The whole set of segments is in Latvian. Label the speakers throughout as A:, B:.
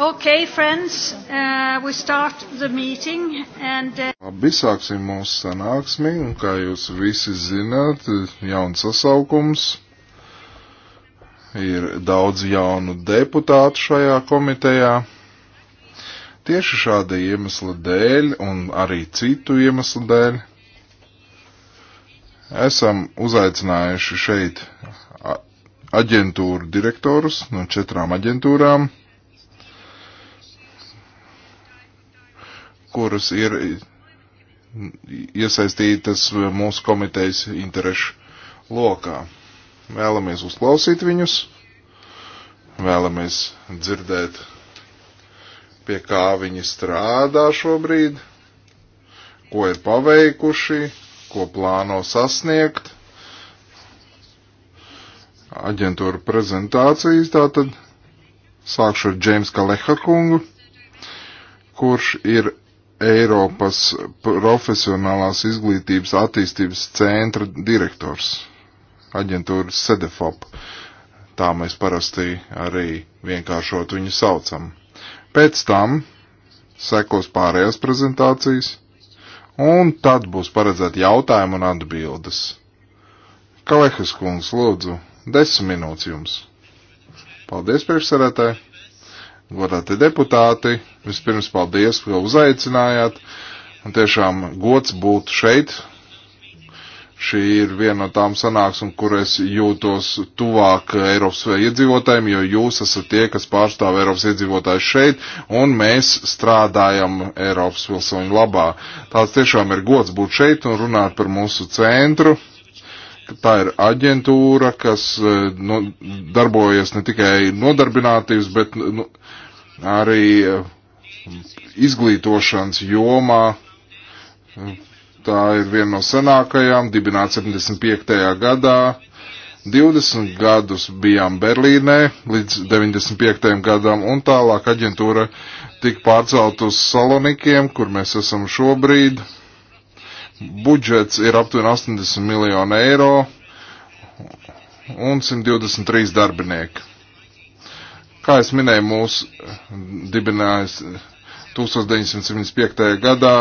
A: Okay, friends, uh, we
B: start the meeting and... Uh...
C: Labi, sāksim mūsu sanāksmi, un kā jūs visi zināt, jauns sasaukums. Ir daudz jaunu deputātu šajā komitejā. Tieši šāda iemesla dēļ, un arī citu iemeslu dēļ, esam uzaicinājuši šeit aģentūru direktorus no četrām aģentūrām kuras ir iesaistītas mūsu komitejas interešu lokā. Vēlamies uzklausīt viņus, vēlamies dzirdēt, pie kā viņi strādā šobrīd, ko ir paveikuši, ko plāno sasniegt. Aģentūra prezentācijas tātad sākšu ar Džeimsu Kaleha kungu, kurš ir Eiropas profesionālās izglītības attīstības centra direktors aģentūras SEDEFOP. Tā mēs parasti arī vienkāršot viņu saucam. Pēc tam sekos pārējās prezentācijas, un tad būs paredzēti jautājumi un atbildes. Kalehas kungs, lūdzu, desmit minūtes jums. Paldies, priekšsarētāji! godāti deputāti, vispirms paldies, ka uzaicinājāt. Un tiešām gods būt šeit. Šī ir viena no tām sanāksmēm, kur es jūtos tuvāk Eiropas iedzīvotājiem, jo jūs esat tie, kas pārstāv Eiropas iedzīvotājus šeit, un mēs strādājam Eiropas pilsoņu labā. Tāds tiešām ir gods būt šeit un runāt par mūsu centru tā ir aģentūra, kas nu, darbojas ne tikai nodarbinātības, bet nu, arī eh, izglītošanas jomā. Eh, tā ir viena no senākajām, dibināta 75. gadā. 20 gadus bijām Berlīnē līdz 95. gadam, un tālāk aģentūra tika pārcelt uz Salonikiem, kur mēs esam šobrīd. Budžets ir aptuveni 80 miljonu eiro un 123 darbinieki. Kā es minēju, mūs dibinājas 1975. gadā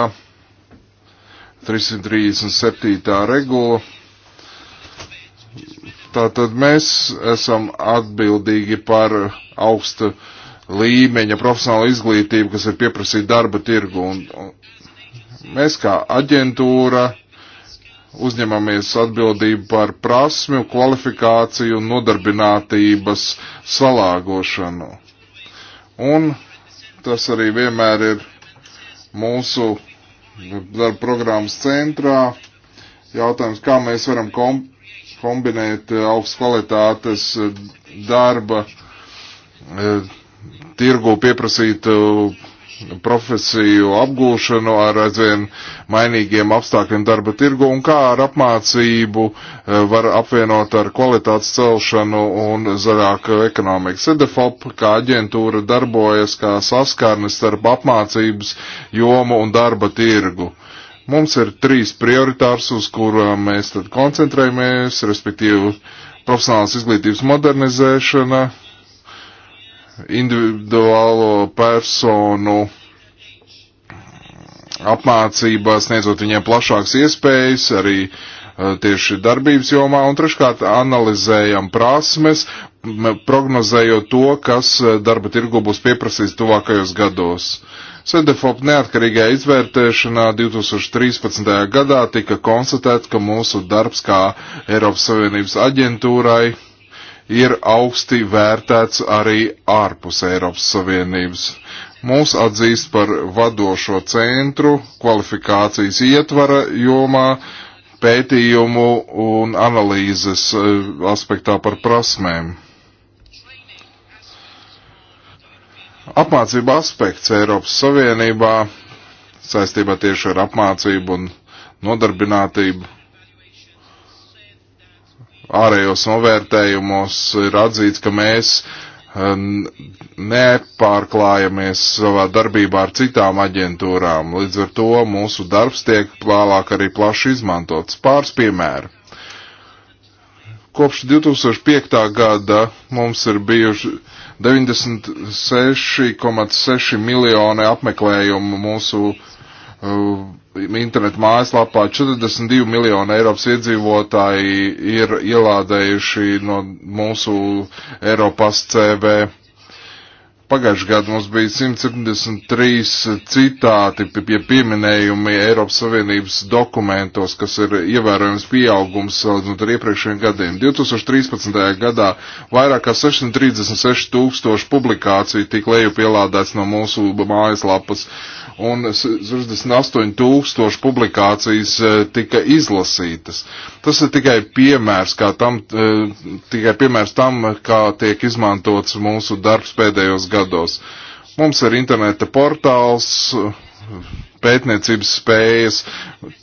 C: 337. regula. Tātad mēs esam atbildīgi par augstu līmeņa profesionālu izglītību, kas ir pieprasīta darba tirgu. Un mēs kā aģentūra uzņemamies atbildību par prasmi, kvalifikāciju un nodarbinātības salāgošanu. Un tas arī vienmēr ir mūsu darba programmas centrā. Jautājums, kā mēs varam kom kombinēt augsts kvalitātes darba eh, tirgu pieprasītu profesiju apgūšanu ar aizvien mainīgiem apstākļiem darba tirgu un kā ar apmācību e, var apvienot ar kvalitātes celšanu un zaļāku ekonomiku. SEDEFOP kā aģentūra darbojas kā saskarnis starp apmācības jomu un darba tirgu. Mums ir trīs prioritārs, uz kurām mēs tad koncentrējamies, respektīvi profesionālas izglītības modernizēšana, individuālo personu apmācībā, sniedzot viņiem plašākas iespējas, arī e, tieši darbības jomā, un treškārt analizējam prasmes, prognozējot to, kas e, darba tirgu būs pieprasīts tuvākajos gados. Sedefop neatkarīgajā izvērtēšanā 2013. gadā tika konstatēts, ka mūsu darbs kā Eiropas Savienības aģentūrai ir augsti vērtēts arī ārpus Eiropas Savienības. Mūs atzīst par vadošo centru kvalifikācijas ietvara jomā, pētījumu un analīzes e, aspektā par prasmēm. Apmācība aspekts Eiropas Savienībā saistībā tieši ar apmācību un nodarbinātību ārējos novērtējumos ir atzīts, ka mēs eh, nepārklājamies savā darbībā ar citām aģentūrām. Līdz ar to mūsu darbs tiek plālāk arī plaši izmantots. Pāris piemēri. Kopš 2005. gada mums ir bijuši 96,6 miljoni apmeklējumu mūsu uh, internetu mājaslapā 42 miljoni Eiropas iedzīvotāji ir ielādējuši no mūsu Eiropas CV. Pagājušajā gadā mums bija 173 citāti pie pieminējumi Eiropas Savienības dokumentos, kas ir ievērojams pieaugums salīdzinot uh, nu, ar iepriekšējiem gadiem. 2013. gadā vairāk kā 636 tūkstoši publikāciju tika lejupielādēts no mūsu mājaslapas un 68 tūkstoši publikācijas eh, tika izlasītas. Tas ir tikai piemērs, kā tam, eh, tikai piemērs tam, kā tiek izmantots mūsu darbs pēdējos gados. Mums ir interneta portāls, pētniecības spējas.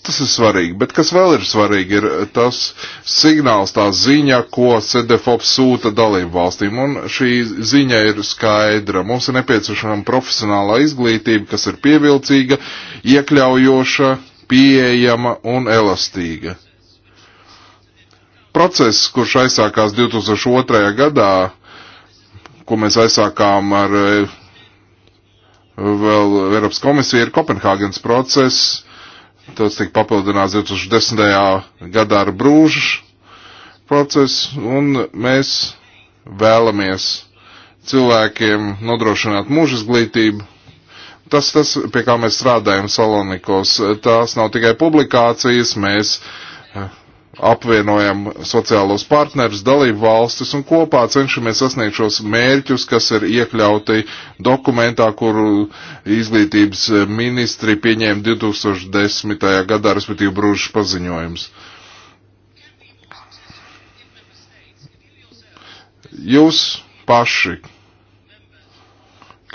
C: Tas ir svarīgi. Bet kas vēl ir svarīgi, ir tas signāls, tā ziņa, ko CDFOP sūta dalību valstīm. Un šī ziņa ir skaidra. Mums ir nepieciešama profesionālā izglītība, kas ir pievilcīga, iekļaujoša, pieejama un elastīga. Process, kurš aizsākās 2002. gadā, ko mēs aizsākām ar eh, vēl Eiropas komisija ir Kopenhāgens process, tas tika papildināts 2010. gadā ar brūžu procesu, un mēs vēlamies cilvēkiem nodrošināt mūža izglītību. Tas, tas, pie kā mēs strādājam Salonikos, tās nav tikai publikācijas, mēs eh, apvienojam sociālos partnerus, dalību valstis un kopā cenšamies sasniegt šos mērķus, kas ir iekļauti dokumentā, kuru izglītības ministri pieņēma 2010. gadā, respektīvi Brūžas paziņojums. Jūs paši,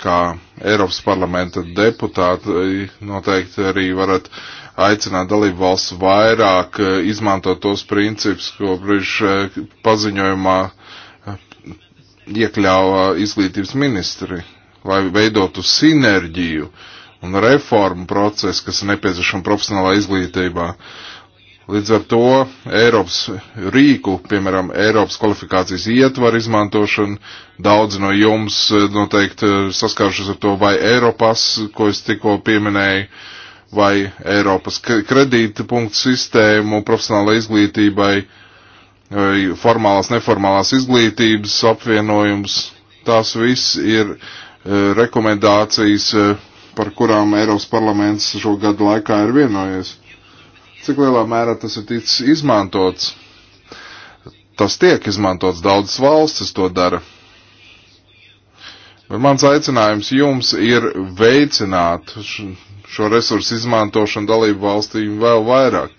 C: kā Eiropas parlamenta deputāti, noteikti arī varat uh, aicināt dalību valsts vairāk eh, izmantot tos principus, ko brīž eh, paziņojumā eh, iekļāva izglītības ministri, lai veidotu sinerģiju un reformu procesu, kas ir nepieciešama profesionālā izglītībā. Līdz ar to Eiropas rīku, piemēram, Eiropas kvalifikācijas ietvaru izmantošanu, daudz no jums noteikti saskārušies ar to, vai Eiropas, ko es tikko pieminēju, uh, vai Eiropas kredīta punktu sistēmu profesionālai izglītībai, formālās, neformālās izglītības apvienojums. Tās viss ir e, rekomendācijas, e, par kurām Eiropas parlaments šo gadu laikā ir vienojies. Cik lielā mērā tas ir ticis izmantots? Tas tiek izmantots, daudzas valstis to dara. Bet mans aicinājums jums ir veicināt šo resursu izmantošanu dalību valstīm vēl vairāk.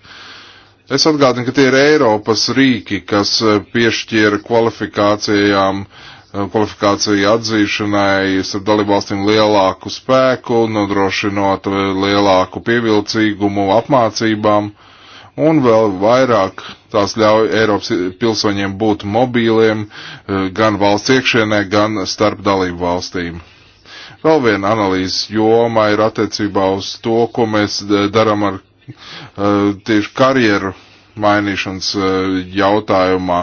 C: Es atgādinu, ka tie ir Eiropas rīki, kas e, piešķiera kvalifikācijām uh, kvalifikāciju atzīšanai ar dalībvalstīm lielāku spēku, nodrošinot e, lielāku pievilcīgumu apmācībām, un vēl vairāk tās ļauj Eiropas pilsoņiem būt mobīliem gan valsts iekšienē, gan starp dalībvalstīm. Vēl viena analīzes joma ir attiecībā uz to, ko mēs eh, darām ar eh, tieši karjeru mainīšanas eh, jautājumā.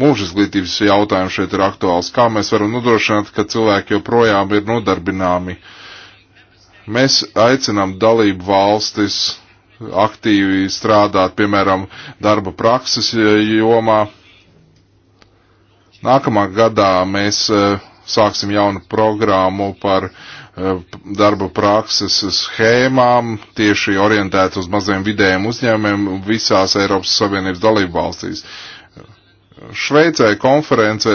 C: Mūža izglītības jautājums šeit ir aktuāls. Kā mēs varam nodrošināt, ka cilvēki joprojām ir nodarbināmi? Mēs aicinām dalību valstis aktīvi strādāt, piemēram, darba prakses jomā. Nākamā gadā mēs uh, sāksim jaunu programmu par eh, darba prakses schēmām, tieši orientēt uz maziem vidējiem uzņēmiem visās Eiropas Savienības dalību valstīs. Šveicē konferencē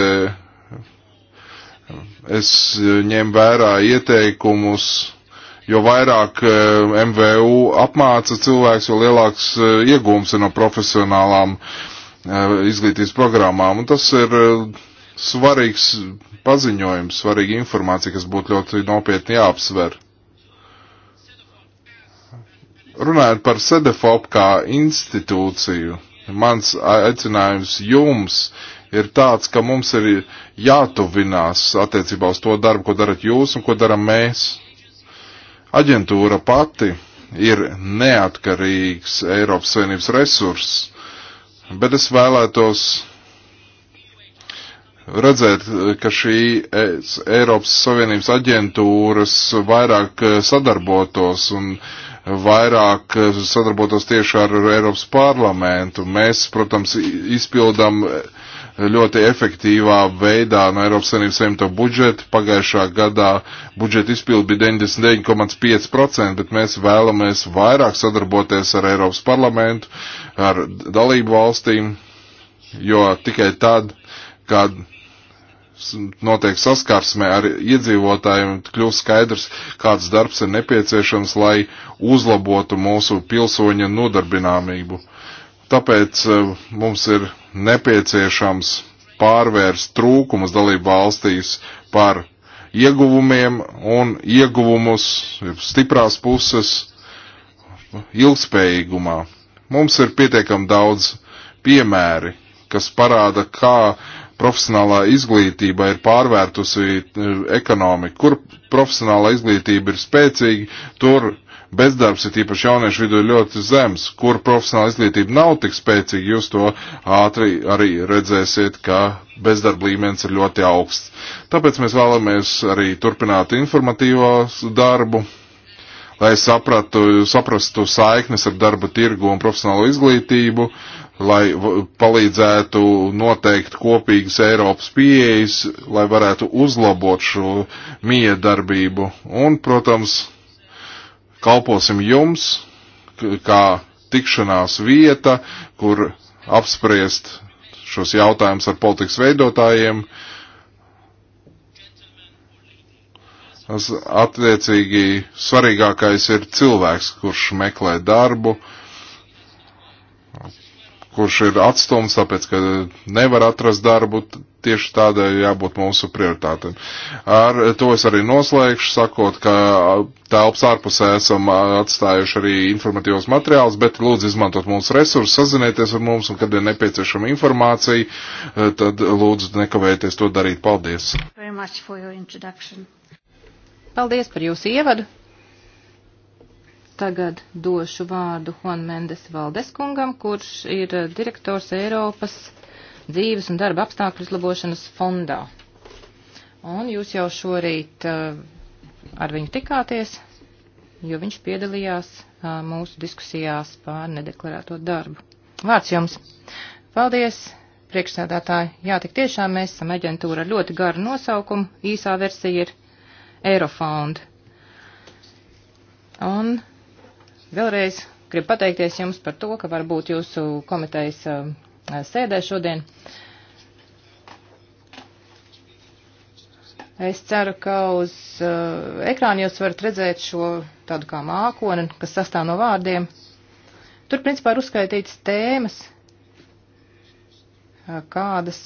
C: es ņem vērā ieteikumus, jo vairāk eh, MVU apmāca cilvēks, jo lielāks eh, iegūms ir no profesionālām izglītības programmām. Un tas ir svarīgs paziņojums, svarīga informācija, kas būtu ļoti nopietni jāapsver. Runājot par SEDEFOP kā institūciju, mans aicinājums jums ir tāds, ka mums ir jātuvinās attiecībā uz to darbu, ko darat jūs un ko daram mēs. Aģentūra pati ir neatkarīgs Eiropas Savienības resurss, bet es vēlētos redzēt, ka šī Eiropas Savienības aģentūras vairāk eh, sadarbotos un vairāk eh, sadarbotos tieši ar Eiropas parlamentu. Mēs, protams, izpildam eh, ļoti efektīvā veidā no Eiropas Savienības saimto budžetu. Pagājušā gadā budžeta izpildi bija 99,5%, bet mēs vēlamies vairāk sadarboties ar Eiropas parlamentu, ar dalību valstīm, jo tikai tad, kad notiek saskarsme ar iedzīvotājiem, kļūst skaidrs, kāds darbs ir nepieciešams, lai uzlabotu mūsu pilsoņa nodarbināmību. Tāpēc e, mums ir nepieciešams pārvērst trūkumus dalību valstīs par ieguvumiem un ieguvumus, stiprās puses, ilgspējīgumā. Mums ir pietiekami daudz piemēri, kas parāda, kā uh, profesionālā izglītība ir pārvērtusi e, ekonomiku. Kur profesionālā izglītība ir spēcīga, tur bezdarbs ir tīpaši jauniešu vidū ļoti zems. Kur profesionāla izglītība nav tik spēcīga, jūs to ātri arī redzēsiet, ka bezdarba līmenis ir ļoti augsts. Tāpēc mēs vēlamies arī turpināt informatīvo darbu lai sapratu, saprastu saiknes ar darba tirgu un profesionālo izglītību, lai palīdzētu noteikt kopīgas Eiropas pieejas, lai varētu uzlabot šo miedarbību. Un, protams, kalposim jums kā tikšanās vieta, kur apspriest šos jautājumus ar politikas veidotājiem. Tas attiecīgi svarīgākais ir cilvēks, kurš meklē darbu, uh, kurš ir atstumts, tāpēc, ka nevar atrast darbu, tieši tādai jābūt mūsu prioritātēm. Ar to es arī noslēgšu, sakot, ka telps ārpusē esam atstājuši arī informatīvos materiālus, bet lūdzu izmantot mūsu resursus, sazinieties ar mums, un kad ir nepieciešama informācija, tad lūdzu nekavēties to darīt. Paldies!
B: Paldies par jūsu ievadu! Tagad došu vārdu Juan Mendes Valdeskungam, kurš ir direktors Eiropas dzīves un darba apstākļu uzlabošanas fondā. Un jūs jau šorīt eh, ar viņu tikāties, jo viņš piedalījās eh, mūsu diskusijās pār nedeklarēto darbu. Vārds jums! Paldies! priekšsēdētāji, jā, tik tiešām mēs esam aģentūra ar ļoti garu nosaukumu, īsā versija ir Eurofound. Un Vēlreiz gribu pateikties jums par to, ka var būt jūsu komitejas um, sēdē šodien. Es ceru, ka uz uh, ekrāna jūs varat redzēt šo tādu kā mākoni, kas sastāv no vārdiem. Tur principā ir uzskaitīts tēmas, uh, kādas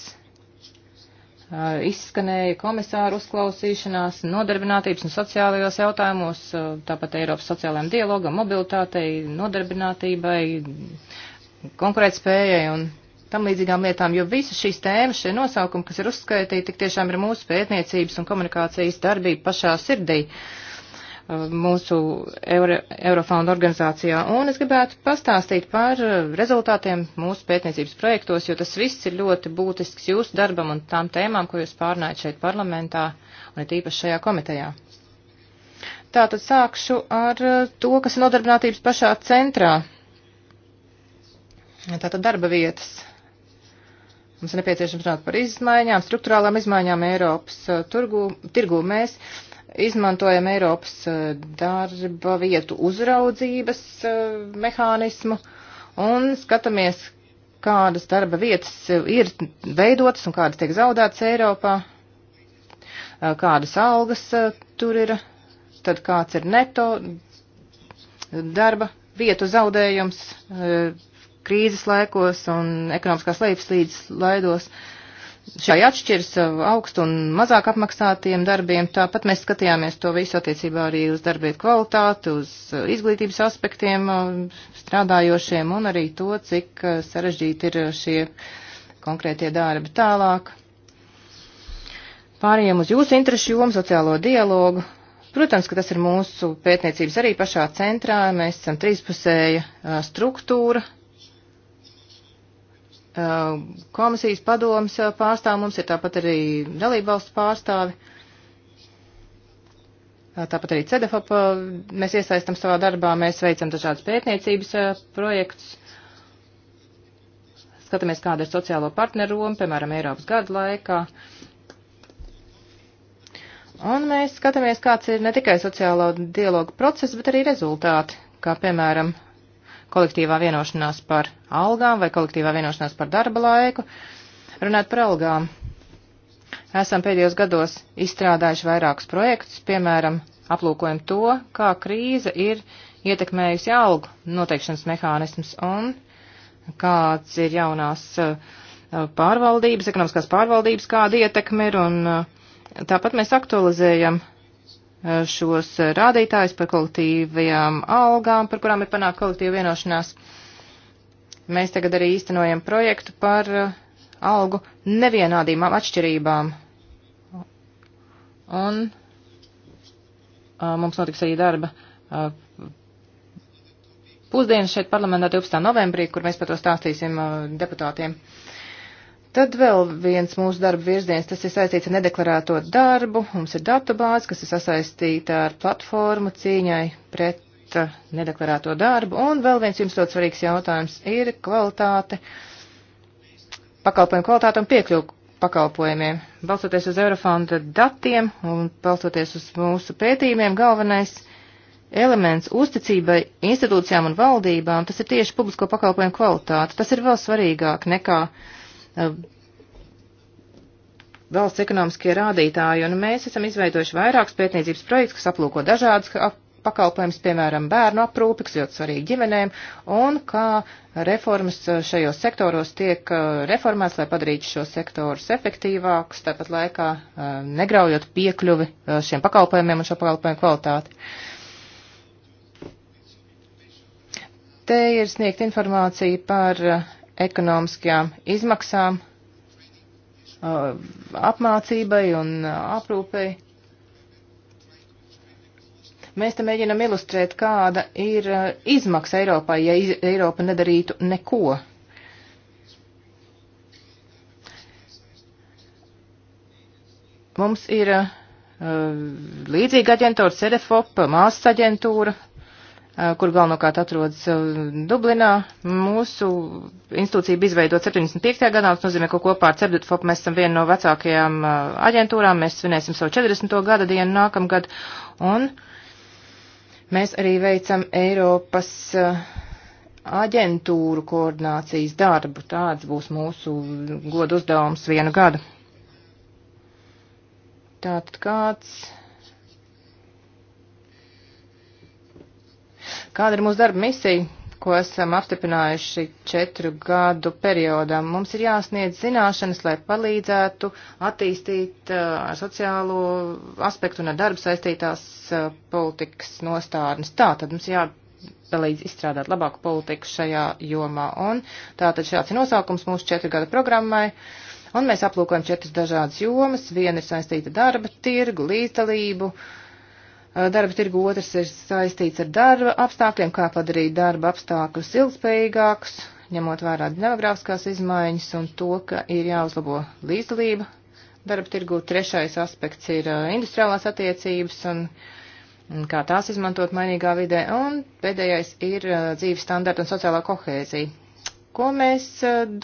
B: Eh, izskanēja komisāru uzklausīšanās, nodarbinātības un sociālajos jautājumos, eh, tāpat Eiropas sociālajiem dialogam, mobilitātei, nodarbinātībai, konkurētspējai un tam līdzīgām lietām, jo visas šīs tēmas, šie nosaukumi, kas ir uzskaitīti, tik tiešām ir mūsu pētniecības un komunikācijas darbība pašā sirdī. Uh, Uh, mūsu Euro, Eurofonda organizācijā. Un es gribētu pastāstīt par uh, rezultātiem mūsu pētniecības projektos, jo tas viss ir ļoti būtisks jūsu darbam un tām tēmām, ko jūs pārnājat šeit parlamentā un ir īpaši šajā komitejā. Tātad sākšu ar uh, to, kas ir nodarbinātības pašā centrā. Tātad darba vietas. Mums ir nepieciešams runāt par izmaiņām, struktūrālām izmaiņām Eiropas turgu, tirgū. Mēs Izmantojam Eiropas eh, darba vietu uzraudzības eh, mehānismu un skatāmies, kādas darba vietas eh, ir veidotas un kādas tiek zaudētas Eiropā, kādas algas tur ir, tad kāds ir neto darba vietu zaudējums krīzes laikos un ekonomiskās lejupslīdes laidos. Uh, šai atšķiras eh, augstu un mazāk apmaksātiem darbiem. Tāpat mēs skatījāmies to visu attiecībā arī uz darbietu kvalitāti, uz eh, izglītības aspektiem eh, strādājošiem un arī to, cik sarežģīti ir šie konkrētie darbi tālāk. Pārējiem uz jūsu interešu jomu, sociālo dialogu. Protams, ka tas ir mūsu pētniecības arī pašā centrā. Mēs esam trīspusēja struktūra, Uh, komisijas padomas uh, pārstāv, mums ir tāpat arī dalībvalstu pārstāvi, uh, tāpat arī CEDEFOP, mēs iesaistam savā darbā, mēs veicam dažādas pētniecības projektus, skatāmies, kāda ir sociālo partneru loma, piemēram, Eiropas gadu laikā. Un mēs skatāmies, kāds ir ne tikai sociālo dialogu process, bet arī rezultāti, kā piemēram kolektīvā vienošanās par algām vai kolektīvā vienošanās par darba laiku. Runāt par algām. Esam pēdējos gados izstrādājuši vairākus projektus, piemēram, aplūkojam to, kā krīze ir ietekmējusi algu noteikšanas mehānismus un kāds ir jaunās eh, pārvaldības, ekonomiskās pārvaldības, kāda ietekme ir, un eh, tāpat mēs aktualizējam Eh, šos rādītājus par kolektīvajām algām, par kurām ir panākt kolektīva vienošanās. Mēs tagad arī īstenojam projektu par eh, algu nevienādībām atšķirībām. Un eh, mums notiks arī darba pusdienas šeit parlamentā 12. novembrī, kur mēs par to stāstīsim deputātiem. Uh, Tad vēl viens mūsu darba virziens, tas ir saistīts ar nedeklarēto darbu. Mums ir datubāze, kas ir sasaistīta ar platformu cīņai pret uh, nedeklarēto darbu. Un vēl viens jums ļoti svarīgs jautājums ir kvalitāte, pakalpojumu kvalitāte un piekļuvu pakalpojumiem. Balstoties uz Eurofonda datiem un balstoties uz mūsu pētījumiem, galvenais elements uzticībai institūcijām un valdībām, tas ir tieši publisko pakalpojumu kvalitāte. Tas ir vēl svarīgāk nekā uh, Ehm, valsts ekonomiskie rādītāji, un mēs esam izveidojuši vairākus pētniecības projektus, kas aplūko dažādas pakalpojums, piemēram, bērnu aprūpi, kas ļoti svarīgi ģimenēm, un kā reformas eh, šajos sektoros tiek eh, reformēts, lai padarītu šos sektorus efektīvākus, tāpat laikā eh, negraujot piekļuvi šiem pakalpojumiem un šo pakalpojumu kvalitāti. Te ir sniegt informācija par ekonomiskajām izmaksām uh, apmācībai un uh, aprūpei. Mēs te mēģinam ilustrēt, kāda ir uh, izmaksa Eiropai, ja iz Eiropa nedarītu neko. Mums ir uh, līdzīga aģentūra, CDFOP, māsas aģentūra, Eh, kur galvenokārt atrodas eh, Dublinā. Mūsu institūcija bija izveidota 75. gadā, tas nozīmē, ka kopā ar Cebdutfopu mēs esam viena no vecākajām eh, aģentūrām, mēs svinēsim savu 40. gada dienu nākamgad, un mēs arī veicam Eiropas aģentūru koordinācijas darbu. Tāds būs mūsu godu uzdevums vienu gadu. Tātad kāds Kāda ir mūsu darba misija, ko esam apstiprinājuši četru gadu periodam? Mums ir jāsniedz zināšanas, lai palīdzētu attīstīt uh, ar sociālo aspektu un ar darbu saistītās uh, politikas nostādnes. Tā tad mums jā palīdz izstrādāt labāku politiku šajā jomā. Un tātad šāds ir nosaukums mūsu četru gada programmai. Un mēs aplūkojam četras dažādas jomas. Viena ir saistīta darba, tirgu, līdzdalību, uh, Eh, darba tirgu, otrs ir saistīts ar darba apstākļiem, kā padarīt darba apstākļus ilgspējīgākus, ņemot vērā demogrāfiskās izmaiņas un to, ka ir jāuzlabo līdzdalība darba tirgu. Trešais aspekts ir eh, industriālās attiecības un, un kā tās izmantot mainīgā vidē. Un pēdējais ir eh, dzīves standarta un sociālā kohēzija. Ko mēs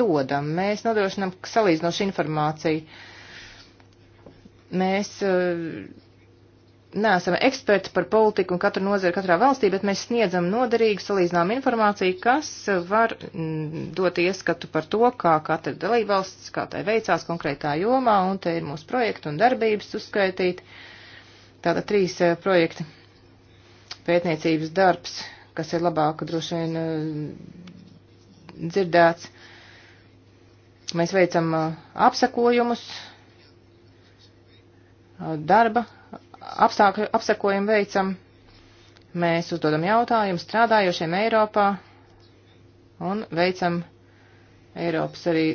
B: dodam? Mēs nodrošinam salīdzinošu informāciju. Mēs neesam eksperti par politiku un katru nozari katrā valstī, bet mēs sniedzam noderīgu salīdzinām informāciju, kas var mm, dot ieskatu par to, kā katra dalībvalsts, kā tai veicās konkrētā jomā, un te ir mūsu projekti un darbības uzskaitīt. Tātad trīs eh, projekti pētniecības darbs, kas ir labāk droši vien eh, dzirdēts. Mēs veicam eh, apsakojumus darba apstākļu apsekojumu veicam. Mēs uzdodam jautājumu strādājošiem Eiropā un veicam Eiropas arī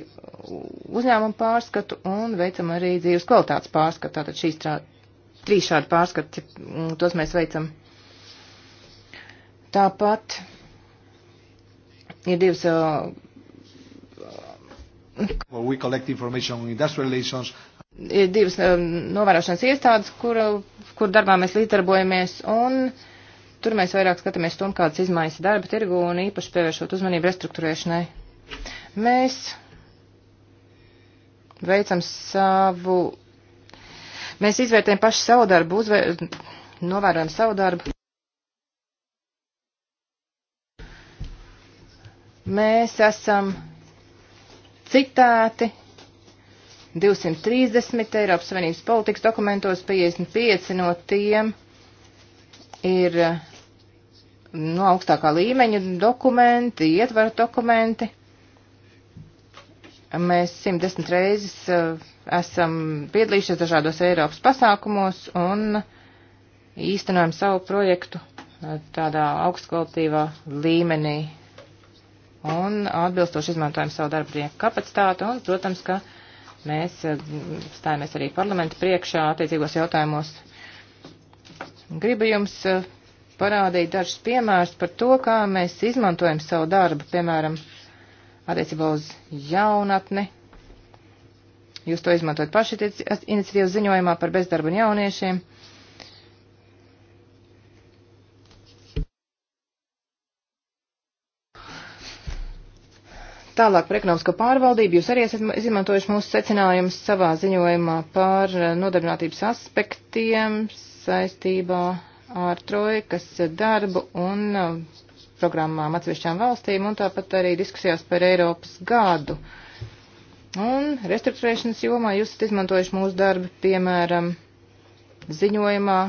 B: uzņēmumu pārskatu un veicam arī dzīves kvalitātes pārskatu. Tātad šīs trā, trīs šādi pārskati, mm, tos mēs veicam. Tāpat ir divas. Uh,
A: well, we collect information on industrial relations,
B: ir divas um, novērošanas iestādes, kur, kur darbā mēs līdzdarbojamies, un tur mēs vairāk skatāmies tom, kādas izmaiņas darba tirgu un īpaši pievēršot uzmanību restruktūrēšanai. Mēs veicam savu, mēs izvērtējam pašu savu darbu, uzvēr, novērojam savu darbu. Mēs esam citēti 230 Eiropas Savienības politikas dokumentos, 55 no tiem ir eh, no augstākā līmeņa dokumenti, ietvaru dokumenti. Mēs 110 reizes eh, esam piedalījušies dažādos Eiropas pasākumos un īstenojam savu projektu eh, tādā augstkvalitīvā līmenī un atbilstoši izmantojam savu darbinieku kapacitātu un, protams, ka uh, Mēs eh, stājamies arī parlamentu priekšā attiecīgos jautājumos. Gribu jums eh, parādīt dažus piemērus par to, kā mēs izmantojam savu darbu, piemēram, attiecībā uz jaunatni. Jūs to izmantojat paši iniciatīvas ziņojumā par bezdarbu un jauniešiem. Tālāk par ekonomisko pārvaldību jūs arī esat izmantojuši mūsu secinājumus savā ziņojumā par eh, nodarbinātības aspektiem saistībā ar trojkas darbu un eh, programmām atsevišķām valstīm un tāpat arī diskusijās par Eiropas gadu. Un restruktūrēšanas jomā jūs esat izmantojuši mūsu darbu, piemēram, ziņojumā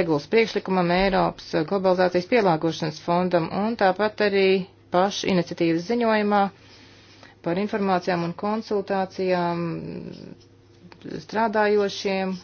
B: regulas priekšlikumam Eiropas globalizācijas pielāgošanas fondam un tāpat arī pašu iniciatīvas ziņojumā par informācijām un konsultācijām strādājošiem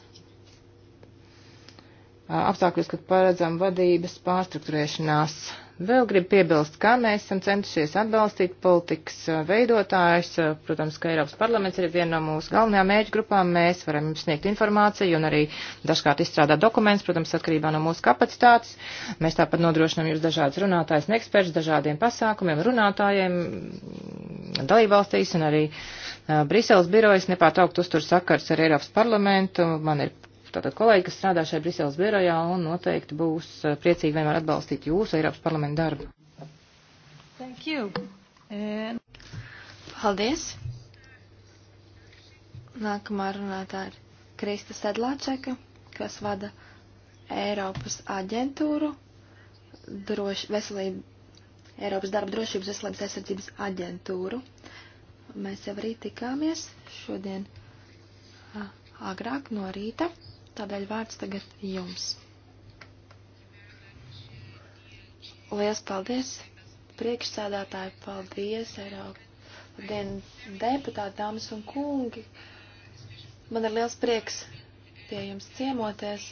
B: apstākļos, kad paredzam vadības pārstruktūrēšanās Vēl gribu piebilst, ka mēs esam centušies atbalstīt politikas veidotājus. Protams, ka Eiropas parlaments ir viena no mūsu galvenajām mēģi grupām. Mēs varam jums sniegt informāciju un arī dažkārt izstrādāt dokumentus, protams, atkarībā no mūsu kapacitātes. Mēs tāpat nodrošinām jūs dažādas runātājas un eksperts dažādiem pasākumiem, runātājiem dalībvalstīs un arī Briseles birojas nepārtraukt uztur sakars ar Eiropas parlamentu. Man ir tātad kolēģi, kas strādā šajā Briseles birojā un noteikti būs eh, priecīgi vienmēr atbalstīt jūsu Eiropas parlamentu darbu.
A: Thank you. And... Paldies. Nākamā runātāja ir Krista Sedlāčeka, kas vada Eiropas aģentūru, droš, veselību, Eiropas darba drošības veselības aizsardzības aģentūru. Mēs jau arī tikāmies šodien agrāk no rīta. Tādēļ vārds tagad jums. Lielas paldies! Priekšsēdētāji, paldies! Eiropa. Labdien, deputāti, dāmas un kungi! Man ir liels prieks pie jums ciemoties,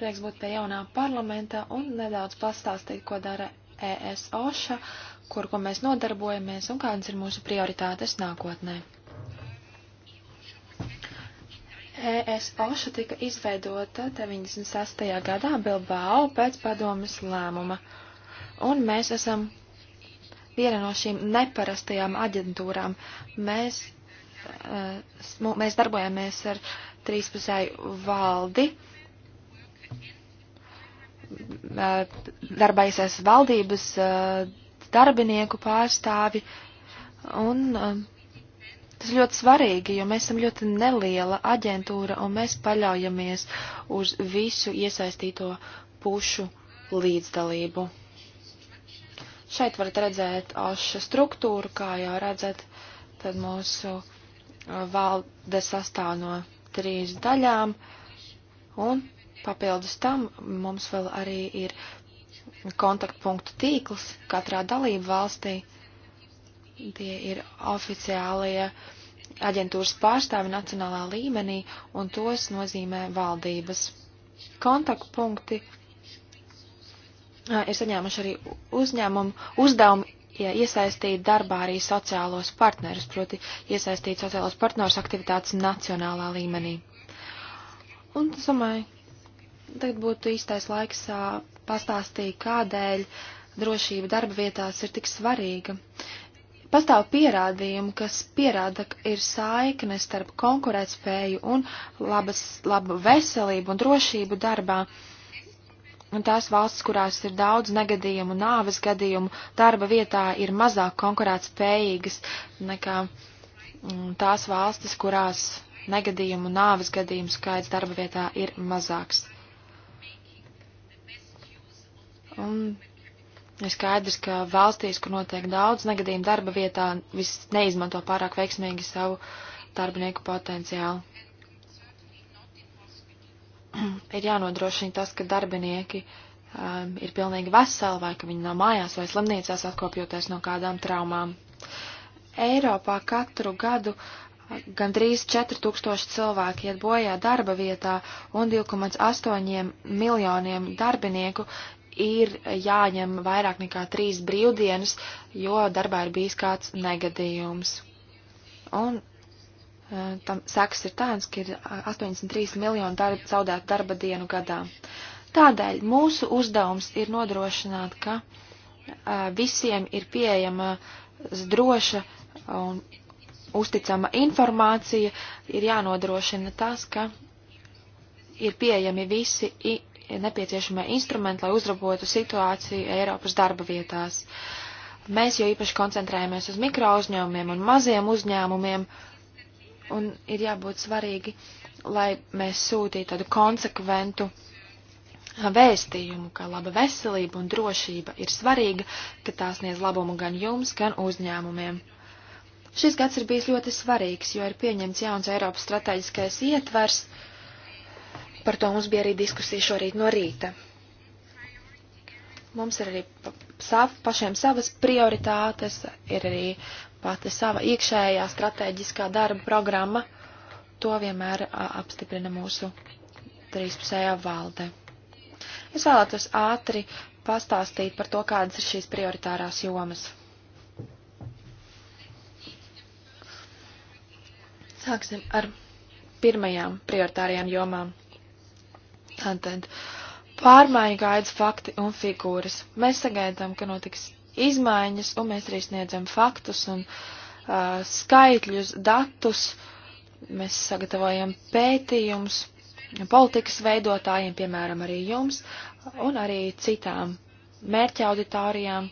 A: prieks būt pie jaunā parlamentā un nedaudz pastāstīt, ko dara ES OŠA, kur ko mēs nodarbojamies un kādas ir mūsu prioritātes nākotnē. ES paša tika izveidota 96. gadā Bilbao pēc padomas lēmuma, un mēs esam viena no šīm neparastajām aģentūrām. Mēs, eh, mēs darbojamies ar trīspusēju valdi, eh, darbaisies valdības eh, darbinieku pārstāvi, un Tas ir ļoti svarīgi, jo mēs esam ļoti neliela aģentūra un mēs paļaujamies uz visu iesaistīto pušu līdzdalību. Šeit varat redzēt aša struktūru, kā jau redzat, tad mūsu uh, valde sastāv no trīs daļām, un papildus tam mums vēl arī ir kontaktpunktu tīkls katrā dalību valstī. Tie ir oficiālie aģentūras pārstāvi nacionālā līmenī, un tos nozīmē valdības. Kontaktpunkti ir saņēmuši arī uzņēmumu uzdevumu ja iesaistīt darbā arī sociālos partnerus, proti iesaistīt sociālos partnerus aktivitātes nacionālā līmenī. Un, es domāju, tagad būtu īstais laiks pastāstīt, kādēļ drošība darba vietās ir tik svarīga. Pastāv pierādījumi, kas pierāda, ka ir saikne starp konkurētspēju un labas, labu veselību un drošību darbā. Un tās valsts, kurās ir daudz negadījumu, nāves gadījumu, darba vietā ir mazāk konkurētspējīgas nekā mm, tās valstis, kurās negadījumu, nāves gadījumu skaits darba vietā ir mazāks. Un Ir skaidrs, ka valstīs, kur notiek daudz negadījumu darba vietā, viss neizmanto pārāk veiksmīgi savu darbinieku potenciālu. ir jānodrošina tas, ka darbinieki um, ir pilnīgi veseli, vai ka viņi nav mājās vai slimnīcās atkopjoties no kādām traumām. Eiropā katru gadu uh, gandrīz 4000 cilvēki iet bojā darba vietā un 2,8 miljoniem darbinieku ir jāņem vairāk nekā trīs brīvdienas, jo darbā ir bijis kāds negadījums. Un e, tam sekas ir tāds, ka ir 83 miljoni darba, zaudētu darba dienu gadā. Tādēļ mūsu uzdevums ir nodrošināt, ka e, visiem ir pieejama droša un uzticama informācija, ir jānodrošina tas, ka ir pieejami visi nepieciešamie instrumenti, lai uzlabotu situāciju Eiropas darba vietās. Mēs jau īpaši koncentrējamies uz mikro uzņēmumiem un maziem uzņēmumiem, un ir jābūt svarīgi, lai mēs sūtītu tādu konsekventu vēstījumu, ka laba veselība un drošība ir svarīga, ka tās niedz labumu gan jums, gan uzņēmumiem. Šis gads ir bijis ļoti svarīgs, jo ir pieņemts jauns Eiropas strateģiskais ietvers, uh, Par to mums bija arī diskusija šorīt no rīta. Mums ir arī sav, pašiem savas prioritātes, ir arī pati sava iekšējā strateģiskā darba programma. To vienmēr apstiprina mūsu trīspusējā valde. Es vēlētos ātri pastāstīt par to, kādas ir šīs prioritārās jomas. Sāksim ar pirmajām prioritārajām jomām. Tātad pārmaiņu gaidz fakti un figūras. Mēs sagaidām, ka notiks izmaiņas, un mēs arī sniedzam faktus un uh, skaitļus, datus. Mēs sagatavojam pētījumus politikas veidotājiem, piemēram, arī jums, un arī citām mērķa auditorijām,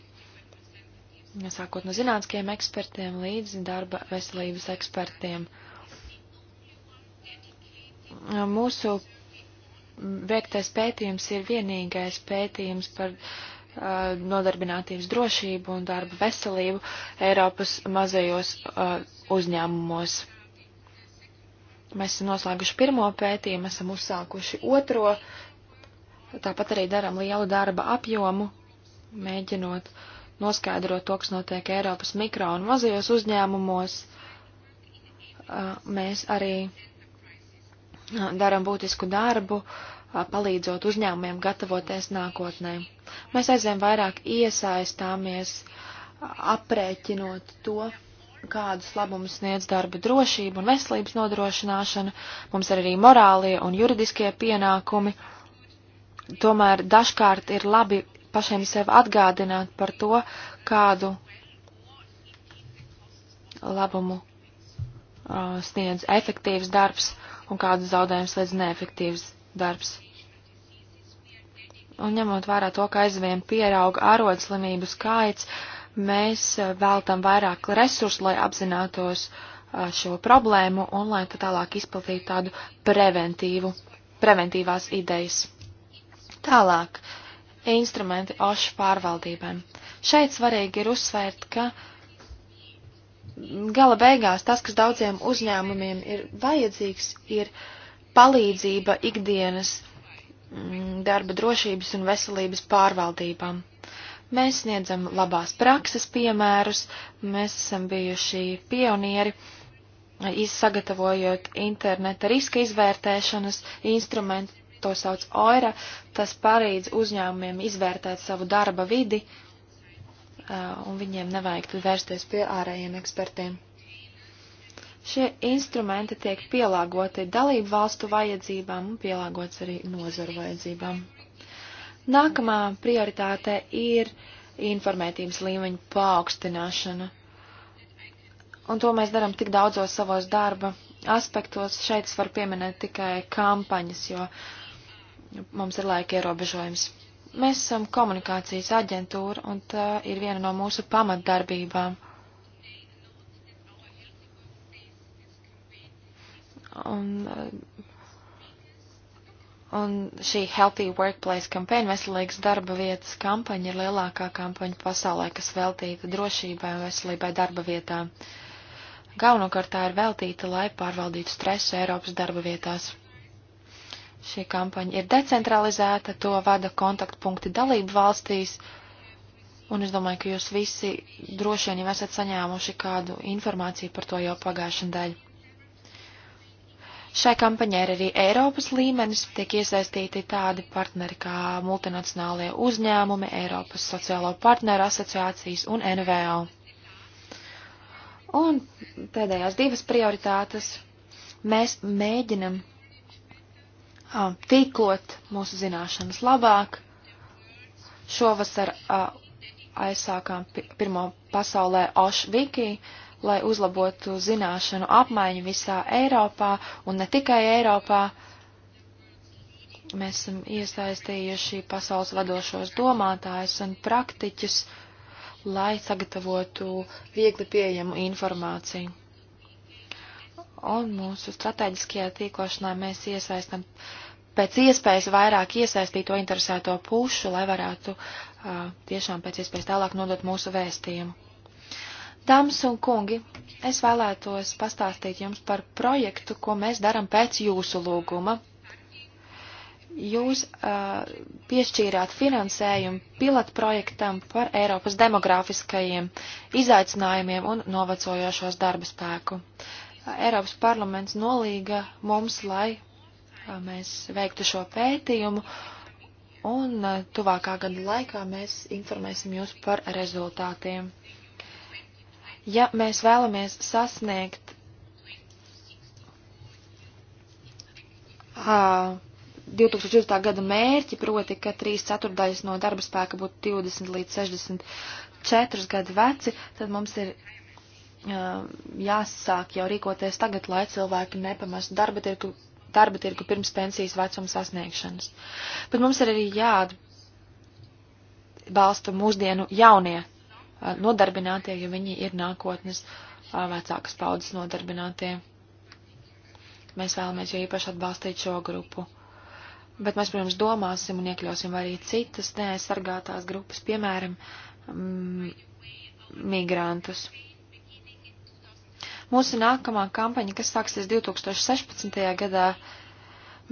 A: sākot no zinātniskiem ekspertiem līdz darba veselības ekspertiem. Mūsu veiktais pētījums ir vienīgais pētījums par uh, nodarbinātības drošību un darba veselību Eiropas mazajos uh, uzņēmumos. Mēs esam noslēguši pirmo pētījumu, esam uzsākuši otro, tāpat arī daram lielu darba apjomu, mēģinot noskaidrot to, kas notiek Eiropas mikro un mazajos uzņēmumos. Uh, mēs arī daram būtisku darbu, palīdzot uzņēmumiem gatavoties nākotnē. Mēs aizvien vairāk iesaistāmies, aprēķinot to, kādus labumus sniedz darba drošība un veselības nodrošināšana, mums ir arī morālie un juridiskie pienākumi. Tomēr dažkārt ir labi pašiem sev atgādināt par to, kādu labumu uh, sniedz efektīvs darbs un kādas zaudējums līdz neefektīvs darbs. Un ņemot vērā to, ka aizvien pieauga arodslimību skaits, mēs eh, veltam vairāk resursu, lai apzinātos eh, šo problēmu un lai tālāk izplatītu tādu preventīvu, preventīvās idejas. Tālāk, instrumenti ošu pārvaldībām. Šeit svarīgi ir uzsvērt, ka gala beigās tas, kas daudziem uzņēmumiem ir vajadzīgs, ir palīdzība ikdienas mm, darba drošības un veselības pārvaldībām. Mēs sniedzam labās prakses piemērus, mēs esam bijuši pionieri, sagatavojot interneta riska izvērtēšanas instrumentu, to sauc OIRA, tas palīdz uzņēmumiem izvērtēt savu darba vidi un viņiem nevajag vērsties pie ārējiem ekspertiem. Šie instrumenti tiek pielāgoti dalību valstu vajadzībām un pielāgots arī nozaru vajadzībām. Nākamā prioritāte ir informētības līmeņa paaugstināšana. Un to mēs darām tik daudzos savos darba aspektos. Šeit es varu pieminēt tikai kampaņas, jo mums ir laika ierobežojums. Mēs esam komunikācijas aģentūra, un tā ir viena no mūsu pamatdarbībām. Un, eh, un šī Healthy Workplace kampaņa, veselīgas darba vietas kampaņa, ir lielākā kampaņa pasaulē, kas veltīta drošībai un veselībai darba vietā. Galvenokārt tā ir veltīta, lai pārvaldītu stresu Eiropas darba vietās. Šī kampaņa ir decentralizēta, to vada kontaktpunkti dalību valstīs, un es domāju, ka jūs visi droši vien jau esat saņēmuši kādu informāciju par to jau pagājušajā daļā. Šai kampaņai ir arī Eiropas līmenis, tiek iesaistīti tādi partneri kā multinacionālie uzņēmumi, Eiropas sociālo partneru asociācijas un NVO. Un pēdējās divas prioritātes mēs mēģinam uh, tīklot mūsu zināšanas labāk. Šovasar uh, aizsākām pirmo pasaulē Ošviki, lai uzlabotu zināšanu apmaiņu visā Eiropā un ne tikai Eiropā. Mēs esam iesaistījuši pasaules vadošos domātājus un praktiķus, lai sagatavotu viegli pieejamu informāciju. Un mūsu strateģiskajā tīkošanā mēs iesaistam pēc iespējas vairāk iesaistīto interesēto pušu, lai varētu uh, tiešām pēc iespējas tālāk nodot mūsu vēstījumu. Dāmas un kungi, es vēlētos pastāstīt jums par projektu, ko mēs daram pēc jūsu lūguma. Jūs uh, piešķīrāt finansējumu pilotprojektam par Eiropas demografiskajiem izaicinājumiem un novecojošos darba spēku. Uh, Eiropas parlaments nolīga mums, lai mēs veiktu šo pētījumu, un tuvākā gada laikā mēs informēsim jūs par rezultātiem. Ja mēs vēlamies sasniegt uh, 2020. gada mērķi, proti, ka 3 ceturdaļas no darba spēka būtu 20 līdz 60 četrus gadu veci, tad mums ir jāsāk jau rīkoties tagad, lai cilvēki nepamastu darba tirgu, darba tirgu pirms pensijas vecuma sasniegšanas. Bet mums ir arī jāatbalsta mūsdienu jaunie nodarbinātie, jo viņi ir nākotnes vecākas paudzes nodarbinātie. Mēs vēlamies jau īpaši atbalstīt šo grupu. Bet mēs, protams, domāsim un iekļausim arī citas neaizsargātās grupas, piemēram, mm, migrantus. Mūsu nākamā kampaņa, kas sāksies 2016. gadā,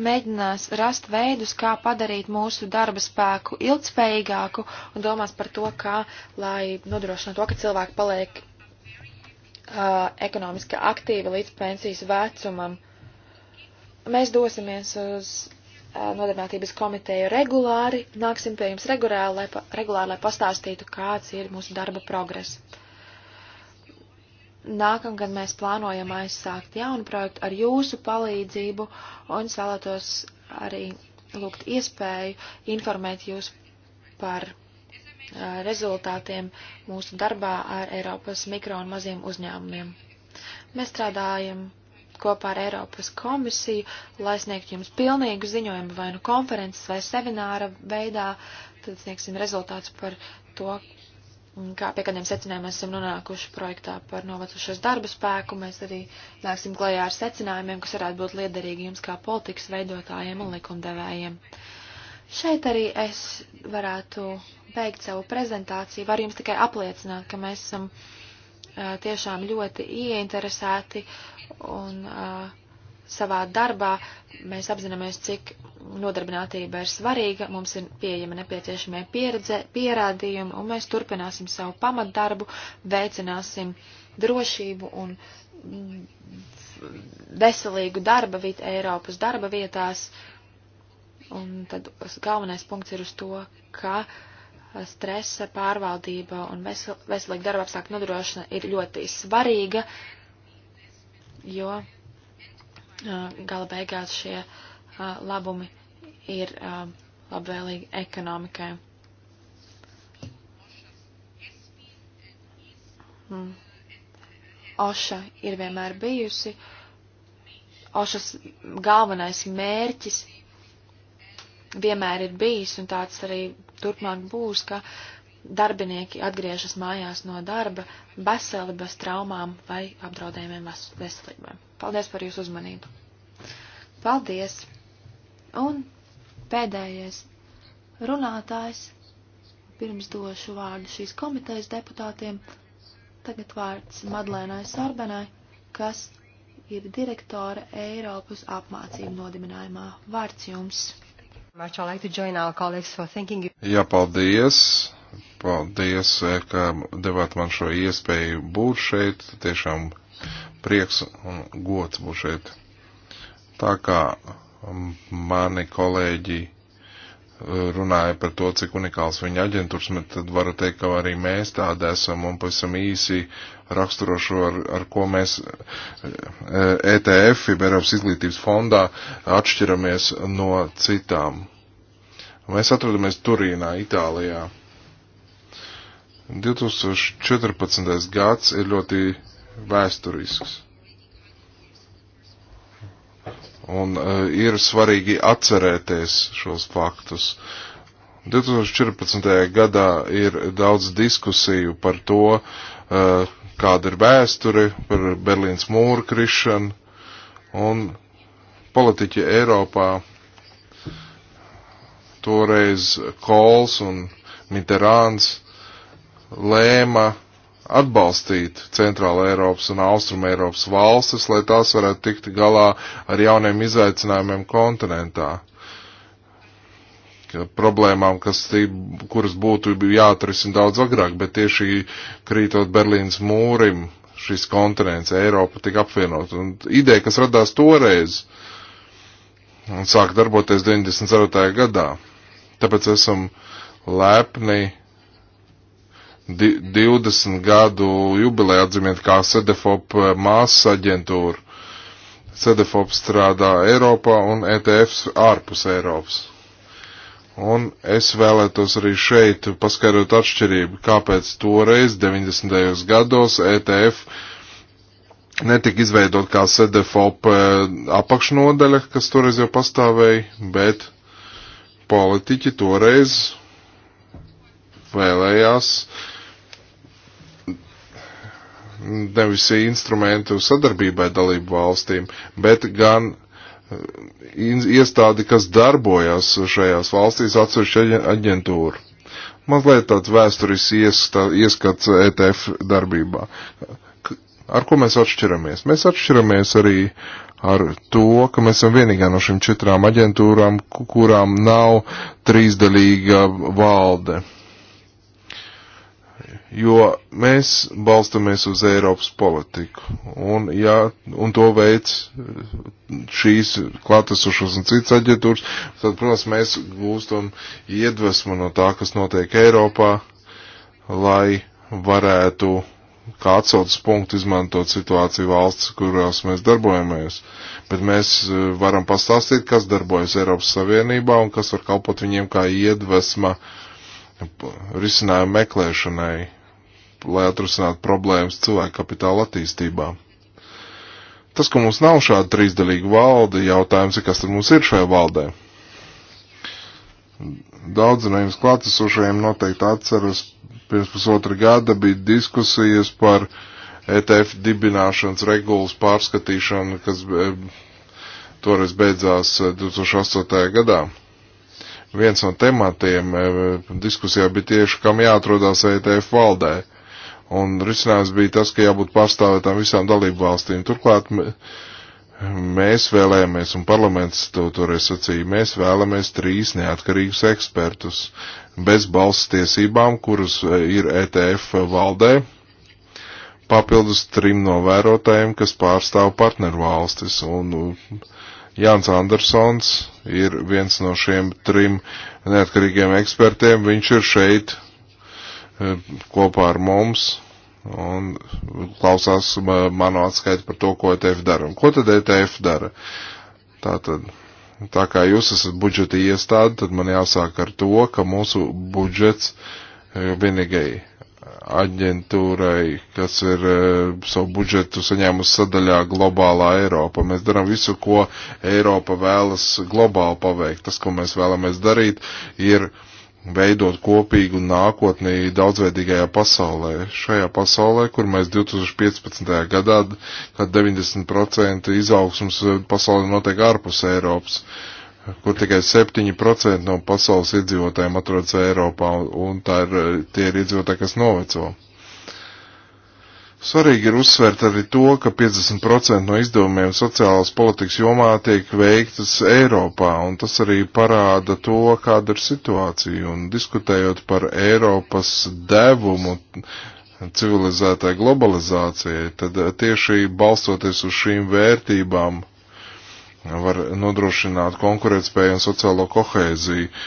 A: mēģinās rast veidus, kā padarīt mūsu darba spēku ilgspējīgāku un domās par to, kā, lai nodrošinātu to, ka cilvēki paliek uh, ekonomiski aktīvi līdz pensijas vecumam. Mēs dosimies uz uh, nodarbinātības komiteju regulāri, nāksim pie jums regulāri, lai, regulāri, lai pastāstītu, kāds ir mūsu darba progress. Nākamgad mēs plānojam aizsākt jaunu projektu ar jūsu palīdzību, un es vēlētos arī lūgt iespēju informēt jūs par uh, rezultātiem mūsu darbā ar Eiropas mikro un maziem uzņēmumiem. Mēs strādājam kopā ar Eiropas komisiju, lai sniegtu jums pilnīgu ziņojumu vai nu konferences vai semināra veidā, tad sniegsim rezultātus par to, kā pie kādiem secinājumiem esam nonākuši projektā par novecušos darbu spēku, mēs arī nāksim klajā ar secinājumiem, kas varētu būt liederīgi jums kā politikas veidotājiem un likumdevējiem. Šeit arī es varētu beigt savu prezentāciju. Varu jums tikai apliecināt, ka mēs esam uh, tiešām ļoti ieinteresēti un uh, savā darbā mēs apzināmies, cik nodarbinātība ir svarīga, mums ir pieejama nepieciešamie pieredze, pierādījumi, un mēs turpināsim savu pamatdarbu, veicināsim drošību un mm, veselīgu darba vidi Eiropas darba vietās. Un tad galvenais punkts ir uz to, ka stresa pārvaldība un vesel, veselīga darba apstākļa nodrošina ir ļoti svarīga, jo gala beigās šie labumi ir labvēlīgi ekonomikai. Mm. Oša ir vienmēr bijusi. Ošas galvenais mērķis vienmēr ir bijis, un tāds arī turpmāk būs, ka darbinieki atgriežas mājās no darba veseli bez traumām vai apdraudējumiem veselībai. Paldies par jūsu uzmanību. Paldies! Un pēdējais runātājs, pirms došu vārdu šīs komitejas deputātiem, tagad vārds Madlēnai Sorbenai, kas ir direktore Eiropas apmācību nodibinājumā. Vārds jums!
C: Jā, paldies! Paldies, eh, ka devāt man šo iespēju būt šeit. Tiešām prieks un gods būt šeit. Tā kā mm, mani kolēģi eh, runāja par to, cik unikāls viņa aģentūrs, bet tad varu teikt, ka arī mēs tāda esam un pavisam īsi raksturošo, ar, ar ko mēs ETF, eh, e Eiropas izglītības fondā, atšķiramies no citām. Mēs atrodamies Turīnā, Itālijā. 2014. gads ir ļoti vēsturisks. Un uh, ir svarīgi atcerēties šos faktus. 2014. gadā ir daudz diskusiju par to, uh, kāda ir vēsture, par Berlīnas mūru krišanu, un politiķi Eiropā toreiz Kols un Mitterāns lēma atbalstīt Centrāla Eiropas un Austruma Eiropas valstis, lai tās varētu tikt galā ar jauniem izaicinājumiem kontinentā. Ka problēmām, kas, kuras būtu jāatrisina daudz agrāk, bet tieši krītot Berlīnas mūrim, šis kontinents, Eiropa tika apvienot. Un ideja, kas radās toreiz un sāk darboties 94. gadā. Tāpēc esam lepni 20 gadu jubilē atzīmēt kā SEDEFOP eh, māsas aģentūru. SEDEFOP strādā Eiropā un ETFs ārpus Eiropas. Un es vēlētos arī šeit paskaidrot atšķirību, kāpēc toreiz 90. gados ETF netika izveidot kā SEDEFOP eh, apakšnodaļa, kas toreiz jau pastāvēja, bet politiķi toreiz vēlējās uh, nevis instrumentu sadarbībai dalību valstīm, bet gan eh, iestādi, kas darbojas šajās valstīs, atsevišķa aģentūra. Mazliet tāds vēsturis ieskats ETF darbībā. Ar ko mēs atšķiramies? Mēs atšķiramies arī ar to, ka mēs esam vienīgā no šīm četrām aģentūrām, kurām nav trīsdaļīga valde jo mēs balstamies uz Eiropas politiku, un, ja, un to veids eh, šīs klātesošas un citas aģentūras, tad, protams, mēs gūstam iedvesmu no tā, kas notiek Eiropā, lai varētu kā atsaucas punktu izmantot situāciju valsts, kurās mēs darbojamies. Bet mēs eh, varam pastāstīt, kas darbojas Eiropas Savienībā un kas var kalpot viņiem kā iedvesma eh, risinājumu meklēšanai lai atrisinātu problēmas cilvēku kapitāla attīstībā. Tas, ka mums nav šāda trīsdaļīga valde, jautājums ir, kas tad mums ir šajā valdē. Daudz no jums klātesošajiem noteikti atceras, pirms pusotra gada bija diskusijas par ETF dibināšanas regulas pārskatīšanu, kas e, toreiz beidzās 2008. E, gadā viens no tematiem e, diskusijā bija tieši, kam jāatrodās ETF valdē. Un risinājums bija tas, ka jābūt pārstāvētām visām dalību valstīm. Turklāt mēs vēlējāmies, un parlaments to toreiz sacīja, mēs vēlamies trīs neatkarīgus ekspertus bez balss tiesībām, kurus e, ir ETF valdē, papildus trim novērotājiem, kas pārstāv partneru valstis. Un Jānis Andersons ir viens no šiem trim neatkarīgiem ekspertiem. Viņš ir šeit E, kopā ar mums un klausās manu atskaiti par to, ko ETF dara. Un ko tad ETF dara? Tātad, tā kā jūs esat budžeta iestāde, tad man jāsāk ar to, ka mūsu budžets e, vienīgai aģentūrai, kas ir e, savu budžetu saņēmusi sadaļā globālā Eiropa. Mēs darām visu, ko Eiropa vēlas globāli paveikt. Tas, ko mēs vēlamies darīt, ir uh, veidot kopīgu nākotnī daudzveidīgajā pasaulē. Šajā pasaulē, kur mēs 2015. gadā, kad 90% izaugsums pasaulē notiek ārpus Eiropas, kur tikai 7% no pasaules iedzīvotājiem atrodas Eiropā, un tā ir, eh, tie ir iedzīvotāji, kas noveco. Svarīgi ir uzsvērt arī to, ka 50% no izdevumiem sociālās politikas jomā tiek veiktas Eiropā, un tas arī parāda to, kāda ir situācija. Un diskutējot par Eiropas devumu civilizētai globalizācijai, tad tieši balstoties uz šīm vērtībām var nodrošināt konkurētspēju un sociālo kohēziju. Uh,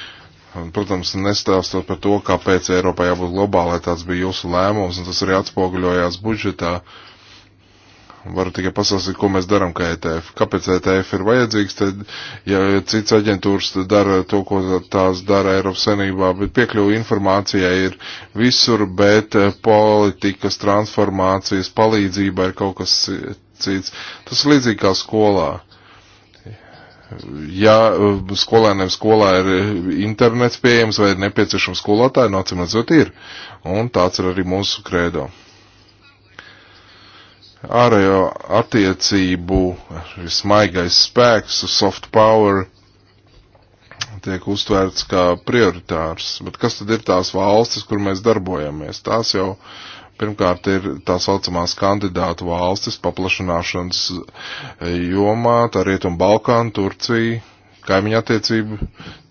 C: Protams, nestāstot par to, kāpēc Eiropā jābūt globālai, tāds bija jūsu lēmums, un tas arī atspoguļojās budžetā. Varu tikai pasāstīt, ko mēs darām kā ETF. Kāpēc ETF ir vajadzīgs, tad, ja cits aģentūrs dara to, ko tās dara Eiropas senībā, bet piekļuva informācijai ir visur, bet eh, politikas transformācijas palīdzība ir kaut kas cits. Tas ir līdzīgi kā skolā ja eh, skolēniem skolā ir eh, internets pieejams vai ir nepieciešams skolotāji, no nu, acīm redzot ir. Un tāds ir arī mūsu krēdo. Ārējo attiecību eh, smaigais spēks, soft power, tiek uztvērts kā prioritārs. Bet kas tad ir tās valstis, kur mēs darbojamies? Tās jau Pirmkārt ir tā saucamās kandidātu valstis paplašanāšanas e, jomā, tā Rietum Balkāna, Turcija, kaimiņa attiecību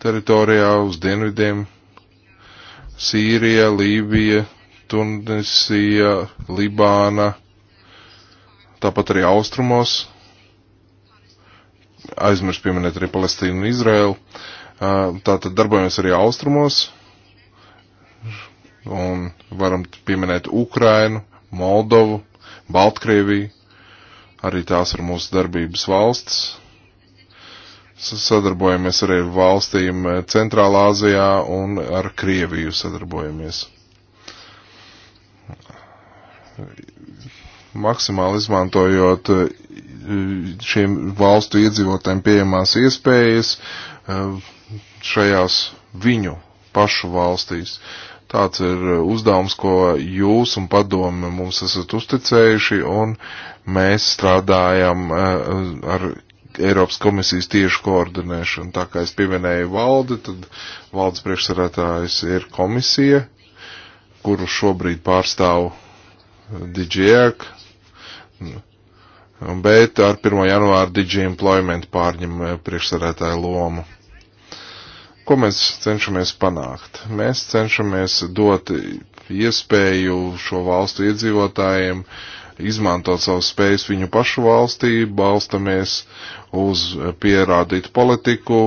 C: teritorijā uz dienvidiem, Sīrija, Lībija, Tunisija, Libāna, tāpat arī austrumos, aizmirst pieminēt arī Palestīnu un Izraēlu. E, tātad darbojamies arī austrumos, un varam pieminēt Ukrainu, Moldovu, Baltkrieviju, arī tās ir mūsu darbības valsts. Sadarbojamies arī ar valstīm e, Centrālā Azijā un ar Krieviju sadarbojamies. Maksimāli izmantojot e, šiem valstu iedzīvotājiem pieejamās iespējas e, šajās viņu pašu valstīs. Uh, Tāds ir uh, uzdevums, ko jūs un padomi mums esat uzticējuši, un mēs strādājam uh, uh, ar Eiropas komisijas tiešu koordinēšanu. Tā kā es pieminēju valdi, tad valdes priekšsarētājs ir komisija, kuru šobrīd pārstāv DigiEk, bet ar 1. janvāru DigiEmployment pārņem priekšsarētāju lomu. Ko mēs cenšamies panākt? Mēs cenšamies dot iespēju šo valstu iedzīvotājiem izmantot savas spējas viņu pašu valstī, balstamies uz pierādītu politiku,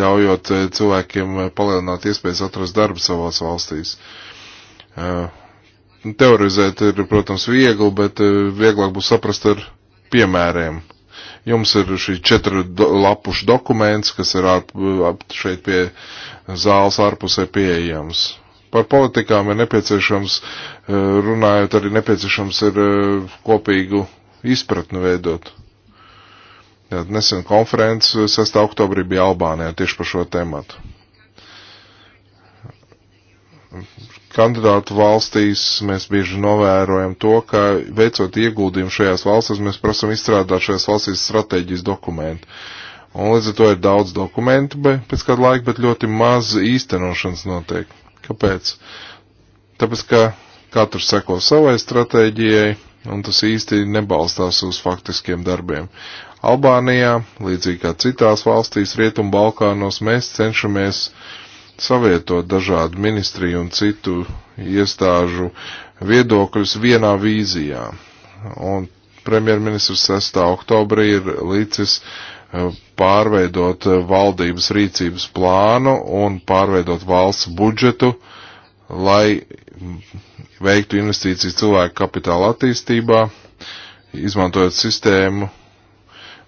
C: ļaujot eh, cilvēkiem palielināt iespējas atrast darbu savās valstīs. Eh, teorizēt ir, protams, viegli, bet eh, vieglāk būs saprast ar piemēriem. Jums ir šī četru lapušu dokuments, kas ir ārp, šeit pie zāles ārpusē pieejams. Par politikām ir nepieciešams, eh, runājot arī nepieciešams ir eh, kopīgu izpratnu veidot. Jā, nesen konferences 6. oktobrī bija Albānijā tieši par šo tematu kandidātu valstīs mēs bieži novērojam to, ka veicot ieguldījumu šajās valstīs, mēs prasam izstrādāt šajās valstīs stratēģijas dokumentu. Un līdz ar to ir daudz dokumentu bet, pēc kāda laika, bet ļoti maz īstenošanas notiek. Kāpēc? Tāpēc, ka katrs seko savai stratēģijai, un tas īsti nebalstās uz faktiskiem darbiem. Albānijā, līdzīgi kā citās valstīs, Rietumbalkānos, mēs cenšamies uh, savietot dažādu ministriju un citu iestāžu viedokļus vienā vīzijā. Un premjerministrs 6. oktobrī ir līdzis eh, pārveidot eh, valdības rīcības plānu un pārveidot valsts budžetu, lai veiktu investīcijas cilvēku kapitāla attīstībā, izmantojot sistēmu,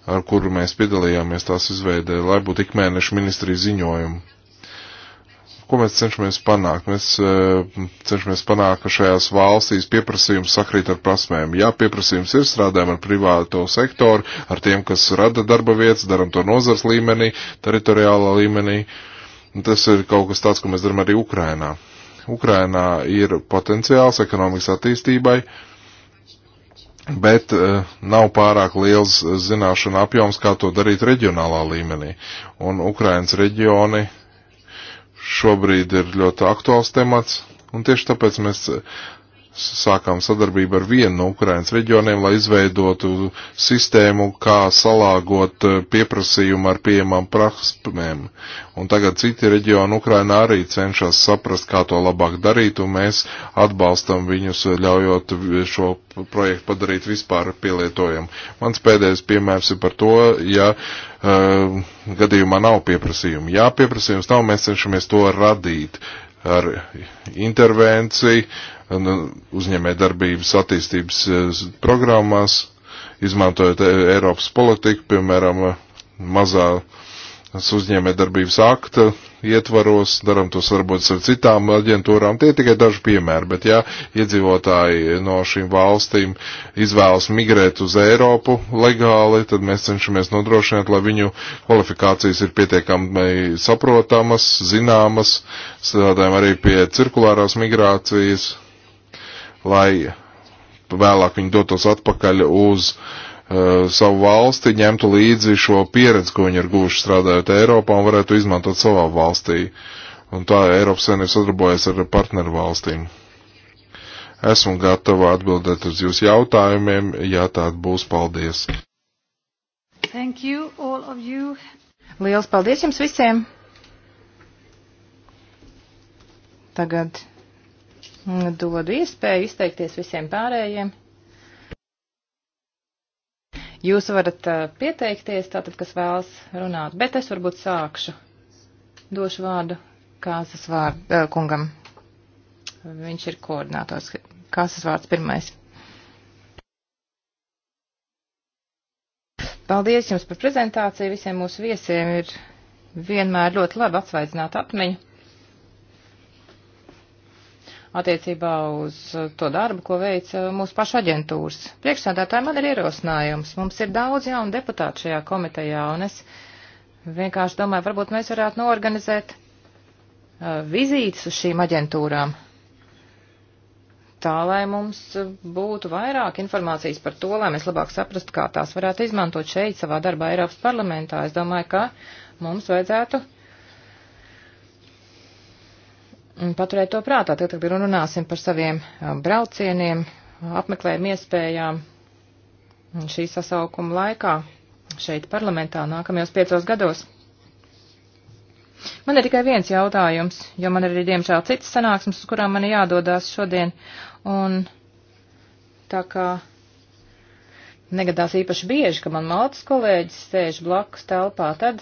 C: ar kuru mēs piedalījāmies tās izveidē, lai būtu ikmēneša ministrija ziņojumi ko mēs cenšamies panākt? Mēs uh, cenšamies panākt, ka šajās valstīs pieprasījums sakrīt ar prasmēm. Jā, pieprasījums ir, strādājam ar privāto sektoru, ar tiem, kas rada darba vietas, daram to nozars līmenī, teritoriālā līmenī. Un tas ir kaut kas tāds, ko mēs darām arī Ukrainā. Ukrainā ir potenciāls ekonomikas attīstībai, bet uh, nav pārāk liels zināšana apjoms, kā to darīt reģionālā līmenī. Un Ukrainas reģioni šobrīd ir ļoti aktuāls temats, un tieši tāpēc mēs eh, sākām sadarbību ar vienu no Ukrainas reģioniem, lai izveidotu sistēmu, kā salāgot eh, pieprasījumu ar pieejamām prasmēm. Un tagad citi reģioni Ukrainā arī cenšas saprast, kā to labāk darīt, un mēs atbalstam viņus, eh, ļaujot šo projektu padarīt vispār pielietojumu. Mans pēdējais piemērs ir par to, ja uh, uh, gadījumā nav pieprasījuma. Jā, pieprasījums nav, mēs cenšamies to radīt ar intervenciju, uh, uzņēmē darbības attīstības eh, programmās, izmantojot eh, Eiropas politiku, piemēram, mazā uzņēmē darbības akta ietvaros, daram to varbūt ar citām aģentūrām. Tie tikai daži piemēri, bet ja iedzīvotāji no šīm valstīm izvēlas migrēt uz Eiropu legāli, tad mēs cenšamies nodrošināt, lai viņu kvalifikācijas ir pietiekami saprotamas, zināmas, strādājam arī pie cirkulārās migrācijas, lai vēlāk viņi dotos atpakaļ uz uh, Eh, savu valsti, ņemtu līdzi šo pieredzi, ko viņi ir guvuši strādājot Eiropā un varētu izmantot savā valstī. Un tā Eiropas Savienība sadarbojas ar partneru valstīm. Esmu gatava atbildēt uz jūsu jautājumiem, ja tāda būs. Paldies!
B: Thank you, all of you. Liels paldies jums visiem! Tagad mm, dodu iespēju izteikties visiem pārējiem. Jūs varat eh, pieteikties, tātad, kas vēlas runāt, bet es varbūt sākšu. Došu vārdu Kāzas vārdu eh, kungam. Viņš ir koordinātors. Kāzas vārds pirmais. Paldies jums par prezentāciju. Visiem mūsu viesiem ir vienmēr ļoti labi atsvaidzināt atmiņu attiecībā uz uh, to darbu, ko veic uh, mūsu pašu aģentūras. Priekšsādātāji man ir ierosinājums. Mums ir daudz jaunu deputātu šajā komitejā, un es vienkārši domāju, varbūt mēs varētu norganizēt uh, vizītes uz šīm aģentūrām. Tā, lai mums būtu vairāk informācijas par to, lai mēs labāk saprastu, kā tās varētu izmantot šeit savā darbā Eiropas parlamentā. Es domāju, ka mums vajadzētu paturēt to prātā, tad, kad runāsim par saviem uh, braucieniem, apmeklējumu iespējām šī sasaukuma laikā šeit parlamentā nākamajos piecos gados. Man ir tikai viens jautājums, jo man ir arī diemžēl citas sanāksmes, uz kurām man jādodās šodien, un tā kā negadās īpaši bieži, ka man maltas kolēģis sēž blakus telpā, tad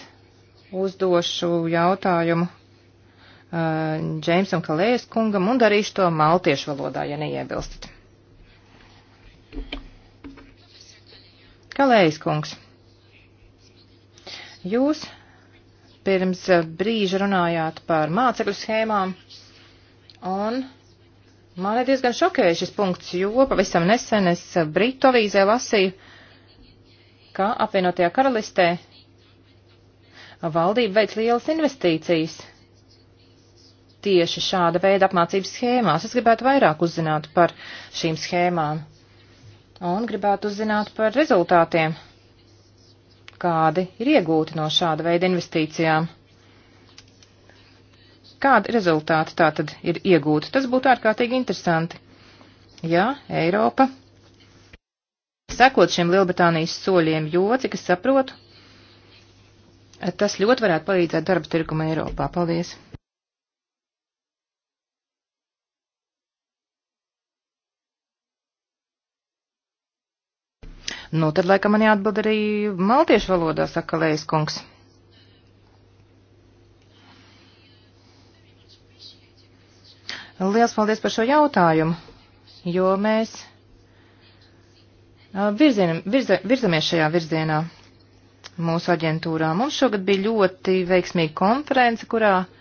B: uzdošu jautājumu Uh, Džeimsam Kalējas kungam un darīšu to maltiešu valodā, ja neiebilstat. Kalējas kungs, jūs pirms brīža runājāt par mācekļu schēmām un man ir diezgan šokēja šis punkts, jo pavisam nesen es Britu avīzē lasīju, ka apvienotajā karalistē valdība veic lielas investīcijas tieši šāda veida apmācības schēmās. Es gribētu vairāk uzzināt par šīm schēmām un gribētu uzzināt par rezultātiem, kādi ir iegūti no šāda veida investīcijām. Kādi rezultāti tā tad ir iegūti? Tas būtu ārkārtīgi interesanti. Jā, Eiropa. Sekot šiem Lielbritānijas soļiem, jo, cik es saprotu, tas ļoti varētu palīdzēt darba tirkuma Eiropā. Paldies! Nu, tad laikam man jāatbild arī maltiešu valodā, saka Lejas kungs. Liels paldies par šo jautājumu, jo mēs virzienam, virza, virzamies šajā virzienā mūsu aģentūrā. Mums šogad bija ļoti veiksmīga konference, kurā uh,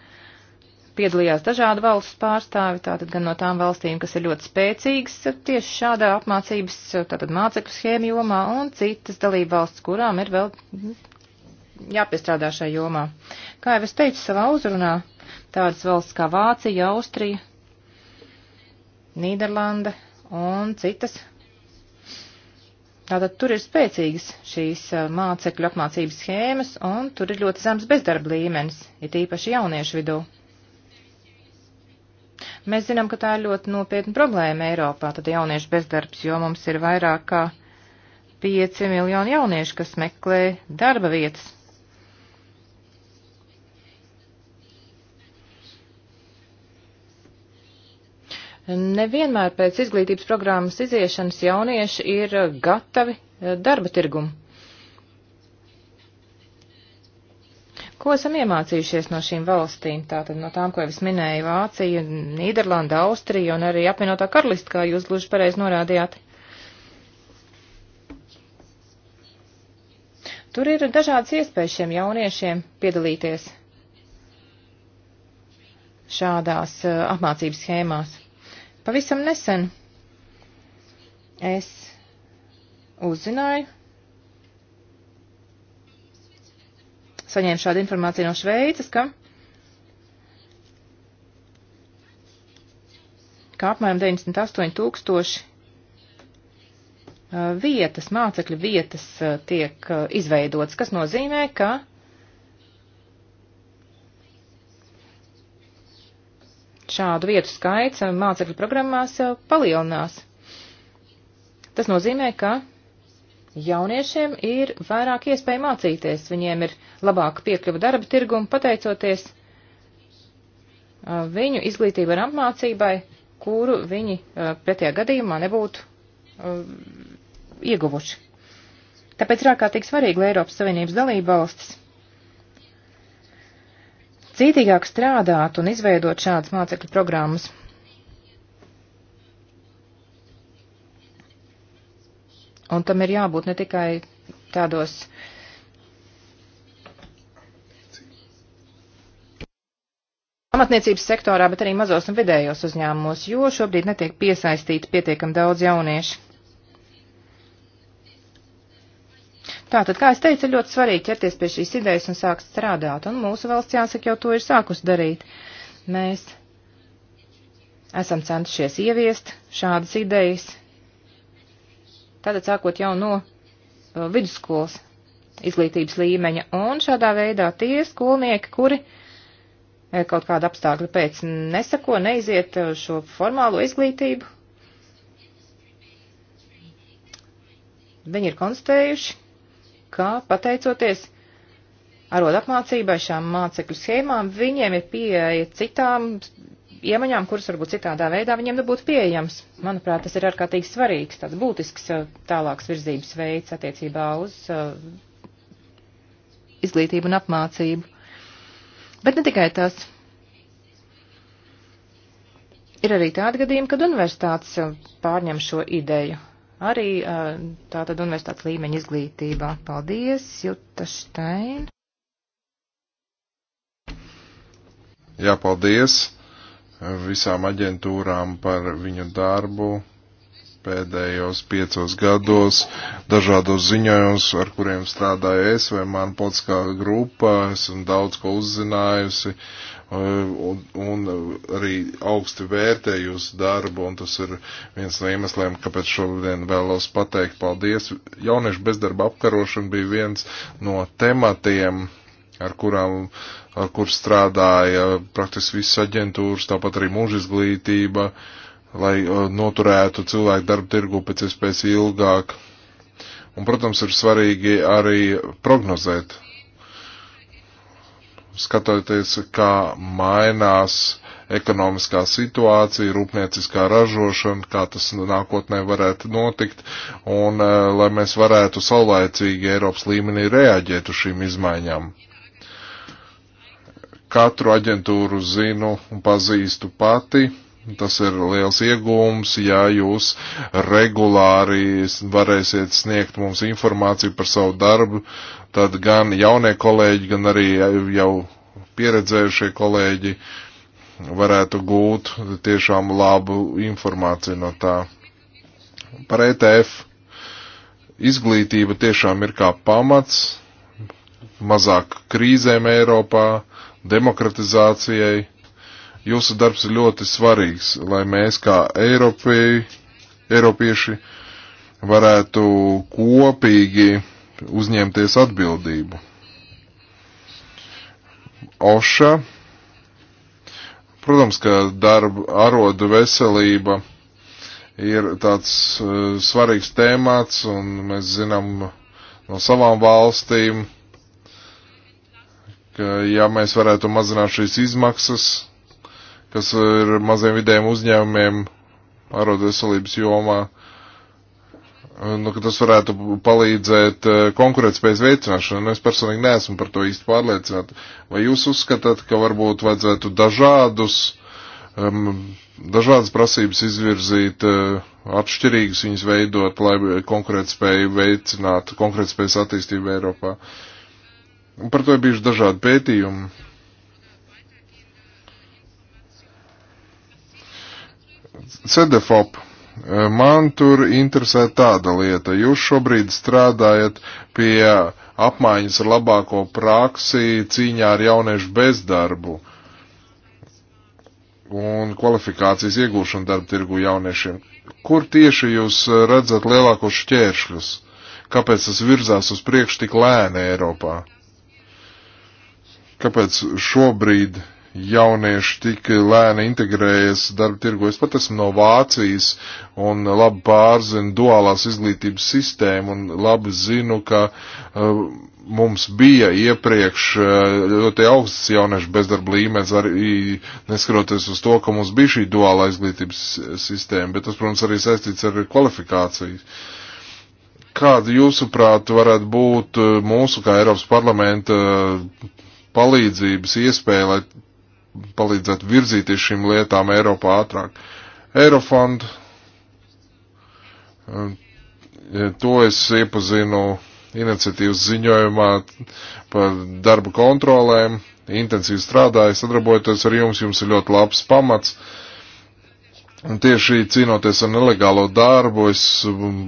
B: piedalījās dažādu valstu pārstāvi, tātad gan no tām valstīm, kas ir ļoti spēcīgas tieši šādā apmācības, tātad mācekļu schēmu jomā, un citas dalību valsts, kurām ir vēl jāpiestrādā šajā jomā. Kā jau es teicu savā uzrunā, tādas valsts kā Vācija, Austrija, Nīderlanda un citas. Tātad tur ir spēcīgas šīs mācekļu apmācības schēmas, un tur ir ļoti zems bezdarba līmenis, ir ja tīpaši jauniešu vidū. Mēs zinām, ka tā ir ļoti nopietna problēma Eiropā, tad jauniešu bezdarbs, jo mums ir vairāk kā 5 miljoni jauniešu, kas meklē darba vietas. Nevienmēr pēc izglītības programmas iziešanas jaunieši ir gatavi eh, darba tirgumu. Ko esam iemācījušies no šīm valstīm? Tātad no tām, ko jau es minēju, Vācija, Nīderlanda, Austrija un arī apvienotā karalista, kā jūs gluži pareizi norādījāt. Tur ir dažādas iespējas šiem jauniešiem piedalīties šādās uh, apmācības schēmās. Pavisam nesen es uzzināju, saņēmu šādu informāciju no Šveices, ka, ka apmēram 98 tūkstoši vietas, mācekļu vietas tiek izveidotas, kas nozīmē, ka šādu vietu skaits mācekļu programmās palielinās. Tas nozīmē, ka jauniešiem ir vairāk iespēja mācīties, viņiem ir labāka piekļuva darba tirgumu, pateicoties viņu izglītību un apmācībai, kuru viņi pretējā gadījumā nebūtu ieguvuši. Tāpēc ir ārkārtīgi svarīgi, lai Eiropas Savienības dalība valstis cītīgāk strādātu un izveidot šādas mācekļu programmas. Un tam ir jābūt ne tikai tādos amatniecības sektorā, bet arī mazos un vidējos uzņēmumos, jo šobrīd netiek piesaistīti pietiekam daudz jauniešu. Tātad, kā es teicu, ir ļoti svarīgi ķerties pie šīs idejas un sākt strādāt, un mūsu valsts jāsaka jau to ir sākus darīt. Mēs esam centušies ieviest šādas idejas tātad sākot jau no uh, vidusskolas izglītības līmeņa. Un šādā veidā tie skolnieki, kuri eh, kaut kāda apstākļa pēc nesako, neiziet eh, šo formālo izglītību, viņi ir konstatējuši, ka pateicoties arod apmācībai šām mācekļu schēmām, viņiem ir pieeja citām iemaņām, kuras varbūt citādā veidā viņiem nebūtu pieejams. Manuprāt, tas ir ārkārtīgi svarīgs, tāds būtisks uh, tālāks virzības veids attiecībā uz uh, izglītību un apmācību. Bet ne tikai tas. Ir arī tādi gadījumi, kad universitātes uh, pārņem šo ideju. Arī uh, tātad universitātes līmeņa izglītībā. Paldies, Juta Štein.
C: Jā, paldies visām aģentūrām par viņu darbu pēdējos piecos gados, dažādos ziņojumos, ar kuriem strādāju es vai mana politiskā grupa. Esmu daudz ko uzzinājusi un, un arī augsti vērtēju jūsu darbu, un tas ir viens no iemesliem, kāpēc šodien vēlos pateikt paldies. Jauniešu bezdarba apkarošana bija viens no tematiem ar kurām, ar kur strādāja praktiski visas aģentūras, tāpat arī mūža izglītība, lai noturētu cilvēku darba tirgu pēc iespējas ilgāk. Un, protams, ir svarīgi arī prognozēt, skatoties, kā mainās ekonomiskā situācija, rūpnieciskā ražošana, kā tas nākotnē varētu notikt, un e, lai mēs varētu saulaicīgi Eiropas līmenī reaģēt uz šīm izmaiņām. Katru aģentūru zinu un pazīstu pati. Tas ir liels iegūms, ja jūs regulāri varēsiet sniegt mums informāciju par savu darbu, tad gan jaunie kolēģi, gan arī jau pieredzējušie kolēģi varētu gūt tiešām labu informāciju no tā. Par ETF izglītība tiešām ir kā pamats, mazāk krīzēm Eiropā, demokratizācijai. Jūsu darbs ir ļoti svarīgs, lai mēs kā Eiropie, Eiropieši varētu kopīgi uzņemties atbildību. Oša. Protams, ka darba arodu veselība ir tāds uh, svarīgs tēmats, un mēs zinām no savām valstīm, uh, ka ja mēs varētu mazināt šīs izmaksas, kas ir maziem vidējiem uzņēmumiem arotveselības jomā, nu, ka tas varētu palīdzēt eh, konkurētspējas veicināšanai. Nu, es personīgi neesmu par to īsti pārliecināta. Vai jūs uzskatāt, ka varbūt vajadzētu dažādus, um, dažādas prasības izvirzīt, uh, atšķirīgas viņas veidot, lai konkurētspēju veicinātu, konkurētspējas attīstību Eiropā? Uh, Un par to ir bijuši dažādi pētījumi. CDFOP. Man tur interesē tāda lieta. Jūs šobrīd strādājat pie apmaiņas ar labāko praksi cīņā ar jauniešu bezdarbu un kvalifikācijas iegūšanu darba tirgu jauniešiem. Kur tieši jūs redzat lielākos šķēršļus? Kāpēc tas virzās uz priekšu tik lēni Eiropā? kāpēc šobrīd jaunieši tik lēni integrējas darba tirgu. Es pat esmu no Vācijas un labi pārzinu duālās izglītības sistēmu un labi zinu, ka uh, mums bija iepriekš uh, ļoti uh, augsts jauniešu bezdarba līmenis, arī neskaroties uz to, ka mums bija šī duālā izglītības sistēma, bet tas, protams, arī saistīts ar kvalifikāciju. Kāda jūsuprāt varētu būt uh, mūsu kā Eiropas parlamenta uh, palīdzības iespēja, lai palīdzētu virzīties šīm lietām Eiropā ātrāk. Eirofond, to es iepazinu iniciatīvas ziņojumā par darba kontrolēm, intensīvi strādāju, sadarbojoties ar jums, jums ir ļoti labs pamats. Uh, Un tieši cīnoties ar nelegālo darbu, es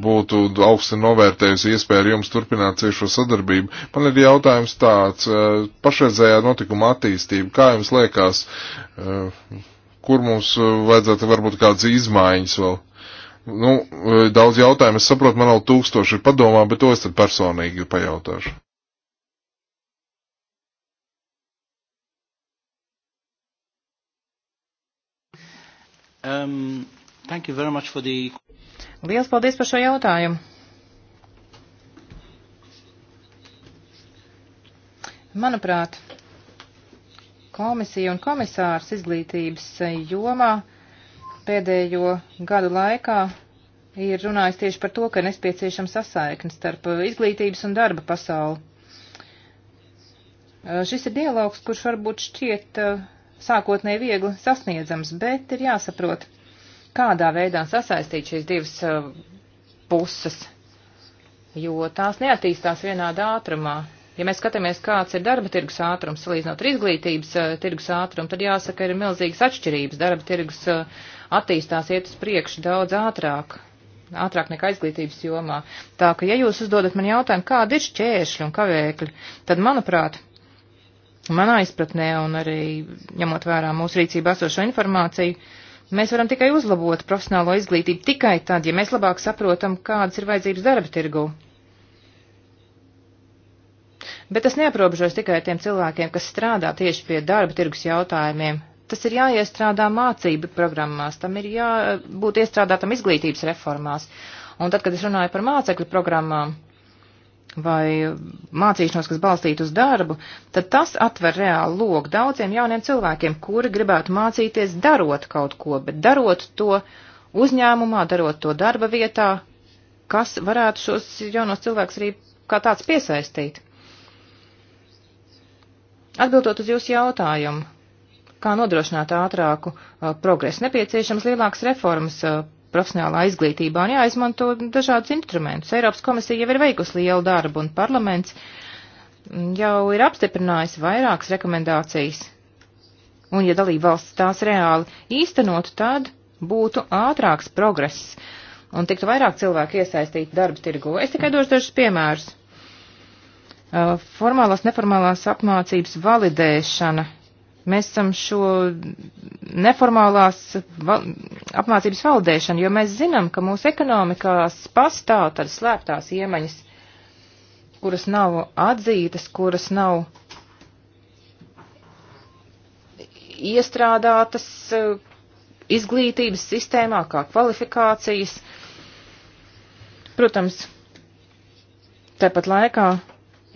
C: būtu augsti novērtējusi iespēju ar jums turpināt ciešo sadarbību. Man ir jautājums tāds, eh, pašreizējā notikuma attīstība, kā jums liekas, eh, kur mums vajadzētu varbūt kādas izmaiņas vēl? Nu, eh, daudz jautājumu, es saprotu, man vēl tūkstoši ir padomā, bet to es tad personīgi pajautāšu. Um, thank you very much for the...
B: Liels paldies par šo jautājumu. Manuprāt, komisija un komisārs izglītības jomā pēdējo gadu laikā ir runājis tieši par to, ka ir nepieciešama sasaikne starp izglītības un darba pasauli. Šis ir dialogs, kurš varbūt šķiet uh, sākotnēji viegli sasniedzams, bet ir jāsaprot, kādā veidā sasaistīt šīs divas uh, puses, jo tās neattīstās vienādā ātrumā. Ja mēs skatāmies, kāds ir darba tirgus ātrums, salīdzinot ar izglītības uh, tirgus ātrumu, tad jāsaka, ir milzīgas atšķirības. Darba tirgus uh, attīstās iet uz priekšu daudz ātrāk, ātrāk nekā izglītības jomā. Tā ka, ja jūs uzdodat man jautājumu, kādi ir šķēršļi un kavēkļi, tad, manuprāt, Manā izpratnē un arī ņemot vērā mūsu rīcībā esošo informāciju, mēs varam tikai uzlabot profesionālo izglītību tikai tad, ja mēs labāk saprotam, kādas ir vajadzības darba tirgu. Bet tas neaprobežos tikai tiem cilvēkiem, kas strādā tieši pie darba tirgus jautājumiem, tas ir jāiestrādā mācību programmās, tam ir jābūt iestrādātam izglītības reformās. Un tad, kad es runāju par mācekļu programmām, vai mācīšanos, kas balstīta uz darbu, tad tas atver reāli loku daudziem jauniem cilvēkiem, kuri gribētu mācīties darot kaut ko, bet darot to uzņēmumā, darot to darba vietā, kas varētu šos jaunos cilvēkus arī kā tāds piesaistīt. Atbildot uz jūsu jautājumu, kā nodrošināt ātrāku uh, progresu, nepieciešams lielāks reformas uh, profesionālā izglītībā un jāizmanto dažādus instrumentus. Eiropas komisija jau ir veikusi lielu darbu un parlaments jau ir apstiprinājis vairākas rekomendācijas. Un ja dalība valsts tās reāli īstenotu, tad būtu ātrāks progress un tiktu vairāk cilvēku iesaistīti darba tirgu. Es tikai došu dažus piemērus. Uh, formālās, neformālās apmācības validēšana Mēs esam šo neformālās apmācības valdēšanu, jo mēs zinām, ka mūsu ekonomikās pastāv tādas slēptās iemaņas, kuras nav atzītas, kuras nav iestrādātas eh, izglītības sistēmā kā kvalifikācijas. Protams, tāpat laikā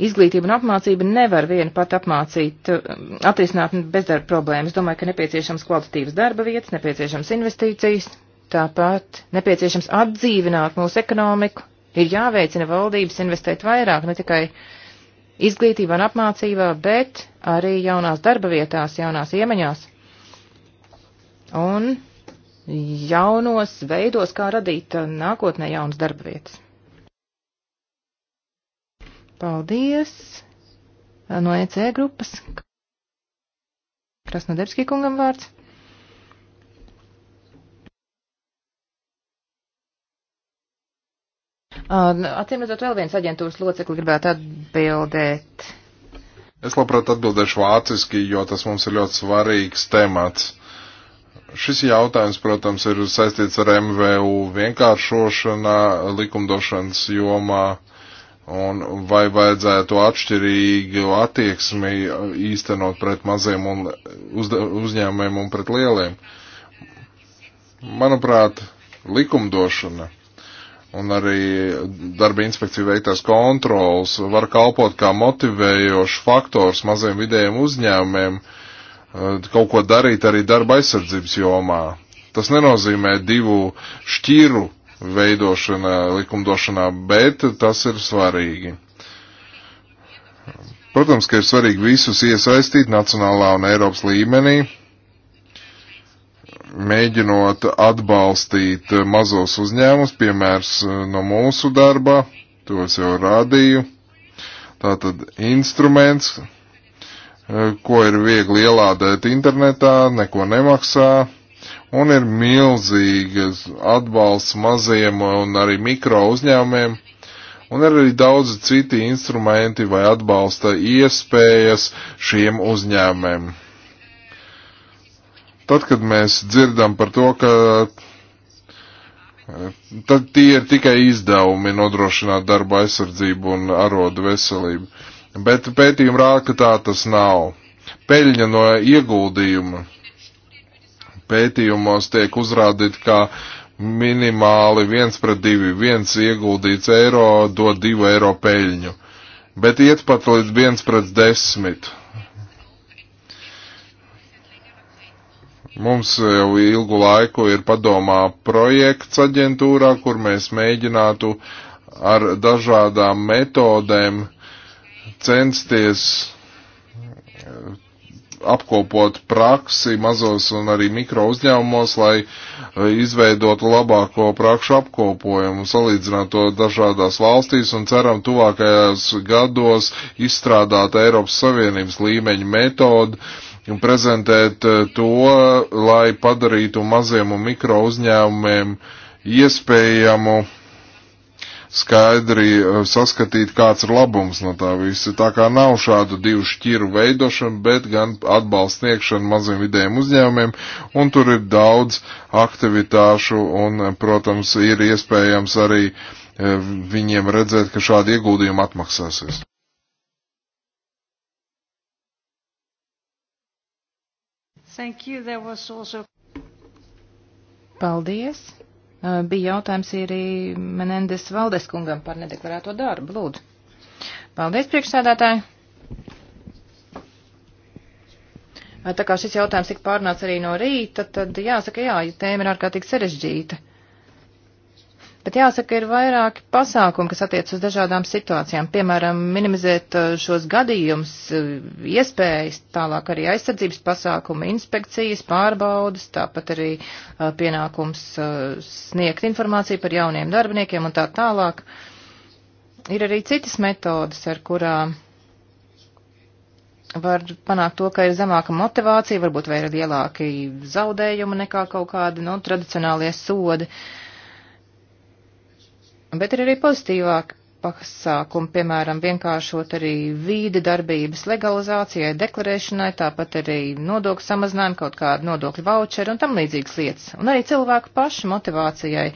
B: Izglītība un apmācība nevar viena pat apmācīt, um, atrisināt bezdarba problēmas. Domāju, ka nepieciešams kvalitatīvas darba vietas, nepieciešams investīcijas, tāpat nepieciešams atdzīvināt mūsu ekonomiku. Ir jāveicina valdības investēt vairāk, ne tikai izglītībā un apmācībā, bet arī jaunās darba vietās, jaunās iemaņās un jaunos veidos, kā radīt uh, nākotnē jaunas darba vietas. Paldies no EC grupas. Krasnodebskī kungam vārds. Atcīm redzot, vēl viens aģentūras locekli gribētu atbildēt.
C: Es labprāt atbildēšu vāciski, jo tas mums ir ļoti svarīgs temats. Šis jautājums, protams, ir saistīts ar MVU vienkāršošanā likumdošanas jomā. Uh, Un vai vajadzētu atšķirīgu attieksmi īstenot pret maziem un uz, uzņēmumiem un pret lieliem? Manuprāt, likumdošana un arī darba inspekcija veiktās kontrols var kalpot kā motivējošs faktors maziem vidējiem uzņēmumiem eh, kaut ko darīt arī darba aizsardzības jomā. Tas nenozīmē divu šķiru veidošanā, likumdošanā, bet tas ir svarīgi. Protams, ka ir svarīgi visus iesaistīt nacionālā un Eiropas līmenī, mēģinot atbalstīt mazos uzņēmus, piemērs eh, no mūsu darba, to es jau rādīju. Tātad instruments, eh, ko ir viegli ielādēt internetā, neko nemaksā un ir milzīgas atbalsts mazajiem un arī mikro uzņēmumiem, un ir arī daudzi citi instrumenti vai atbalsta iespējas šiem uzņēmumiem. Tad, kad mēs dzirdam par to, ka eh, tad tie ir tikai izdevumi nodrošināt darba aizsardzību un arodu veselību, bet pētījumi rāda, ka tā tas nav. Peļņa no ieguldījuma pētījumos tiek uzrādīt, ka minimāli viens pret divi, viens ieguldīts eiro dod divu eiro peļņu, bet iet pat līdz viens pret desmit. Mums jau ilgu laiku ir padomā projekts aģentūrā, kur mēs mēģinātu ar dažādām metodēm censties apkopot praksi mazos un arī mikro uzņēmumos, lai izveidotu labāko prakšu apkopojumu, salīdzināt to dažādās valstīs un ceram tuvākajās gados izstrādāt Eiropas Savienības līmeņa metodu un prezentēt eh, to, lai padarītu maziem un mikro uzņēmumiem iespējamu skaidri eh, saskatīt, kāds ir labums no tā visa. Tā kā nav šādu divu šķiru veidošana, bet gan atbalsta sniegšana maziem vidējiem uzņēmumiem, un tur ir daudz aktivitāšu, un, eh, protams, ir iespējams arī eh, viņiem redzēt, ka šādi ieguldījumi atmaksāsies.
B: Thank you. There was also... Paldies! bija jautājums arī Menendes Valdes kungam par nedeklarēto darbu. Lūdzu. Paldies, priekšsēdētāji. Tā kā šis jautājums tika pārnāts arī no rīta, tad jāsaka, jā, tēma ir ārkārtīgi sarežģīta. Bet jāsaka, ir vairāki pasākumi, kas attiec uz dažādām situācijām. Piemēram, minimizēt uh, šos gadījumus, uh, iespējas, tālāk arī aizsardzības pasākumi, inspekcijas, pārbaudas, tāpat arī uh, pienākums sniegt informāciju par jauniem darbiniekiem un tā tālāk. Ir arī citas metodas, ar kurām var panākt to, ka ir zemāka motivācija, varbūt vai ir lielāki zaudējumi nekā kaut kādi, nu, tradicionālie sodi. Uh, Bet ir arī pozitīvāki pasākumi, piemēram, vienkāršot arī vīdi darbības legalizācijai, deklarēšanai, tāpat arī nodokļu samazinājumu, kaut kādu nodokļu voucheru un tam līdzīgas lietas. Un arī cilvēku pašu motivācijai.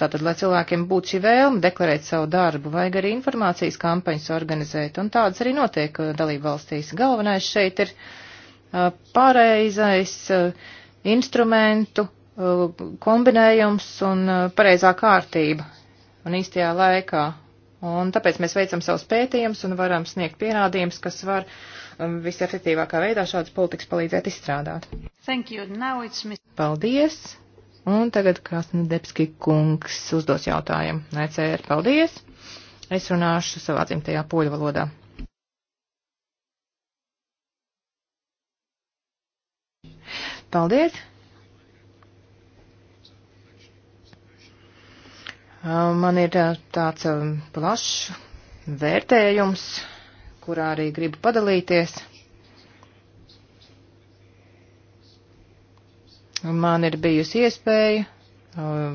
B: Tātad, lai cilvēkiem būtu šī vēlme deklarēt savu darbu, vajag arī informācijas kampaņas organizēt, un tādas arī notiek uh, dalību valstīs. Galvenais šeit ir uh, pareizais uh, instrumentu kombinējums un pareizā kārtība un īstajā laikā. Un tāpēc mēs veicam savus pētījumus un varam sniegt pierādījumus, kas var um, visefektīvākā veidā šādas politikas palīdzēt izstrādāt. Paldies! Un tagad Krasna Debski kungs uzdos jautājumu. ECR, paldies! Es runāšu savā dzimtajā poļu valodā. Paldies! Uh, man ir uh, tāds um, plašs vērtējums, kurā arī gribu padalīties. Man ir bijusi iespēja uh,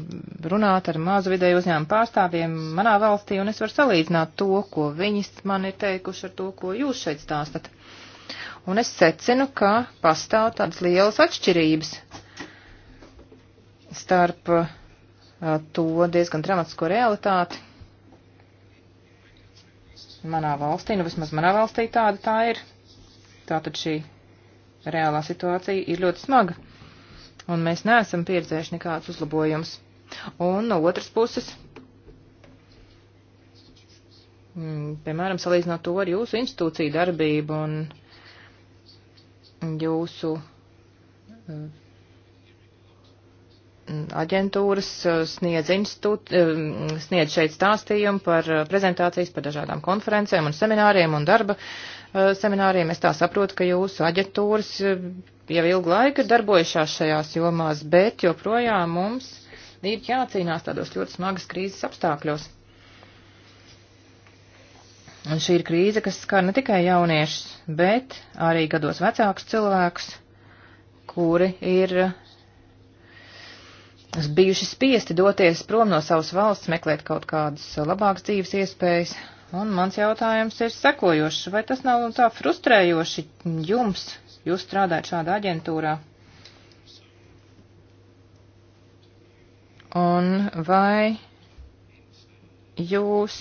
B: runāt ar mazu vidēju uzņēmumu pārstāvjiem manā valstī, un es varu salīdzināt to, ko viņi man ir teikuši ar to, ko jūs šeit stāstat. Un es secinu, ka pastāv tādas lielas atšķirības starp uh, to diezgan dramatisko realitāti. Manā valstī, nu vismaz manā valstī tāda tā ir. Tātad šī reālā situācija ir ļoti smaga. Un mēs neesam pieredzējuši nekādus uzlabojumus. Un no otras puses, mm, piemēram, salīdzinot to ar jūsu institūciju darbību un jūsu aģentūras eh, sniedz, institūt, eh, sniedz šeit stāstījumu par eh, prezentācijas par dažādām konferencēm un semināriem un darba semināriem. Es tā saprotu, ka jūsu aģentūras jau ilgu laiku ir darbojušās šajās jomās, bet joprojām mums ir jācīnās tādos ļoti smagas krīzes apstākļos. Un šī ir krīze, kas skar ne tikai jauniešus, bet arī gados vecākus cilvēkus, kuri ir bijuši spiesti doties prom no savas valsts, meklēt kaut kādas labākas dzīves iespējas. Un mans jautājums ir sekojošs. Vai tas nav tā frustrējoši jums? Jūs strādājat šādā aģentūrā. Un vai jūs,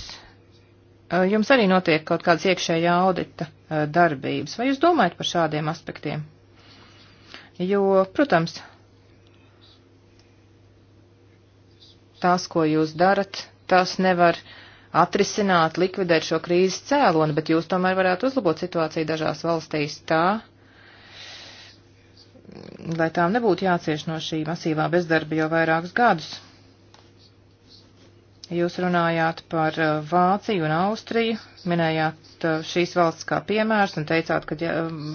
B: eh, jums arī notiek kaut kādas iekšējā audita eh, darbības? Vai jūs domājat par šādiem aspektiem? Jo, protams, tās, ko jūs darat, tas nevar atrisināt, likvidēt šo krīzes cēloni, bet jūs tomēr varētu uzlabot situāciju dažās valstīs tā, lai tām nebūtu jācieš no šī masīvā bezdarba jau vairākus gadus. Jūs runājāt par uh, Vāciju un Austriju, minējāt uh, šīs valsts kā piemērs un teicāt, ka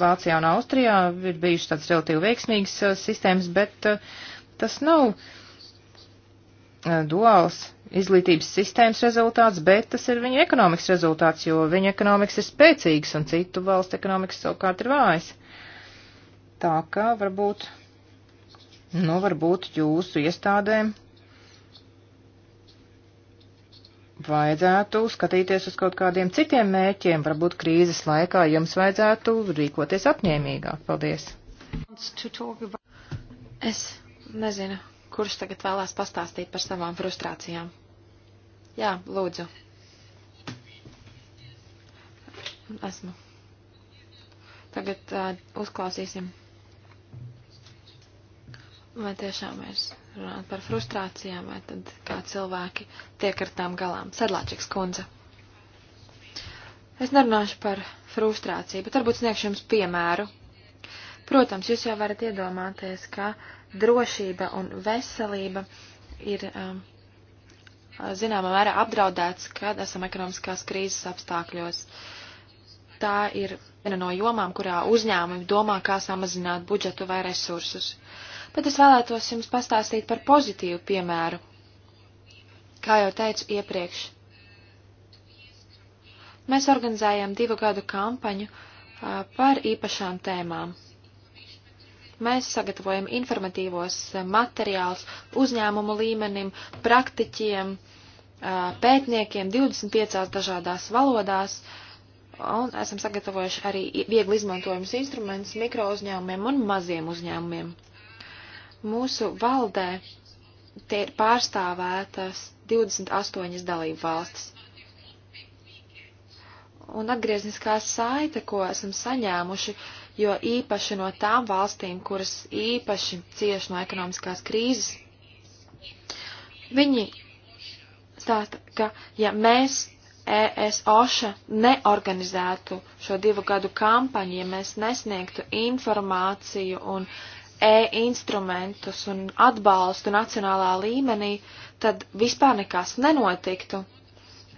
B: Vācijā un Austrijā ir bijušas tādas relatīvi veiksmīgas uh, sistēmas, bet tas nav uh, Eh, duāls izglītības sistēmas rezultāts, bet tas ir viņu ekonomikas rezultāts, jo viņu ekonomikas ir spēcīgas un citu valstu ekonomikas savukārt ir vājas. Tā kā varbūt, nu varbūt jūsu iestādēm vajadzētu skatīties uz kaut kādiem citiem mērķiem, varbūt krīzes laikā jums vajadzētu rīkoties apņēmīgāk. Paldies!
A: Es nezinu kurš tagad vēlās pastāstīt par savām frustrācijām. Jā, lūdzu. Esmu. Tagad uh, uzklausīsim. Vai tiešām mēs runājam par frustrācijām, vai tad kā cilvēki tiek ar tām galām? Sedlāčiks kundze. Es nerunāšu par frustrāciju, bet varbūt sniegšu jums piemēru. Protams, jūs jau varat iedomāties, ka drošība un veselība ir um, zināmā mērā apdraudēts, kad esam ekonomiskās krīzes apstākļos. Tā ir viena no jomām, kurā uzņēmumi domā, kā samazināt budžetu vai resursus. Bet es vēlētos jums pastāstīt par pozitīvu piemēru. Kā jau teicu iepriekš, mēs organizējām divu gadu kampaņu uh, par īpašām tēmām Mēs sagatavojam informatīvos eh, materiālus uzņēmumu līmenim, praktiķiem, eh, pētniekiem 25 dažādās valodās. Un esam sagatavojuši arī viegli izmantojums instrumentus mikro uzņēmumiem un maziem uzņēmumiem. Mūsu valdē te ir pārstāvētas 28 dalību valstis. Un atgriezniskā saite, ko esam saņēmuši, uh, jo īpaši no tām valstīm, kuras īpaši cieš no ekonomiskās krīzes, viņi stāsta, ka ja mēs ES OŠA neorganizētu šo divu gadu kampaņu, ja mēs nesniegtu informāciju un e-instrumentus un atbalstu nacionālā līmenī, tad vispār nekas nenotiktu.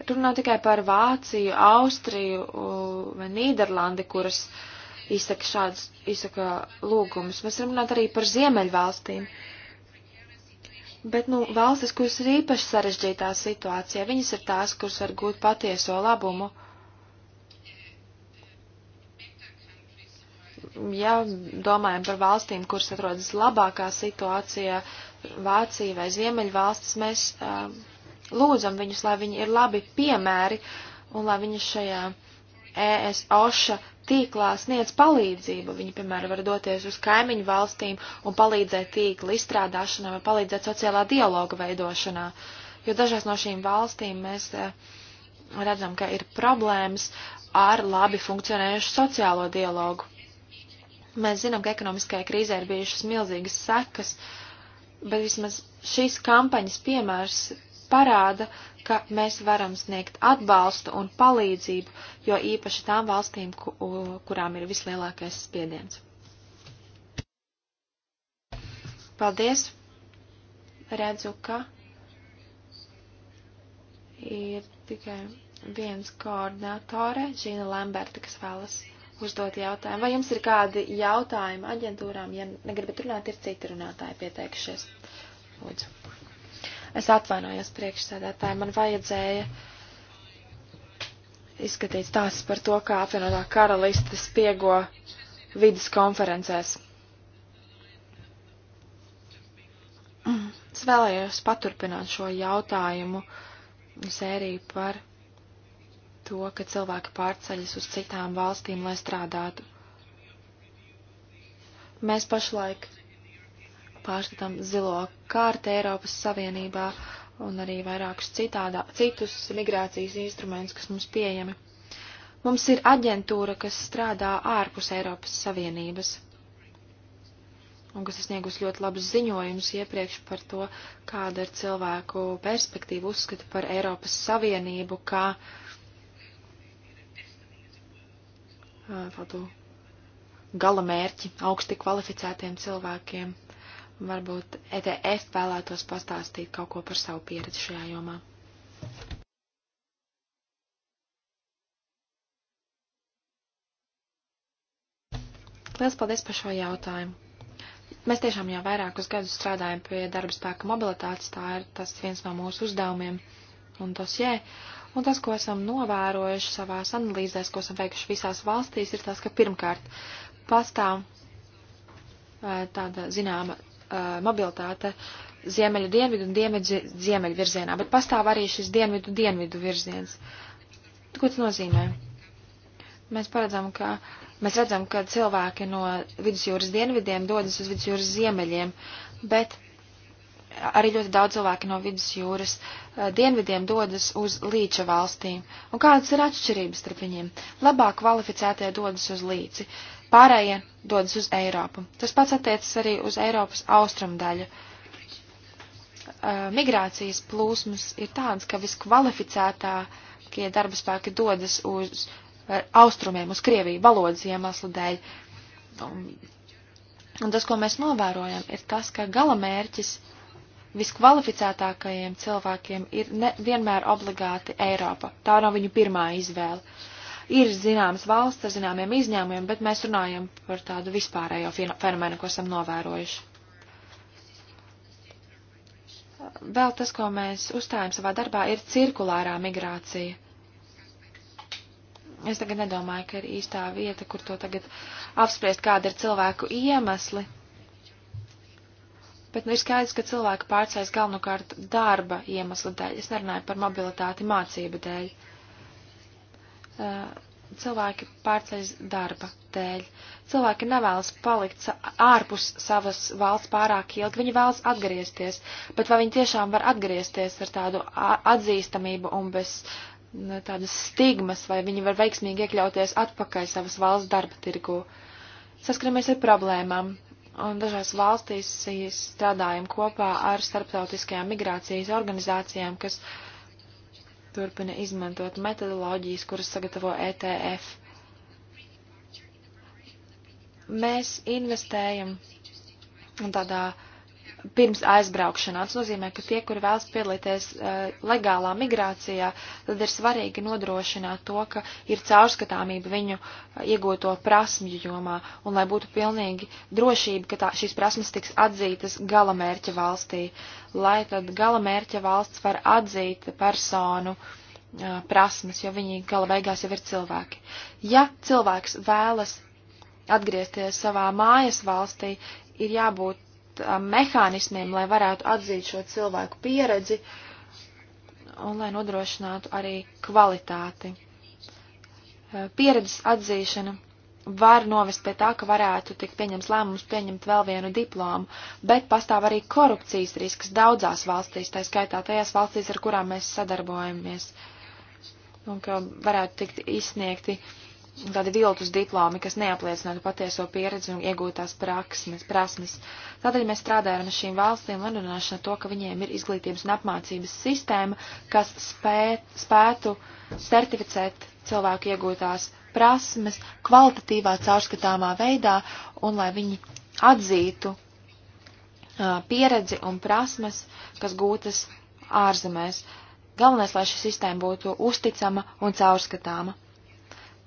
A: Runa nav tikai par Vāciju, Austriju uh, vai Nīderlandi, kuras uh, izsaka šādus, izsaka lūgumus. Mēs varam runāt arī par ziemeļvalstīm. Bet, nu, valstis, kuras ir īpaši sarežģītā situācijā, viņas ir tās, kuras var gūt patieso labumu. Ja domājam par valstīm, kuras atrodas labākā situācijā, Vācija vai Ziemeļvalstis, mēs uh, lūdzam viņus, lai viņi ir labi piemēri un lai viņi šajā ES OŠA tīklā sniedz palīdzību. Viņi, piemēram, var doties uz kaimiņu valstīm un palīdzēt tīkla izstrādāšanā vai palīdzēt sociālā dialoga veidošanā. Jo dažās no šīm valstīm mēs eh, redzam, ka ir problēmas ar labi funkcionējušu sociālo dialogu. Mēs zinām, ka ekonomiskajai krīzē ir bijušas milzīgas sekas, bet vismaz šīs kampaņas piemērs parāda, ka mēs varam sniegt atbalstu un palīdzību, jo īpaši tām valstīm, kurām ir vislielākais spiediens. Paldies! Redzu, ka ir tikai viens koordinātore, Žīna Lamberta, kas vēlas uzdot jautājumu. Vai jums ir kādi jautājumi aģentūrām? Ja negribat runāt, ir citi runātāji pieteikušies. Lūdzu. Es atvainojos priekšsēdētāji, man vajadzēja izskatīt stāstus par to, kā apvienotā karaliste spiego vidas konferencēs. Es vēlējos paturpināt šo jautājumu sēriju par to, ka cilvēki pārceļas uz citām valstīm, lai strādātu. Mēs pašlaik pārskatām zilo kārtu Eiropas Savienībā un arī vairākus citādā, citus migrācijas instrumentus, kas mums pieejami. Mums ir aģentūra, kas strādā ārpus Eiropas Savienības un kas ir sniegus ļoti labus ziņojumus iepriekš par to, kāda ir cilvēku perspektīva uzskata par Eiropas Savienību, kā tādu gala mērķi augsti kvalificētiem cilvēkiem. Varbūt ETF vēlētos pastāstīt kaut ko par savu pieredzi šajā jomā. Liels paldies par šo jautājumu. Mēs tiešām jau vairākus gadus strādājam pie darba spēka mobilitātes, tā ir tas viens no mūsu uzdevumiem un dosjē. Un tas, ko esam novērojuši savās analīzēs, ko esam veikuši visās valstīs, ir tas, ka pirmkārt pastāv eh, tāda zināma Uh, mobilitāte ziemeļu dienvidu un dienvidu ziemeļu virzienā, bet pastāv arī šis dienvidu dienvidu virziens. Ko tas nozīmē? Mēs paredzam, ka mēs redzam, ka cilvēki no vidusjūras dienvidiem dodas uz vidusjūras ziemeļiem, bet arī ļoti daudz cilvēki no vidusjūras uh, dienvidiem dodas uz līča valstīm. Un kādas ir atšķirības starp viņiem? Labāk kvalificētie dodas uz līci, pārējie dodas uz Eiropu. Tas pats attiecas arī uz Eiropas austrumu daļu. Uh, migrācijas plūsmas ir tādas, ka viskvalificētākie darba spēki dodas uz uh, austrumiem, uz Krieviju, valodas iemeslu dēļ. Un tas, ko mēs novērojam, ir tas, ka galamērķis viskvalificētākajiem cilvēkiem ir ne vienmēr obligāti Eiropa. Tā nav viņu pirmā izvēle. Ir zināmas valsts ar zināmiem izņēmumiem, bet mēs runājam par tādu vispārējo fenomenu, ko esam novērojuši. Vēl tas, ko mēs uzstājam savā darbā, ir cirkulārā migrācija. Es tagad nedomāju, ka ir īstā vieta, kur to tagad apspriest, kāda ir cilvēku iemesli. Bet nu, ir skaidrs, ka cilvēki pārcēs galvenokārt darba iemeslu dēļ. Es nerunāju par mobilitāti mācību dēļ. Uh, cilvēki pārceļas darba dēļ. Cilvēki nevēlas palikt ārpus savas valsts pārāk ilgi, viņi vēlas atgriezties, bet vai viņi tiešām var atgriezties ar tādu atzīstamību un bez tādas stigmas, vai viņi var veiksmīgi iekļauties atpakaļ savas valsts darba tirgu. Saskaramies ar problēmām, un dažās valstīs strādājam kopā ar starptautiskajām migrācijas organizācijām, kas uh, turpina izmantot metodoloģijas, kuras sagatavo ETF. Mēs investējam tādā uh, pirms aizbraukšanā. Tas nozīmē, ka tie, kuri vēlas piedalīties uh, legālā migrācijā, tad ir svarīgi nodrošināt to, ka ir caurskatāmība viņu uh, iegūto prasmju jomā un lai būtu pilnīgi drošība, ka tā, šīs prasmes tiks atzītas galamērķa valstī, lai tad galamērķa valsts var atzīt personu uh, prasmes, jo viņi gala beigās jau ir cilvēki. Ja cilvēks vēlas atgriezties savā mājas valstī, ir jābūt Um, mehānismiem, lai varētu atzīt šo cilvēku pieredzi un lai nodrošinātu arī kvalitāti. Uh, pieredzes atzīšana var novest pie tā, ka varētu tikt pieņems lēmums pieņemt vēl vienu diplomu, bet pastāv arī korupcijas risks daudzās valstīs, tā skaitā tajās valstīs, ar kurām mēs sadarbojamies, un ka varētu tikt izsniegti uh, tādi viltus diplomi, kas neapliecinātu patieso pieredzi un iegūtās praksmes, prasmes. Tādēļ mēs strādājam ar šīm valstīm, lai nodrošinātu to, ka viņiem ir izglītības un apmācības sistēma, kas spē, spētu certificēt cilvēku iegūtās prasmes kvalitatīvā caurskatāmā veidā un lai viņi atzītu uh, pieredzi un prasmes, kas gūtas ārzemēs. Galvenais, lai šī sistēma būtu uzticama un caurskatāma.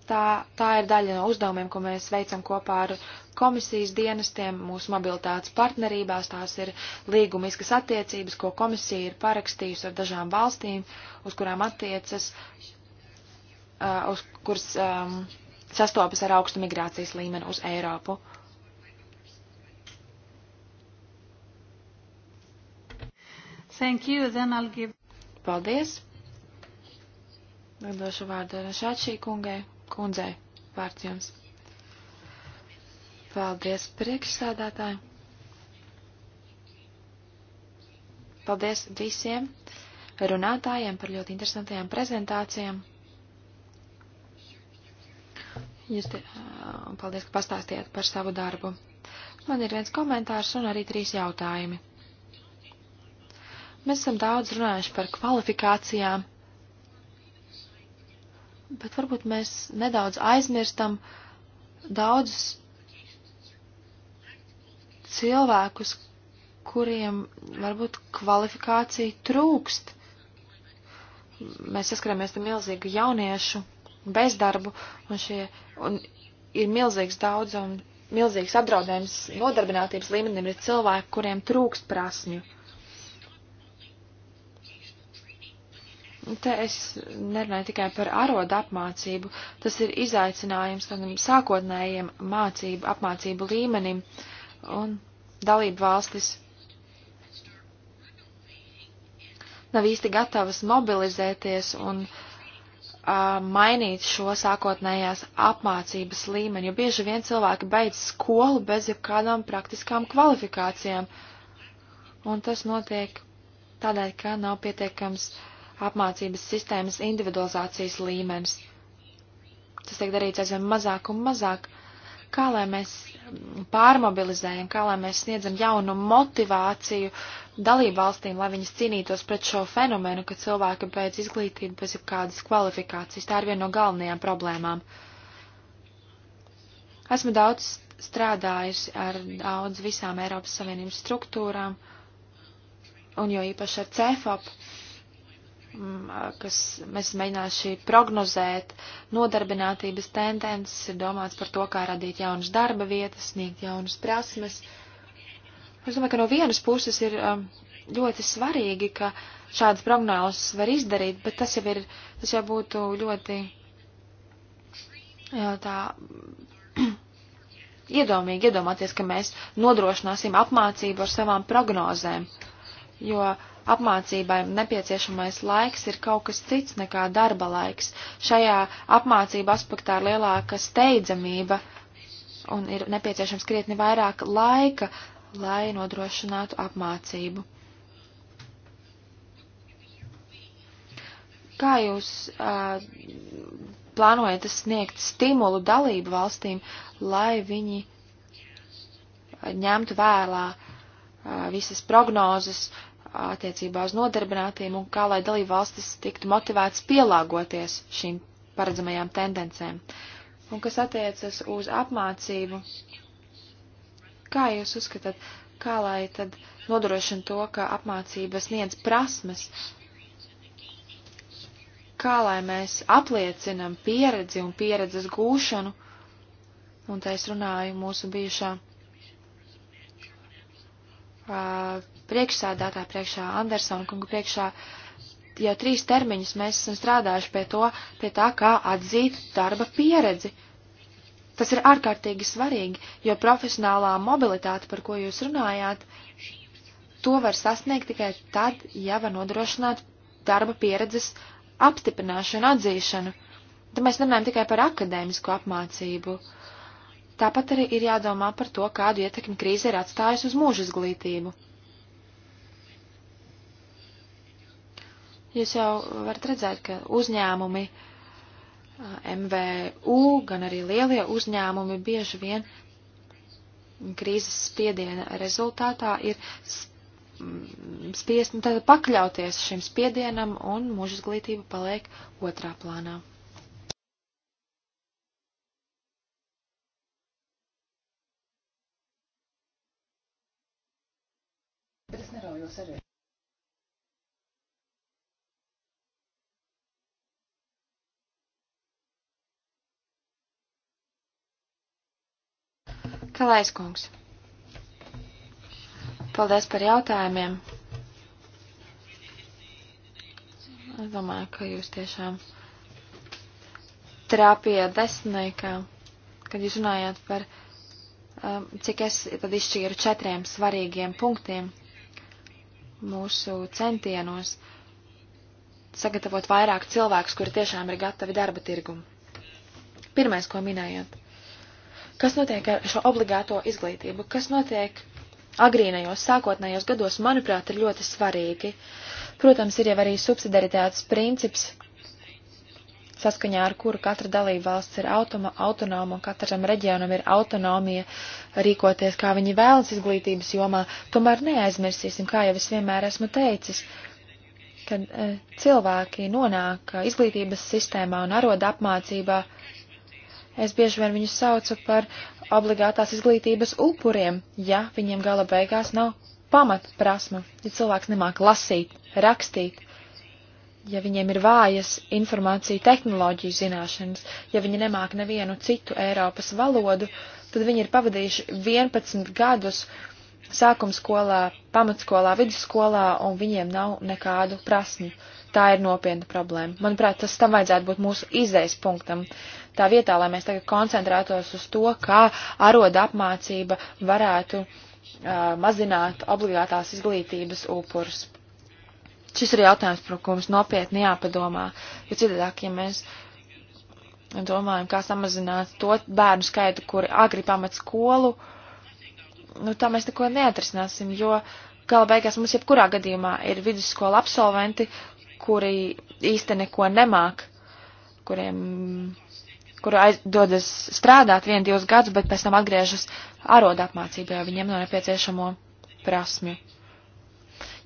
A: Tā, tā ir daļa no uzdevumiem, ko mēs veicam kopā ar komisijas dienestiem, mūsu mobilitātes partnerībās. Tās ir līgumiskas attiecības, ko komisija ir parakstījusi ar dažām valstīm, uz kurām attiecas, uh, uz kuras um, sastopas ar augstu migrācijas līmeni uz Eiropu. Thank you, then I'll give. Paldies. Došu vārdu Rašāčī kungai kundzei vārds jums. Paldies priekšsādātāji. Paldies visiem runātājiem par ļoti interesantajām prezentācijām. Jūs te, paldies, ka pastāstījāt par savu darbu. Man ir viens komentārs un arī trīs jautājumi. Mēs esam daudz runājuši par kvalifikācijām bet varbūt mēs nedaudz aizmirstam daudzus cilvēkus, kuriem varbūt kvalifikācija trūkst. Mēs saskaramies ar milzīgu jauniešu bezdarbu, un, šie, un ir milzīgs daudzums, milzīgs apdraudējums nodarbinātības līmenim ir cilvēki, kuriem trūkst prasmju. Uh, Te es nerunāju tikai par arodu apmācību, tas ir izaicinājums tādam sākotnējiem mācību, apmācību līmenim un dalību valstis nav īsti gatavas mobilizēties un uh, mainīt šo sākotnējās apmācības līmeni, jo bieži vien cilvēki beidz skolu bez jebkādām praktiskām kvalifikācijām. Un tas notiek tādēļ, ka nav pietiekams uh, apmācības sistēmas individualizācijas līmenis. Tas tiek darīts aizvien mazāk un mazāk. Kā lai mēs pārmobilizējam, kā lai mēs sniedzam jaunu motivāciju dalību valstīm, lai viņas cīnītos pret šo fenomenu, ka cilvēki pēc izglītības, bez jebkādas kvalifikācijas, tā ir viena no galvenajām problēmām. Esmu daudz strādājusi ar daudz visām Eiropas Savienības struktūrām, un jo īpaši ar CEFOP, Mm, kas mēs mēģinājuši prognozēt nodarbinātības tendences, ir domāts par to, kā radīt jaunas darba vietas, sniegt jaunas prasmes. Es domāju, ka no vienas puses ir um, ļoti svarīgi, ka šādas prognozes var izdarīt, bet tas jau ir, tas jau būtu ļoti jā, tā iedomīgi iedomāties, ka mēs nodrošināsim apmācību ar savām prognozēm, jo uh, apmācībai nepieciešamais laiks ir kaut kas cits nekā darba laiks. Šajā apmācība aspektā ir lielāka steidzamība un ir nepieciešams krietni vairāk laika, lai nodrošinātu apmācību. Kā jūs uh, plānojat sniegt stimulu dalību valstīm, lai viņi ņemtu vērā uh, visas prognozes, uh, attiecībā uz nodarbinātiem un kā lai dalība valstis tiktu motivētas pielāgoties šīm paredzamajām tendencēm. Un kas attiecas uz apmācību, kā jūs uzskatāt, kā lai tad nodrošina to, ka apmācība sniedz prasmes, kā lai mēs apliecinam pieredzi un pieredzes gūšanu, un tā es runāju mūsu bijušā uh, priekšsādātāja priekšā, Andersona kunga priekšā. Jau trīs termiņus mēs esam strādājuši pie, to, pie tā, kā atzīt darba pieredzi. Tas ir ārkārtīgi svarīgi, jo profesionālā mobilitāte, par ko jūs runājāt, to var sasniegt tikai tad, ja var nodrošināt darba pieredzes apstiprināšanu, atzīšanu. Tad mēs runājam tikai par akadēmisko apmācību. Tāpat arī ir jādomā par to, kādu ietekmi krīze ir atstājusi uz mūža izglītību. Jūs jau varat redzēt, ka uzņēmumi, MVU, gan arī lielie uzņēmumi bieži vien krīzes spiediena rezultātā ir spiest nu, pakļauties šim spiedienam un mūža izglītība paliek otrā plānā.
C: Bet es neraujos arī.
A: Kalais kungs. Paldies par jautājumiem. Es domāju, ka jūs tiešām trāpījāt desmitniekā, kad jūs runājāt par, um, cik es tad izšķīru četriem svarīgiem punktiem mūsu centienos sagatavot vairāk cilvēkus, kuri tiešām ir gatavi darba tirgumu. Pirmais, ko minējāt Kas notiek ar šo obligāto izglītību? Kas notiek agrīnajos, sākotnējos gados, manuprāt, ir ļoti svarīgi. Protams, ir jau arī subsidaritātes princips, saskaņā ar kuru katra dalība valsts ir automa, autonoma un katram reģionam ir autonomija rīkoties, kā viņi vēlas izglītības jomā. Tomēr neaizmirsīsim, kā jau es vienmēr esmu teicis, kad e, cilvēki nonāk eh, izglītības sistēmā un aroda apmācībā, Es bieži vien viņus saucu par obligātās izglītības upuriem, ja viņiem gala beigās nav pamatprasma, ja cilvēks nemāk lasīt, rakstīt, ja viņiem ir vājas informācija tehnoloģiju zināšanas, ja viņi nemāk nevienu citu Eiropas valodu, tad viņi ir pavadījuši 11 gadus sākumskolā, pamatskolā, vidusskolā, un viņiem nav nekādu prasmi. Tā ir nopietna problēma. Manuprāt, tas tam vajadzētu būt mūsu izējas punktam tā vietā, lai mēs tagad koncentrētos uz to, kā aroda apmācība varētu uh, mazināt obligātās izglītības upurus. Šis ir jautājums, par ko mums nopietni jāpadomā, jo citādāk, ja mēs domājam, kā samazināt to bērnu skaitu, kuri agri pamet skolu, nu tā mēs neko neatrisināsim, jo gala beigās mums jebkurā gadījumā ir vidusskola absolventi, kuri īsti neko nemāk, kuriem kur aizdodas strādāt vienu, divus gadus, bet pēc tam atgriežas arodu apmācībā, jo viņiem nav nepieciešamo prasmju.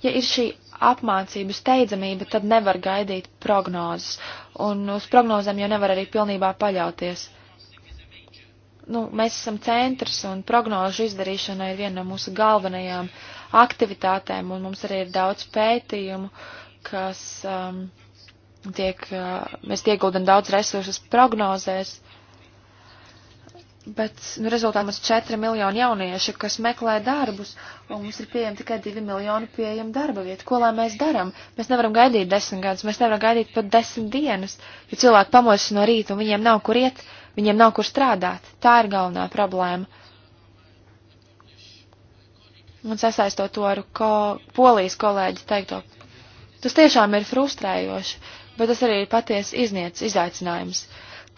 A: Ja ir šī apmācību steidzamība, tad nevar gaidīt prognozes, un uz prognozēm jau nevar arī pilnībā paļauties. Nu, mēs esam centrs, un prognožu izdarīšana ir viena no mūsu galvenajām aktivitātēm, un mums arī ir daudz pētījumu, kas. Um, tiek, mēs ieguldam daudz resursus prognozēs, bet nu, rezultātā mums ir 4 miljoni jaunieši, kas meklē darbus, un mums ir pieejami tikai 2 miljoni pieejama darba vieta. Ko lai mēs darām? Mēs nevaram gaidīt 10 gadus, mēs nevaram gaidīt pat 10 dienas, jo cilvēki pamostas no rīta un viņiem nav kur iet, viņiem nav kur strādāt. Tā ir galvenā problēma. Un sasaistot to ar ko, polijas kolēģi teikto, tas tiešām ir frustrējoši bet tas arī ir patiesi izniec izaicinājums.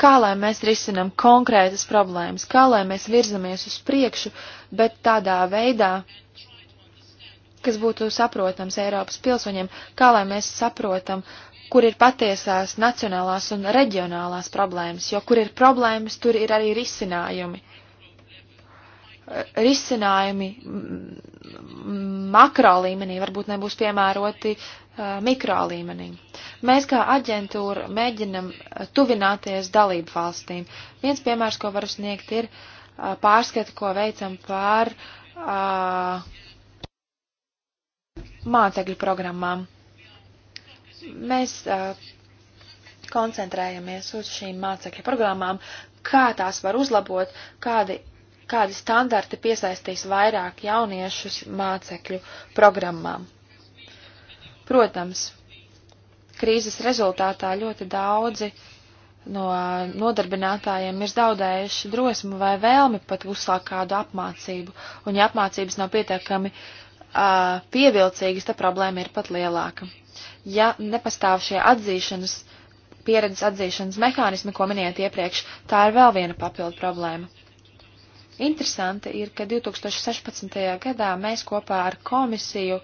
A: Kā lai mēs risinam konkrētas problēmas, kā lai mēs virzamies uz priekšu, bet tādā veidā, kas būtu saprotams Eiropas pilsoņiem, kā lai mēs saprotam, kur ir patiesās nacionālās un reģionālās problēmas, jo kur ir problēmas, tur ir arī risinājumi risinājumi makro līmenī varbūt nebūs piemēroti mikro līmenī. Mēs kā aģentūra mēģinam tuvināties dalību valstīm. Viens piemērs, ko varu sniegt, ir pārskati, ko veicam pār mācekļu programmām. Mēs uh, koncentrējamies uz šīm mācekļu programmām, kā tās var uzlabot, kādi kādi standarti piesaistīs vairāk jauniešus mācekļu programmām. Protams, krīzes rezultātā ļoti daudzi no nodarbinātājiem ir zaudējuši drosmi vai vēlmi pat uzsākt kādu apmācību, un ja apmācības nav pietiekami uh, pievilcīgas, tad problēma ir pat lielāka. Ja nepastāv šie atzīšanas, pieredzes atzīšanas mehānismi, ko minējāt iepriekš, tā ir vēl viena papildu problēma. Interesanti ir, ka 2016. gadā mēs kopā ar komisiju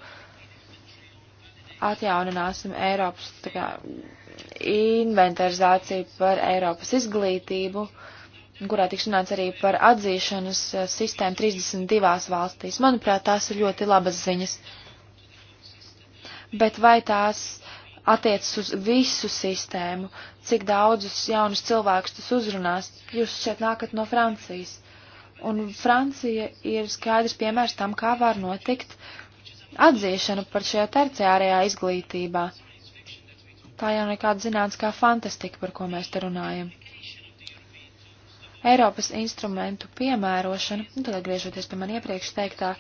A: atjaunināsim Eiropas kā, inventarizāciju par Eiropas izglītību, kurā tiks runāts arī par atzīšanas eh, sistēmu 32 valstīs. Manuprāt, tās ir ļoti labas ziņas. Bet vai tās attiecas uz visu sistēmu, cik daudzus jaunus cilvēkus tas uzrunās? Jūs šeit nākat no Francijas. Un Francija ir skaidrs piemērs tam, kā var notikt atzīšana par šajā terciārajā izglītībā. Tā jau nekāda zinātniskā fantastika, par ko mēs te runājam. Eiropas instrumentu piemērošana, nu tad griežoties pie man iepriekš teiktā,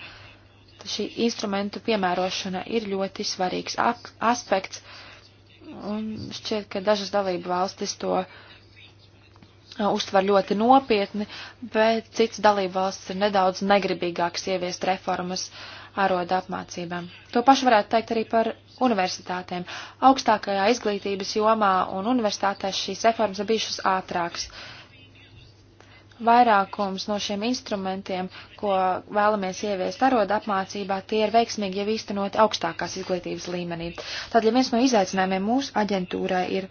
A: šī instrumentu piemērošana ir ļoti svarīgs aspekts, un šķiet, ka dažas dalību valstis to uh, Uh, uztver ļoti nopietni, bet cits dalībvalsts ir nedaudz negribīgāks ieviest reformas āroda apmācībām. To pašu varētu teikt arī par universitātēm. Augstākajā izglītības jomā un universitātēs šīs reformas ir bijušas ātrākas. Vairākums no šiem instrumentiem, ko vēlamies ieviest aroda apmācībā, tie ir veiksmīgi jau īstenoti augstākās izglītības līmenī. Tad, ja viens no izaicinājumiem mūsu aģentūrai ir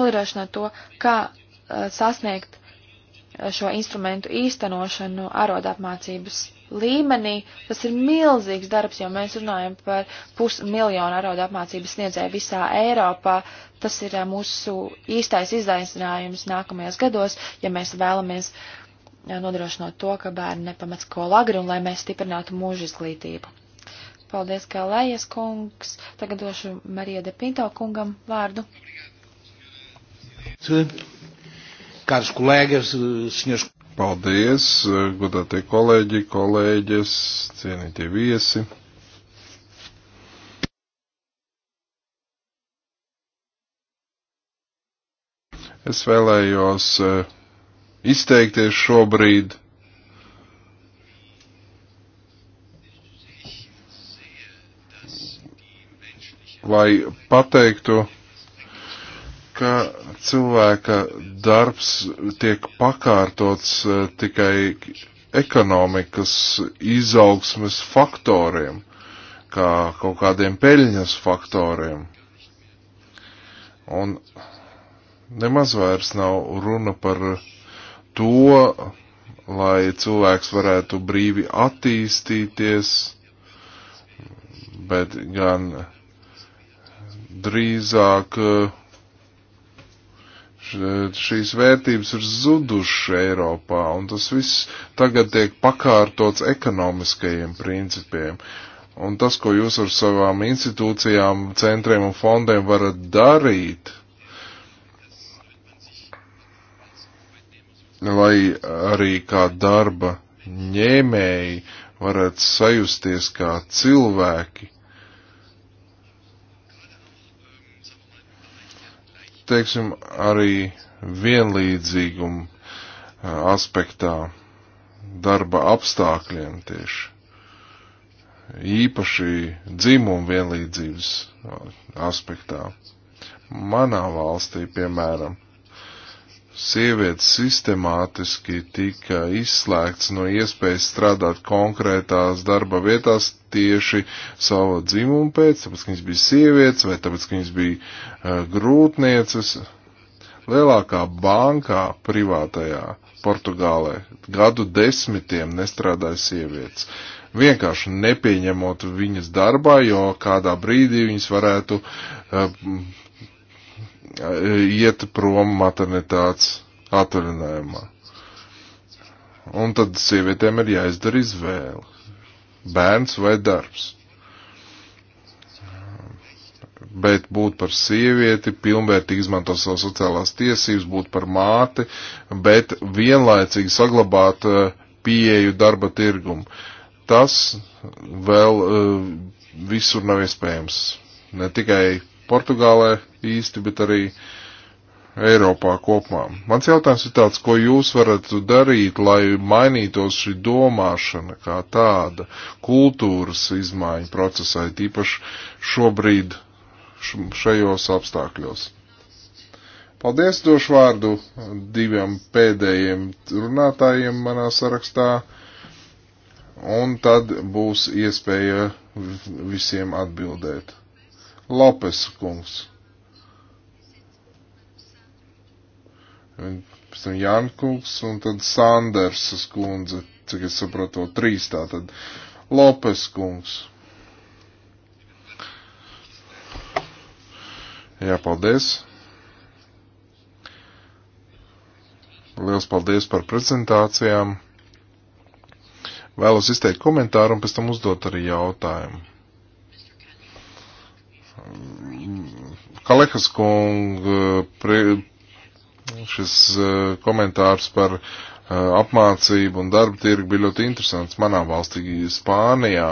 A: nodrošināt to, kā eh, sasniegt eh, šo instrumentu īstenošanu arodapmācības līmenī. Tas ir milzīgs darbs, jo mēs runājam par pusmiljonu arodapmācības sniedzēju visā Eiropā. Tas ir eh, mūsu īstais izaicinājums nākamajos gados, ja mēs vēlamies nodrošinot to, ka bērni nepamet skolu agri un lai mēs stiprinātu mūža izglītību. Paldies, kā Lejas kungs. Tagad došu Marija de Pinto kungam vārdu.
C: Kāds kolēģis, sniedz. Paldies, eh, godātie kolēģi, kolēģis, cienītie viesi. Es vēlējos eh, izteikties šobrīd. lai pateiktu, ka cilvēka darbs tiek pakārtots e, tikai ekonomikas izaugsmes faktoriem, kā kaut kādiem peļņas faktoriem. Un nemaz vairs nav runa par to, lai cilvēks varētu brīvi attīstīties, bet gan drīzāk uh, šīs vērtības ir zudušas Eiropā, un tas viss tagad tiek pakārtots ekonomiskajiem principiem. Un tas, ko jūs ar savām institūcijām, centriem un fondiem varat darīt, lai arī kā darba ņēmēji varētu sajusties kā cilvēki, teiksim, arī vienlīdzīgumu aspektā darba apstākļiem tieši. Īpaši dzimumu vienlīdzības aspektā. Manā valstī, piemēram, sievietes sistemātiski tika izslēgts no iespējas strādāt konkrētās darba vietās tieši savu dzimumu pēc, tāpēc, ka viņas bija sievietes vai tāpēc, ka viņas bija uh, grūtnieces. Lielākā bankā privātajā Portugālē gadu desmitiem nestrādāja sievietes. Vienkārši nepieņemot viņas darbā, jo kādā brīdī viņas varētu uh, iet prom maternitātes atvaļinājumā. Un tad sievietēm ir jāizdara izvēle. Bērns vai darbs. Bet būt par sievieti, pilnvērtīgi izmantot savas sociālās tiesības, būt par māti, bet vienlaicīgi saglabāt pieeju darba tirgumu. Tas vēl visur nav iespējams. Ne tikai Portugālē īsti, bet arī Eiropā kopumā. Mans jautājums ir tāds, ko jūs varat darīt, lai mainītos šī domāšana kā tāda, kultūras izmaiņa procesai, tīpaši šobrīd šajos apstākļos. Paldies, došu vārdu diviem pēdējiem runātājiem manā sarakstā, un tad būs iespēja visiem atbildēt. Lopes kungs. Pēc tam Jankungs un tad Sandersas kundze, cik es saprotu, trīs tā tad. Lopes kungs. Jā, paldies. Liels paldies par prezentācijām. Vēlos izteikt komentāru un pēc tam uzdot arī jautājumu. Kalehas kunga šis eh, komentārs par eh, apmācību un darba tirgu bija ļoti interesants manā valstī, Spānijā.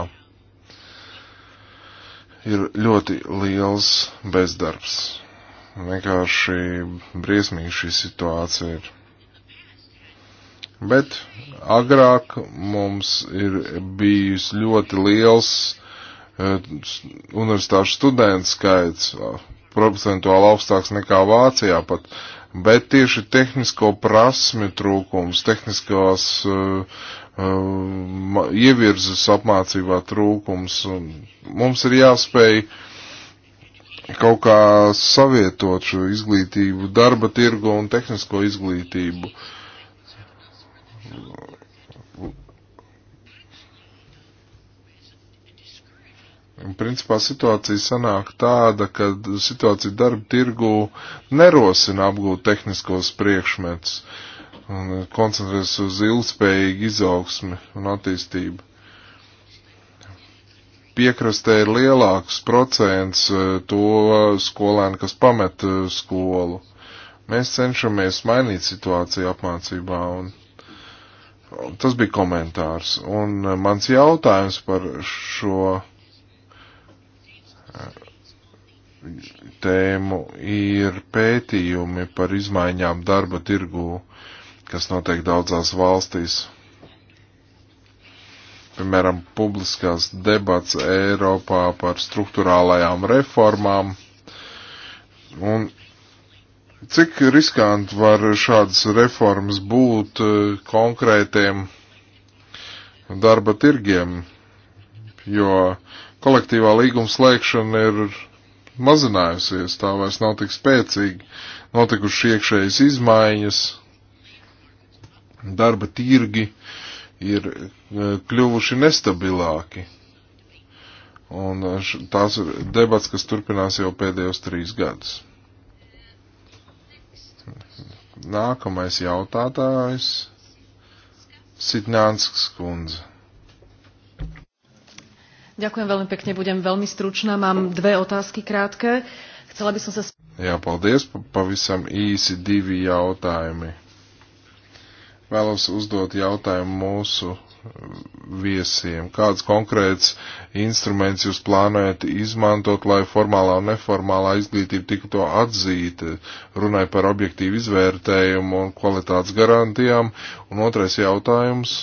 C: Ir ļoti liels bezdarbs. Vienkārši briesmīgi šī situācija ir. Bet agrāk mums ir bijis ļoti liels Eh, universitāšu studentu skaits procentuāli augstāks nekā Vācijā pat, bet tieši tehnisko prasmi trūkums, tehniskās uh, uh, ievirzes apmācībā trūkums. Mums ir jāspēj kaut kā savietot šo izglītību, darba tirgo un tehnisko izglītību Un, principā situācija sanāk tāda, ka situācija darba tirgu nerosina apgūt tehniskos priekšmetus un koncentrēs uz ilgspējīgu izaugsmi un attīstību. Piekrastē ir lielāks procents e, to skolēnu, kas pamet e, skolu. Mēs cenšamies mainīt situāciju apmācībā un tas bija komentārs. Un e, mans jautājums par šo tēmu ir pētījumi par izmaiņām darba tirgū, kas notiek daudzās valstīs. Piemēram, publiskās debats Eiropā par struktūrālajām reformām. Un cik riskanti var šādas reformas būt eh, konkrētiem darba tirgiem, jo uh, kolektīvā līguma slēgšana ir mazinājusies, tā vairs nav tik spēcīgi, notikuši iekšējas izmaiņas, darba tirgi ir e, kļuvuši nestabilāki. Un e, tās ir debats, kas turpinās jau pēdējos trīs gadus. Nākamais jautātājs - Sitnānskas kundze.
A: Ďakujem veľmi pekne, budem veľmi stručná. Mám dve otázky krátke. Chcela by som sa...
C: Jā, paldies. Pavisam īsi divi jautājumi. Vēlos uzdot jautājumu mūsu mm, viesiem. Kāds konkrēts instruments jūs plānojat izmantot, lai formālā un neformālā izglītība tiktu atzīta? Runāju par objektīvu izvērtējumu un kvalitātes garantijām. Un otrais jautājums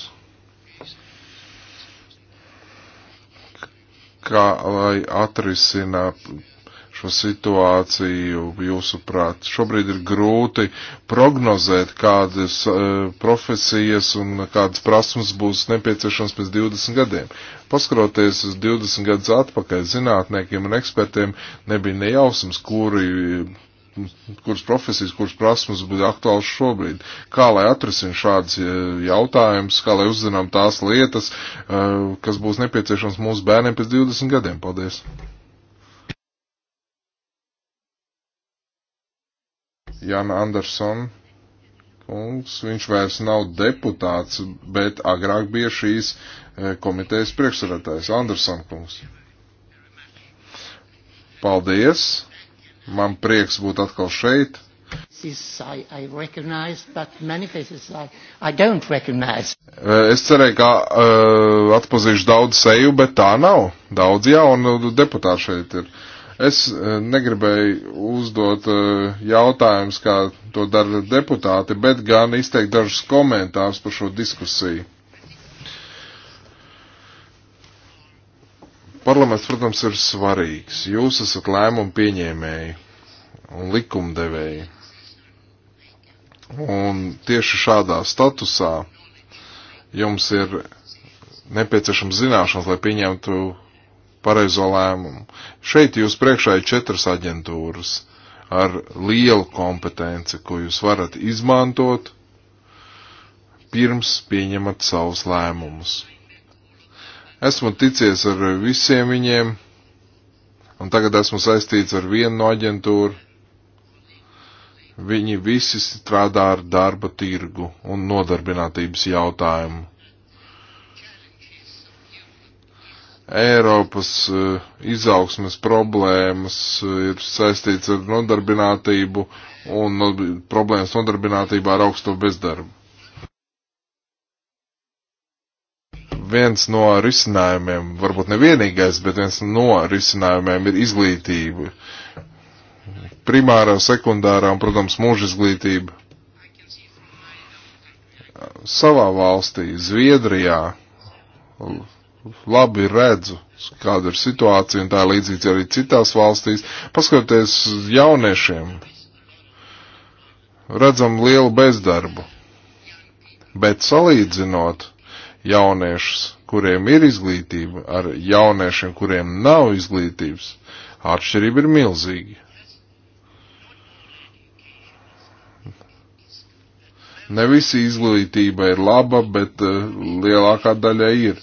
C: kā lai atrisina šo situāciju, jūsuprāt? Šobrīd ir grūti prognozēt, kādas uh, profesijas un kādas prasmes būs nepieciešams pēc 20 gadiem. Paskaroties uz 20 gadus atpakaļ, zinātniekiem un ekspertiem nebija nejausmas, kuri kuras profesijas, kuras prasmes būtu aktuāls šobrīd. Kā lai atrisin šādas e, jautājumus, kā lai uzzinām tās lietas, e, kas būs nepieciešams mūsu bērniem pēc 20 gadiem. Paldies! Jana Andersona kungs, viņš vairs nav deputāts, bet agrāk bija šīs e, komitejas priekšsarētājs Andersona kungs. Paldies! Man prieks būt atkal šeit.
B: I, I I,
C: es cerēju, ka uh, atpazīšu daudz seju, bet tā nav. Daudz jaunu deputātu šeit ir. Es uh, negribēju uzdot uh, jautājumus, kā to dara deputāti, bet gan izteikt dažus komentārus par šo diskusiju. Parlaments, protams, ir svarīgs. Jūs esat lēmumu pieņēmēji un likumdevēji. Un tieši šādā statusā jums ir nepieciešams zināšanas, lai pieņemtu pareizo lēmumu. Šeit jūs priekšā ir četras aģentūras ar lielu kompetenci, ko jūs varat izmantot pirms pieņemat savus lēmumus. Esmu ticies ar visiem viņiem, un tagad esmu saistīts ar vienu no aģentūru. Viņi visi strādā ar darba tirgu un nodarbinātības jautājumu. Eiropas eh, izaugsmes problēmas eh, ir saistīts ar nodarbinātību un problēmas nodarbinātībā ar augsto bezdarbu. viens no risinājumiem, varbūt ne vienīgais, bet viens no risinājumiem ir izglītība. Primārā, sekundārā un, protams, mūža izglītība. Savā valstī, Zviedrijā, labi redzu, kāda ir situācija, un tā ir līdzīga arī citās valstīs. Paskatieties jauniešiem, redzam lielu bezdarbu, bet salīdzinot jauniešus, kuriem ir izglītība, ar jauniešiem, kuriem nav izglītības, atšķirība ir milzīga. Ne visi izglītība ir laba, bet uh, lielākā daļa ir.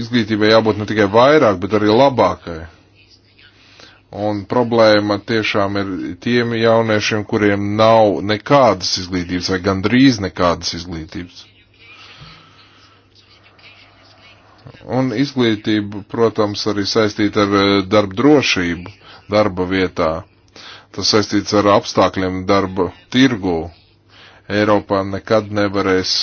C: Izglītībai jābūt ne tikai vairāk, bet arī labākai. Un problēma tiešām ir tiem jauniešiem, kuriem nav nekādas izglītības vai gandrīz nekādas izglītības. Un izglītība, protams, arī saistīta ar eh, darba drošību darba vietā. Tas saistīts ar apstākļiem darba tirgū. Eiropā nekad nevarēs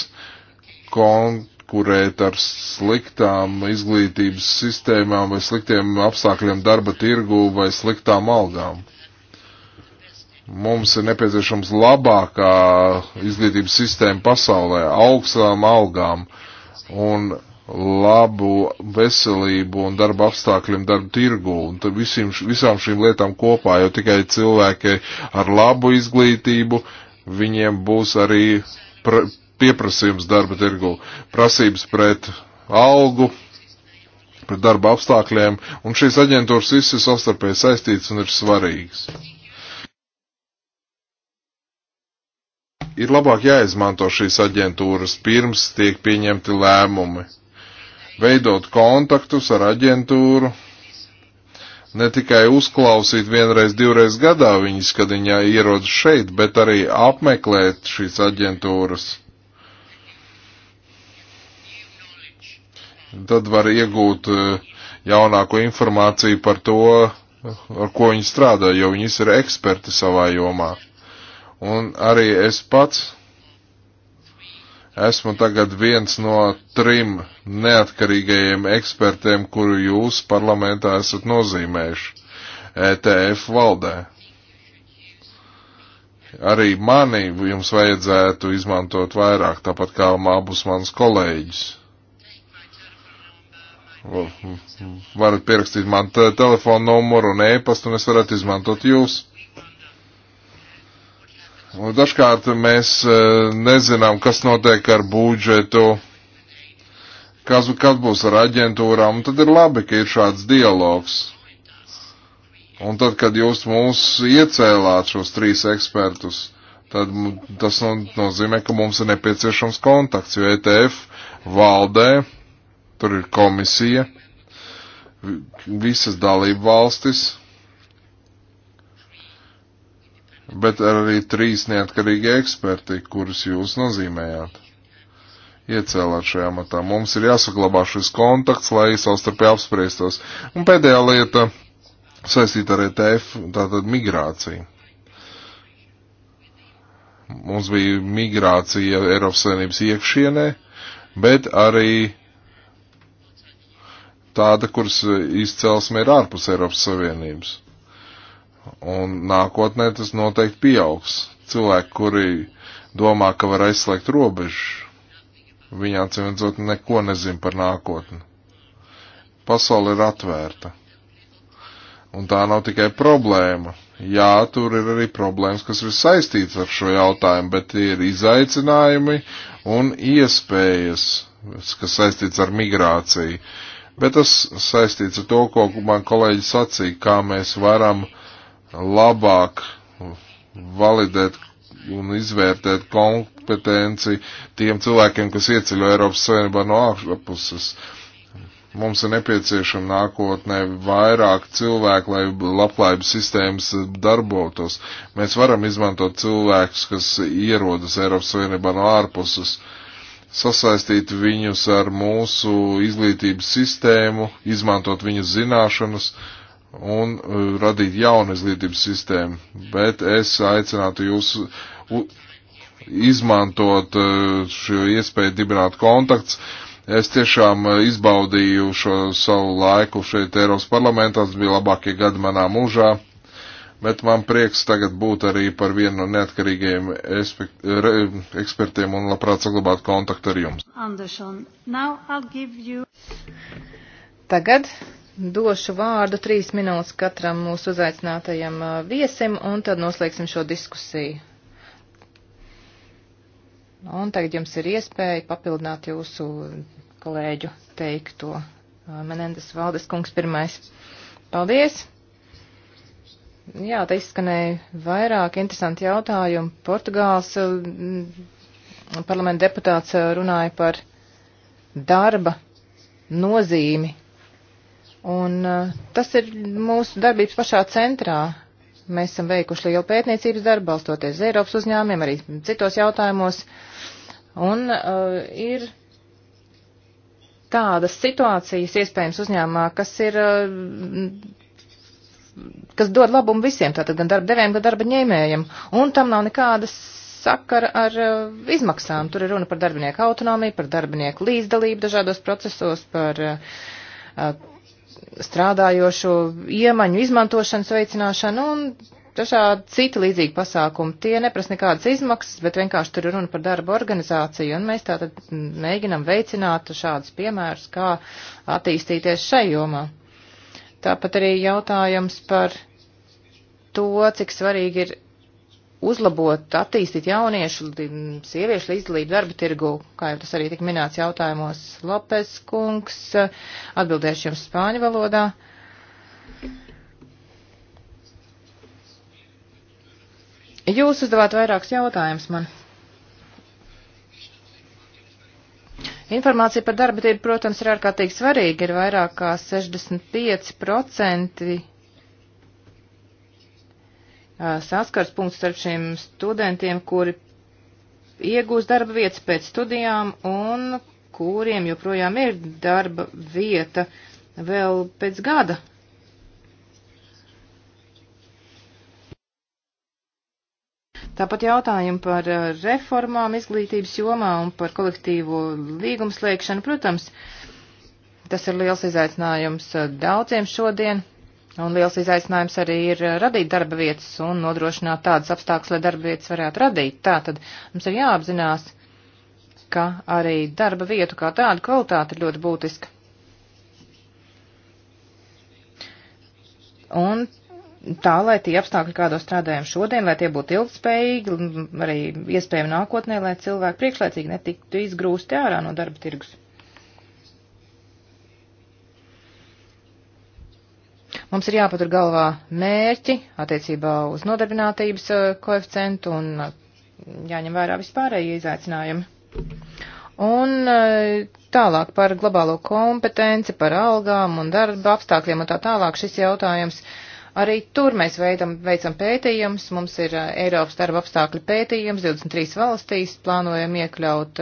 C: konkurēt ar sliktām izglītības sistēmām vai sliktiem apstākļiem darba tirgū vai sliktām algām. Mums ir nepieciešams labākā izglītības sistēma pasaulē, augstām algām un labu veselību un darba apstākļiem darba tirgu un visiem, visām šīm lietām kopā, jo tikai cilvēki ar labu izglītību, viņiem būs arī pra, pieprasījums darba tirgu, prasības pret algu, pret darba apstākļiem, un šīs aģentūras viss ir savstarpēji saistīts un ir svarīgs. Ir labāk jāizmanto šīs aģentūras pirms tiek pieņemti lēmumi veidot kontaktus ar aģentūru, ne tikai uzklausīt vienreiz, divreiz gadā viņas, kad viņa ierodas šeit, bet arī apmeklēt šīs aģentūras. Tad var iegūt eh, jaunāko informāciju par to, ar ko viņi strādā, jo viņas ir eksperti savā jomā. Un arī es pats Esmu tagad viens no trim neatkarīgajiem ekspertiem, kuru jūs parlamentā esat nozīmējuši ETF valdē. Arī mani jums vajadzētu izmantot vairāk, tāpat kā abus manus kolēģus. Varat pierakstīt man telefonu numuru un ēpastu, un es varētu izmantot jūs. Nu, dažkārt mēs e, nezinām, kas notiek ar budžetu, kas, kas būs ar aģentūrām, un tad ir labi, ka ir šāds dialogs. Un tad, kad jūs mūs iecēlāt šos trīs ekspertus, tad tas nozīmē, ka mums ir nepieciešams kontakts, jo ETF valdē, tur ir komisija, visas dalību valstis, bet arī trīs neatkarīgi eksperti, kurus jūs nozīmējāt. Iecēlāt šajā matā. Mums ir jāsaglabā šis kontakts, lai savstarpēji apspriestos. Un pēdējā lieta saistīta ar ETF, tātad migrācija. Mums bija migrācija Eiropas Savienības iekšienē, bet arī tāda, kuras izcelsme ir ārpus Eiropas Savienības. Un nākotnē tas noteikti pieaugs. Cilvēki, kuri domā, ka var aizslēgt robežu, viņi acīm redzot neko nezin par nākotni. Pasaule ir atvērta. Un tā nav tikai problēma. Jā, tur ir arī problēmas, kas ir saistīts ar šo jautājumu, bet tie ir izaicinājumi un iespējas, kas saistīts ar migrāciju. Bet tas saistīts ar to, ko man kolēģi sacīja, kā mēs varam uh, labāk validēt un izvērtēt kompetenci tiem cilvēkiem, kas ieceļo Eiropas Savienībā no ārpuses. Mums ir nepieciešama nākotnē vairāk cilvēku, lai labklājības sistēmas darbotos. Mēs varam izmantot cilvēkus, kas ierodas Eiropas Savienībā no ārpuses, sasaistīt viņus ar mūsu izglītības sistēmu, izmantot viņu zināšanas, uh, un e, radīt jaunu izglītības sistēmu, bet es aicinātu jūs izmantot e, šo iespēju dibināt kontakts. Es tiešām e, izbaudīju šo savu laiku šeit Eiropas parlamentā, tas bija labākie gadi manā mūžā, bet man prieks tagad būt arī par vienu no neatkarīgajiem ekspertiem un labprāt saglabāt kontaktu ar jums. Anderson, you...
B: Tagad Došu vārdu trīs minūtes katram mūsu uzaicinātajam uh, viesim, un tad noslēgsim šo diskusiju. Un tagad jums ir iespēja papildināt jūsu kolēģu teikto. Uh, Menendes Valdes kungs pirmais. Paldies! Jā, te izskanēja vairāk interesanti jautājumi. Portugāls uh, parlamenta deputāts runāja par darba nozīmi Un tas ir mūsu darbības pašā centrā. Mēs esam veikuši lielu pētniecības darbu, balstoties Eiropas uzņēmumiem, arī citos jautājumos. Un uh, ir tādas situācijas iespējams uzņēmumā, kas ir uh, kas dod labumu visiem, tātad gan darba devējiem, gan darba ņēmējiem, un tam nav nekādas sakara ar uh, izmaksām. Tur ir runa par darbinieku autonomiju, par darbinieku līdzdalību dažādos procesos, par uh, strādājošo iemaņu izmantošanas veicināšanu un dažādi citi līdzīgi pasākumi. Tie neprasa nekādas izmaksas, bet vienkārši tur ir runa par darba organizāciju, un mēs tātad mēģinam veicināt šādus piemērus, kā attīstīties šai jomā. Tāpat arī jautājums par to, cik svarīgi ir uzlabot, attīstīt jauniešu, sieviešu līdzdalību darba tirgu, kā jau tas arī tik minēts jautājumos Lopes kungs, atbildēšu jums spāņu valodā. Jūs uzdevāt vairākus jautājumus man. Informācija par darba tirgu, protams, ir ārkārtīgi svarīga, ir vairāk kā 65% saskars punkts starp šiem studentiem, kuri iegūs darba vietas pēc studijām un kuriem joprojām ir darba vieta vēl pēc gada. Tāpat jautājumi par uh, reformām izglītības jomā un par kolektīvo līgumslēgšanu, protams, tas ir liels izaicinājums uh, daudziem šodien. Un liels izaicinājums arī ir radīt darba vietas un nodrošināt tādas apstākļas, lai darba vietas varētu radīt. Tā tad mums ir jāapzinās, ka arī darba vietu kā tāda kvalitāte ir ļoti būtiska. Un tā, lai tie apstākļi, kādos strādājam šodien, lai tie būtu ilgspējīgi, arī iespējami nākotnē, lai cilvēki priekšlaicīgi netiktu izgrūsti ārā no darba tirgus. Mums ir jāpatur galvā mērķi attiecībā uz nodarbinātības eh, koeficientu un eh, jāņem vērā vispārējie izaicinājumi. Un eh, tālāk par globālo kompetenci, par algām un darba apstākļiem un tā tālāk šis jautājums uh, Arī tur mēs veidam, veicam pētījumus, mums ir Eiropas darba apstākļu pētījums 23 valstīs, plānojam iekļaut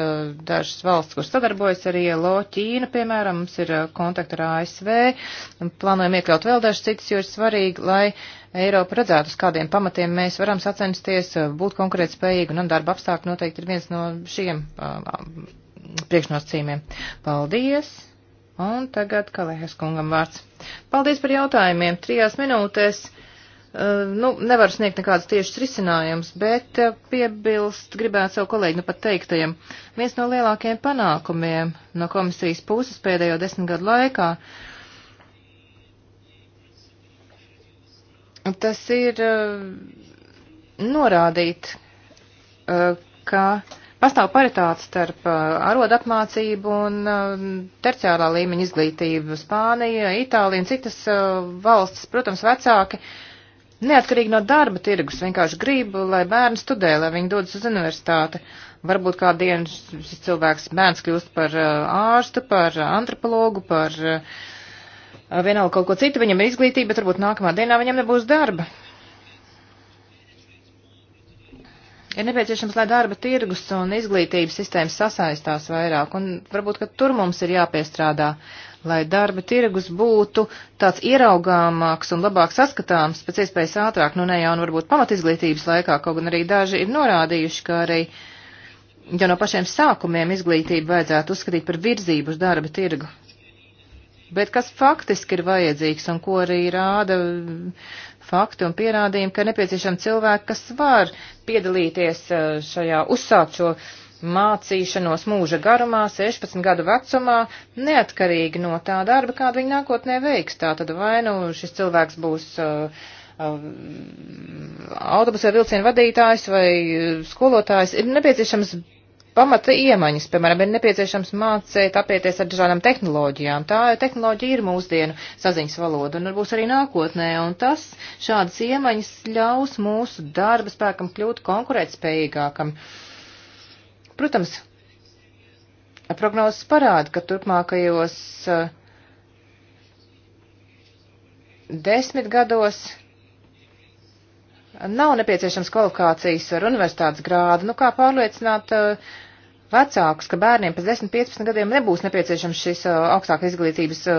B: dažas valsts, kur sadarbojas ar ILO, Ķīna, piemēram, mums ir kontakti ar ASV, plānojam iekļaut vēl dažas citas, jo ir svarīgi, lai Eiropa redzētu, uz kādiem pamatiem mēs varam sacensties, būt konkurētspējīgi, un darba apstākļi noteikti ir viens no šiem priekšnosacījumiem. Paldies! Un tagad Kalēhas kungam vārds. Paldies par jautājumiem. Trijās minūtēs. Uh, nu, nevaru sniegt nekādus tiešus risinājumus, bet uh, piebilst gribētu savu kolēģi nu pat teiktajam. Viens no lielākajiem panākumiem no komisijas puses pēdējo desmit gadu laikā tas ir uh, norādīt, ka Pastāv paritāte starp uh, arodu apmācību un um, terciārā līmeņa izglītību. Spānija, Itālija un citas uh, valstis, protams, vecāki, neatkarīgi no darba tirgus, vienkārši grib, lai bērni studē, lai viņi dodas uz universitāti. Varbūt kādu dienu šis cilvēks, bērns kļūst par uh, ārstu, par antropologu, par vienalga kaut ko citu, viņam ir izglītība, bet varbūt nākamā dienā viņam nebūs darba. Ir nepieciešams, lai darba tirgus un izglītības sistēmas sasaistās vairāk, un varbūt, ka tur mums ir jāpiestrādā, lai darba tirgus būtu tāds ieraugāmāks un labāk saskatāms pēc iespējas ātrāk, nu ne jau un nu, varbūt pamatizglītības laikā, kaut gan arī daži ir norādījuši, ka arī jau no pašiem sākumiem izglītību vajadzētu uzskatīt par virzību uz darba tirgu. Bet kas faktiski ir vajadzīgs un ko arī rāda fakti un pierādījumi, ka nepieciešami cilvēki, kas var piedalīties eh, šajā uzsākt šo mācīšanos mūža garumā, 16 gadu vecumā, neatkarīgi no tā darba, kādu viņi nākotnē veiks. Tā tad vai nu šis cilvēks būs uh, eh,
C: eh,
B: autobusu vai vilcienu vadītājs vai skolotājs, ir nepieciešams pamata iemaņas, piemēram, ir nepieciešams mācīt apieties ar dažādām tehnoloģijām. Tā tehnoloģija ir mūsdienu saziņas valoda un būs arī nākotnē, un tas šādas iemaņas ļaus mūsu darba spēkam kļūt konkurētspējīgākam. Protams, prognozes parāda, ka turpmākajos eh, desmit gados nav nepieciešams kvalifikācijas ar universitātes grādu. Nu, kā pārliecināt uh, vecākus, ka bērniem pēc 10-15 gadiem nebūs nepieciešams šis uh, augstāk izglītības uh,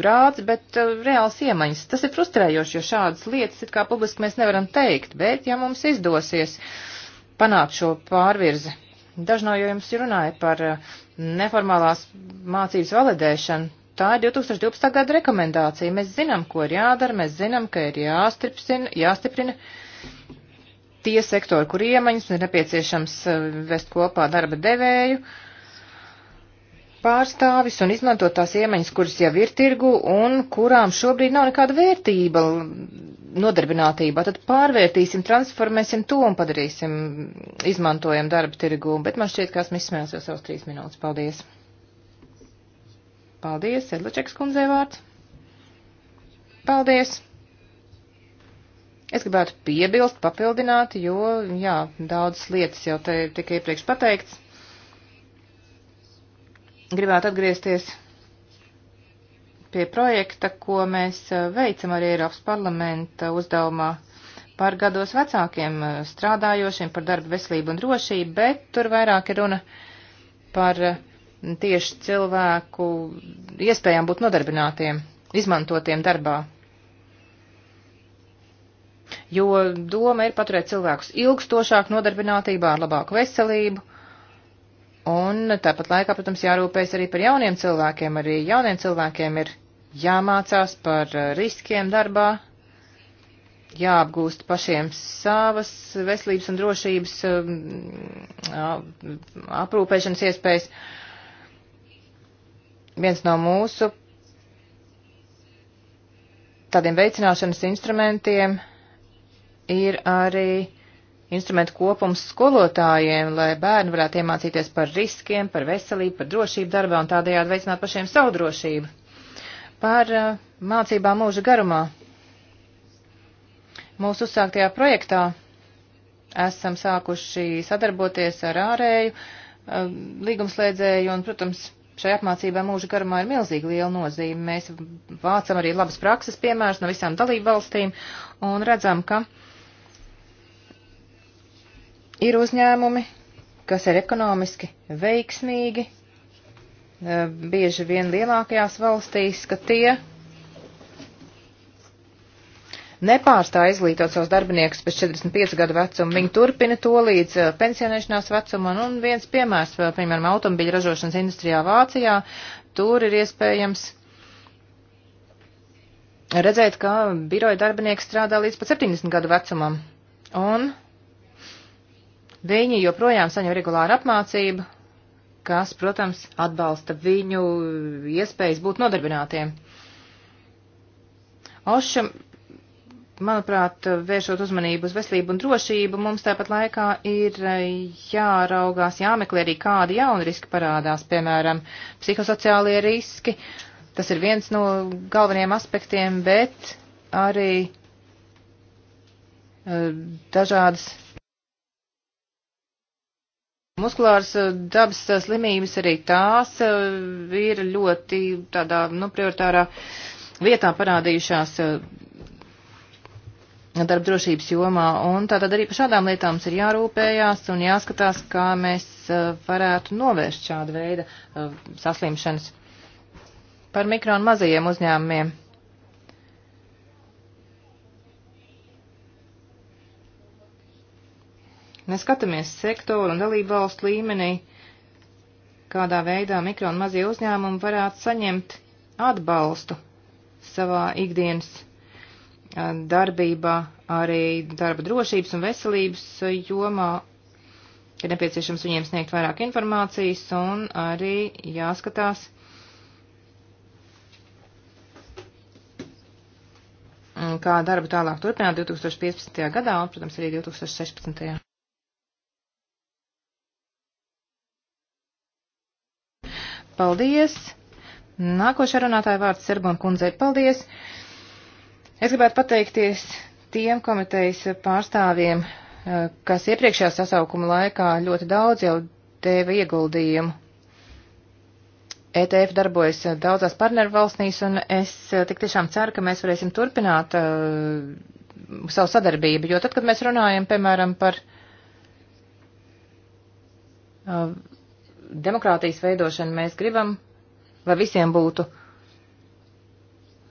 B: grāds, bet uh, reāls iemaņas. Tas ir frustrējoši, jo šādas lietas it kā publiski mēs nevaram teikt, bet ja mums izdosies panākt šo pārvirzi. Daži no jums runāja par uh, neformālās mācības validēšanu. Tā ir 2012. gada rekomendācija. Mēs zinām, ko ir jādara, mēs zinām, ka ir jāstiprina, jāstiprina tie sektori, kur iemaņas ir nepieciešams eh, vest kopā darba devēju pārstāvis un izmantot tās iemaņas, kuras jau ir tirgu un kurām šobrīd nav nekāda vērtība nodarbinātībā. Tad pārvērtīsim, transformēsim to un padarīsim, izmantojam darba tirgu. Bet man šķiet, ka esmu izsmējis jau savus trīs minūtes. Paldies! Paldies, Edlačeks kundzei vārds! Paldies! Es gribētu piebilst, papildināt, jo, jā, daudzas lietas jau te tika iepriekš pateikts. Gribētu atgriezties pie projekta, ko mēs veicam arī Eiropas parlamenta uzdevumā par gados vecākiem strādājošiem, par darba veselību un drošību, bet tur vairāk ir runa par tieši cilvēku iespējām būt nodarbinātiem, izmantotiem darbā jo doma ir paturēt cilvēkus ilgstošāk nodarbinātībā ar labāku veselību. Un tāpat laikā, protams, jārūpējas arī par jauniem cilvēkiem. Arī jauniem cilvēkiem ir jāmācās par eh, riskiem darbā, jāapgūst pašiem savas veselības un drošības eh, aprūpēšanas iespējas. Viens no mūsu tādiem veicināšanas instrumentiem ir arī instrumentu kopums skolotājiem, lai bērni varētu iemācīties par riskiem, par veselību, par drošību darbā un tādējādi veicināt pašiem savu drošību. Par uh, mācībām mūža garumā. Mūsu uzsāktajā projektā esam sākuši sadarboties ar ārēju uh, līgumslēdzēju un, protams, šai apmācībai mūža garumā ir milzīgi liela nozīme. Mēs vācam arī labas prakses piemērus no visām dalību valstīm un redzam, ka uh, Ir uzņēmumi, kas ir ekonomiski veiksmīgi, bieži vien lielākajās valstīs, ka tie nepārstāja izglītot savus darbiniekus pēc 45 gadu vecuma. Viņi turpina to līdz pensionēšanās vecumam. Un viens piemērs, piemēram, automobiļu ražošanas industrijā Vācijā, tur ir iespējams redzēt, ka biroja darbinieki strādā līdz pat 70 gadu vecumam. Un Viņi joprojām saņem regulāru apmācību, kas, protams, atbalsta viņu iespējas būt nodarbinātiem. Ošam, manuprāt, vēršot uzmanību uz veselību un drošību, mums tāpat laikā ir jāraugās, jāmeklē arī kādi jauni riski parādās, piemēram, psihosociālie riski. Tas ir viens no galvenajiem aspektiem, bet arī eh, dažādas Muskulāras eh, dabas eh, slimības arī tās eh, ir ļoti tādā, nu, prioritārā vietā parādījušās darba drošības jomā, un tātad arī par šādām lietām mums ir jārūpējās un jāskatās, kā mēs varētu novērst šādu veidu saslimšanas. Par mikro un mazajiem uzņēmumiem Mēs skatāmies sektoru un dalību valstu līmenī, kādā veidā mikro un mazie uzņēmumi varētu saņemt atbalstu savā ikdienas darbībā, arī darba drošības un veselības jomā. Ir nepieciešams viņiem sniegt vairāk informācijas un arī jāskatās, kā darbu tālāk turpināt 2015. gadā un, protams, arī 2016. Paldies! Nākošā runātāja vārds Serbon kundzei. Paldies! Es gribētu pateikties tiem komitejas pārstāvjiem, eh, kas iepriekšējā sasaukuma laikā ļoti daudz jau deva ieguldījumu. ETF darbojas daudzās partnervalstīs, un es eh, tik tiešām ceru, ka mēs varēsim turpināt uh, savu sadarbību, jo tad, kad mēs runājam, piemēram, par uh, demokrātijas veidošanu mēs gribam, lai visiem būtu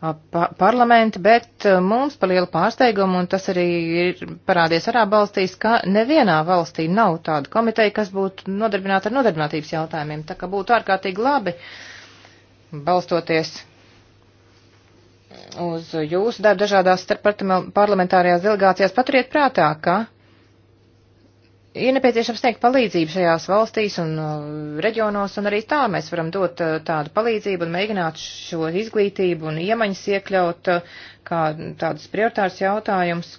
B: pa parlamenti, bet mums par lielu pārsteigumu, un tas arī ir parādies arāb valstīs, ka nevienā valstī nav tāda komiteja, kas būtu nodarbināta ar nodarbinātības jautājumiem. Tā kā būtu ārkārtīgi labi balstoties uz jūsu darbu dažādās starp parlamentārajās delegācijās, paturiet prātā, ka Ir nepieciešams sniegt palīdzību šajās valstīs un uh, reģionos, un arī tā mēs varam dot uh, tādu palīdzību un mēģināt šo izglītību un iemaņas iekļaut uh, kā tādus prioritārs jautājumus,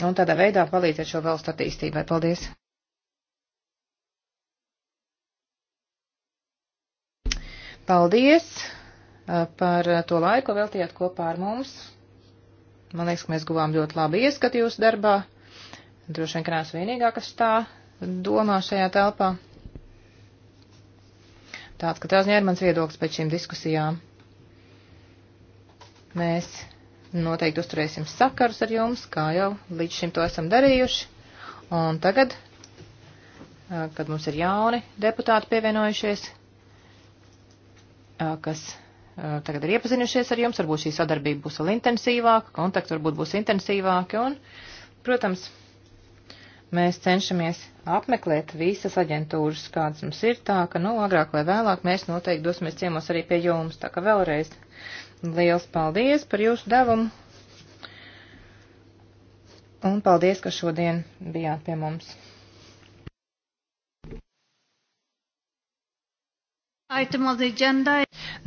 B: un tādā veidā palīdzēt šo valstu attīstībai. Paldies! Paldies par to laiku, veltījāt kopā ar mums. Man liekas, ka mēs guvām ļoti labu ieskatu jūsu darbā. Droši vien, ka neesmu vienīgā, kas tā domā šajā telpā. Tāds, ka tās ir mans viedoklis pēc šīm diskusijām. Mēs noteikti uzturēsim sakarus ar jums, kā jau līdz šim to esam darījuši. Un tagad, kad mums ir jauni deputāti pievienojušies, kas tagad ir iepazinušies ar jums, varbūt šī sadarbība būs vēl intensīvāka, kontakti varbūt būs intensīvāki un, protams, Mēs cenšamies apmeklēt visas aģentūras, kādas mums ir, tā ka, nu, agrāk vai vēlāk mēs noteikti dosimies ciemos arī pie jums. Tā ka vēlreiz liels paldies par jūsu devumu un paldies, ka šodien bijāt pie mums.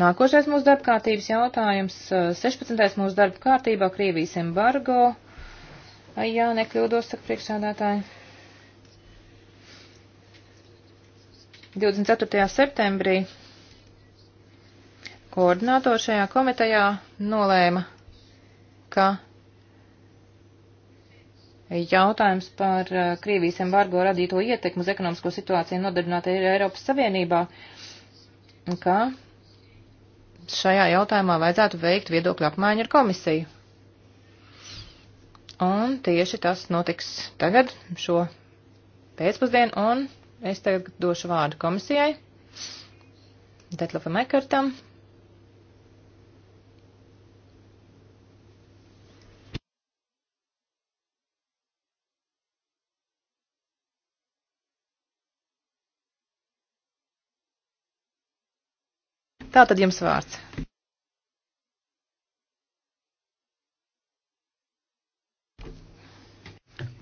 B: Nākošais mūsu darbkārtības jautājums eh, - 16. mūsu darbkārtībā Krievijas embargo. Jā, nekļūdos, saka priekšsādātāji. 24. septembrī koordinātori šajā komitejā nolēma, ka jautājums par eh, Krievijas embargo radīto ietekmu uz ekonomisko situāciju nodarbinātai ir Eiropas Savienībā, ka šajā jautājumā vajadzētu veikt viedokļu apmaiņu ar komisiju. Un tieši tas notiks tagad, šo pēcpusdienu, un Es tagad došu vārdu komisijai, Detlafam Ekartam. Tā tad jums
A: vārds.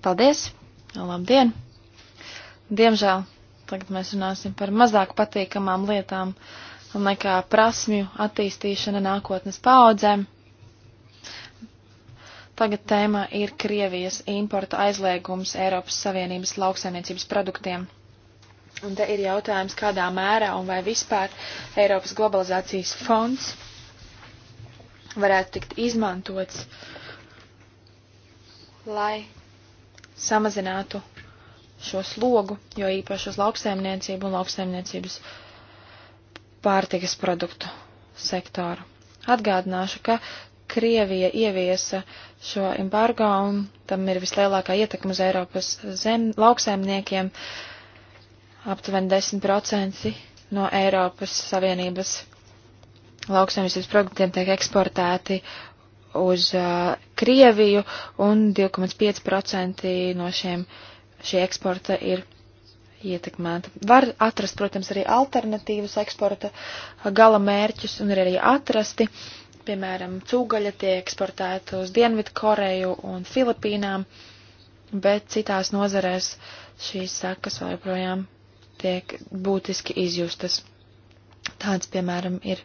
A: Paldies! Labdien! Diemžēl tagad mēs runāsim par mazāk patīkamām lietām nekā prasmju attīstīšana nākotnes paaudzēm. Tagad tēma ir Krievijas importa aizliegums Eiropas Savienības lauksaimniecības produktiem. Un te ir jautājums, kādā mērā un vai vispār Eiropas globalizācijas fonds varētu tikt izmantots, lai samazinātu šo slogu, jo īpaši uz lauksaimniecību un lauksaimniecības pārtikas produktu sektoru. Atgādināšu, ka Krievija ieviesa šo embargo un tam ir vislielākā ietekme uz Eiropas zem, lauksaimniekiem aptuveni 10% no Eiropas Savienības lauksaimniecības produktiem tiek eksportēti uz uh, Krieviju un 2,5% no šiem uh, šī eksporta ir ietekmēta. Var atrast, protams, arī alternatīvas eksporta gala mērķus un ir arī atrasti. Piemēram, cūgaļa tiek eksportēta uz Dienvidu Koreju un Filipīnām, bet citās nozarēs šīs sekas vēl joprojām tiek būtiski izjustas. Tāds, piemēram, ir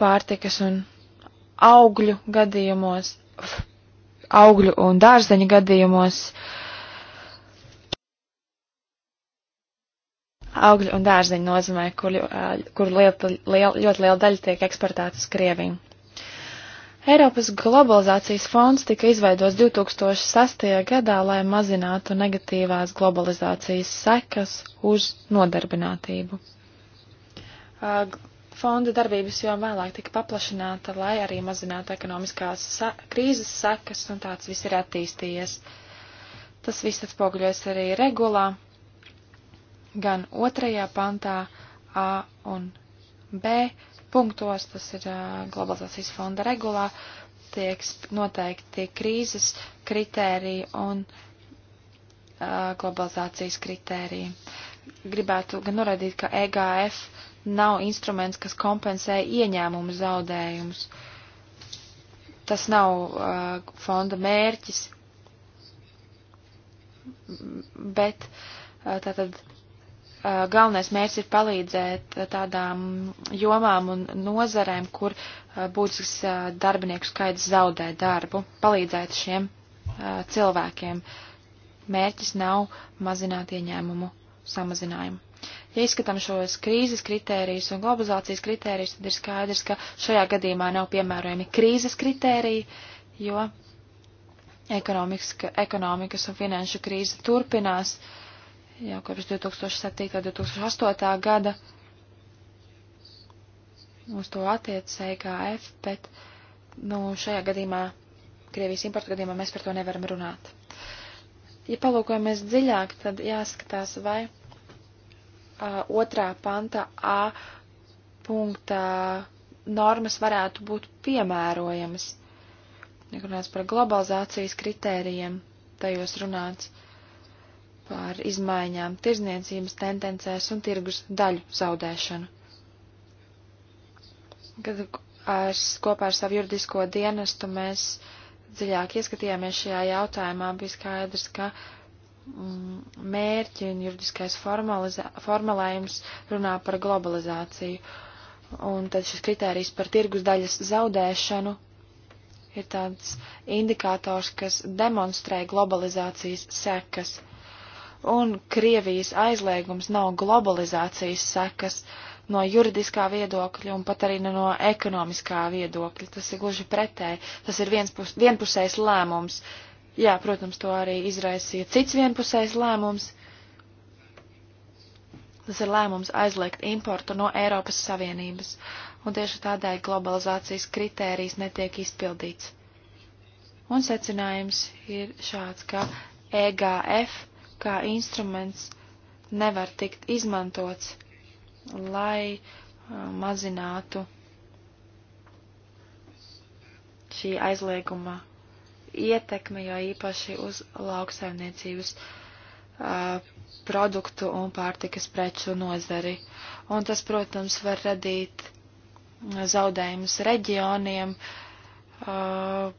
A: pārtikas un augļu gadījumos, augļu un dārzeņu gadījumos uh, augļu un dārziņu nozīmē, kur, kur liela, liela, ļoti liela daļa tiek eksportēta uz Krieviju. Eiropas globalizācijas fonds tika izveidots 2006. gadā, lai mazinātu negatīvās globalizācijas sekas uz nodarbinātību. Fonda darbības jau vēlāk tika paplašināta, lai arī mazinātu ekonomiskās sa krīzes sekas, un tāds viss ir attīstījies. Tas viss atspoguļojas arī regulā, gan otrajā pantā A un B punktos, tas ir uh, globalizācijas fonda regulā, tiek noteikti krīzes kritēriji un uh, globalizācijas kritēriji. Gribētu gan norādīt, ka EGF nav instruments, kas kompensē ieņēmumu zaudējumus. Tas nav uh, fonda mērķis, bet uh, tātad Uh, galvenais mērķis ir palīdzēt uh, tādām jomām un nozarēm, kur uh, būtisks darbinieku skaits zaudē darbu, palīdzēt šiem cilvēkiem. Mērķis nav mazināt ieņēmumu samazinājumu. Ja izskatām šos krīzes kritērijus un globalizācijas kritērijus, tad ir skaidrs, ka šajā gadījumā nav piemērojami krīzes kritēriji, jo ekonomikas, ekonomikas un finanšu krīze turpinās. Uh, jau kopš 2007. un 2008. gada uz to attiecas EKF, bet nu, šajā gadījumā, Krievijas importu gadījumā, mēs par to nevaram runāt. Ja palūkojamies dziļāk, tad jāskatās, vai uh, otrā panta A punktā normas varētu būt piemērojamas. Ja runāts par globalizācijas kritērijiem, tajos runāts par izmaiņām tirzniecības tendencēs un tirgus daļu zaudēšanu. Kad ar, kopā ar savu juridisko dienestu mēs dziļāk ieskatījāmies šajā jautājumā, bija skaidrs, ka mm, mērķi un juridiskais formulējums runā par globalizāciju. Un tad šis kritērijs par tirgus daļas zaudēšanu ir tāds indikators, kas demonstrē globalizācijas sekas un Krievijas aizliegums nav globalizācijas sekas no juridiskā viedokļa un pat arī no ekonomiskā viedokļa. Tas ir gluži pretēji. Tas ir vienpus, vienpusējs lēmums. Jā, protams, to arī izraisīja cits vienpusējs lēmums. Tas ir lēmums aizliegt importu no Eiropas Savienības, un tieši tādēļ globalizācijas kritērijs netiek izpildīts. Un secinājums ir šāds, ka EGF kā instruments nevar tikt izmantots, lai uh, mazinātu šī aizlieguma ietekmi, jo īpaši uz lauksaimniecības uh, produktu un pārtikas preču nozari. Un tas, protams, var radīt zaudējumus reģioniem. Uh,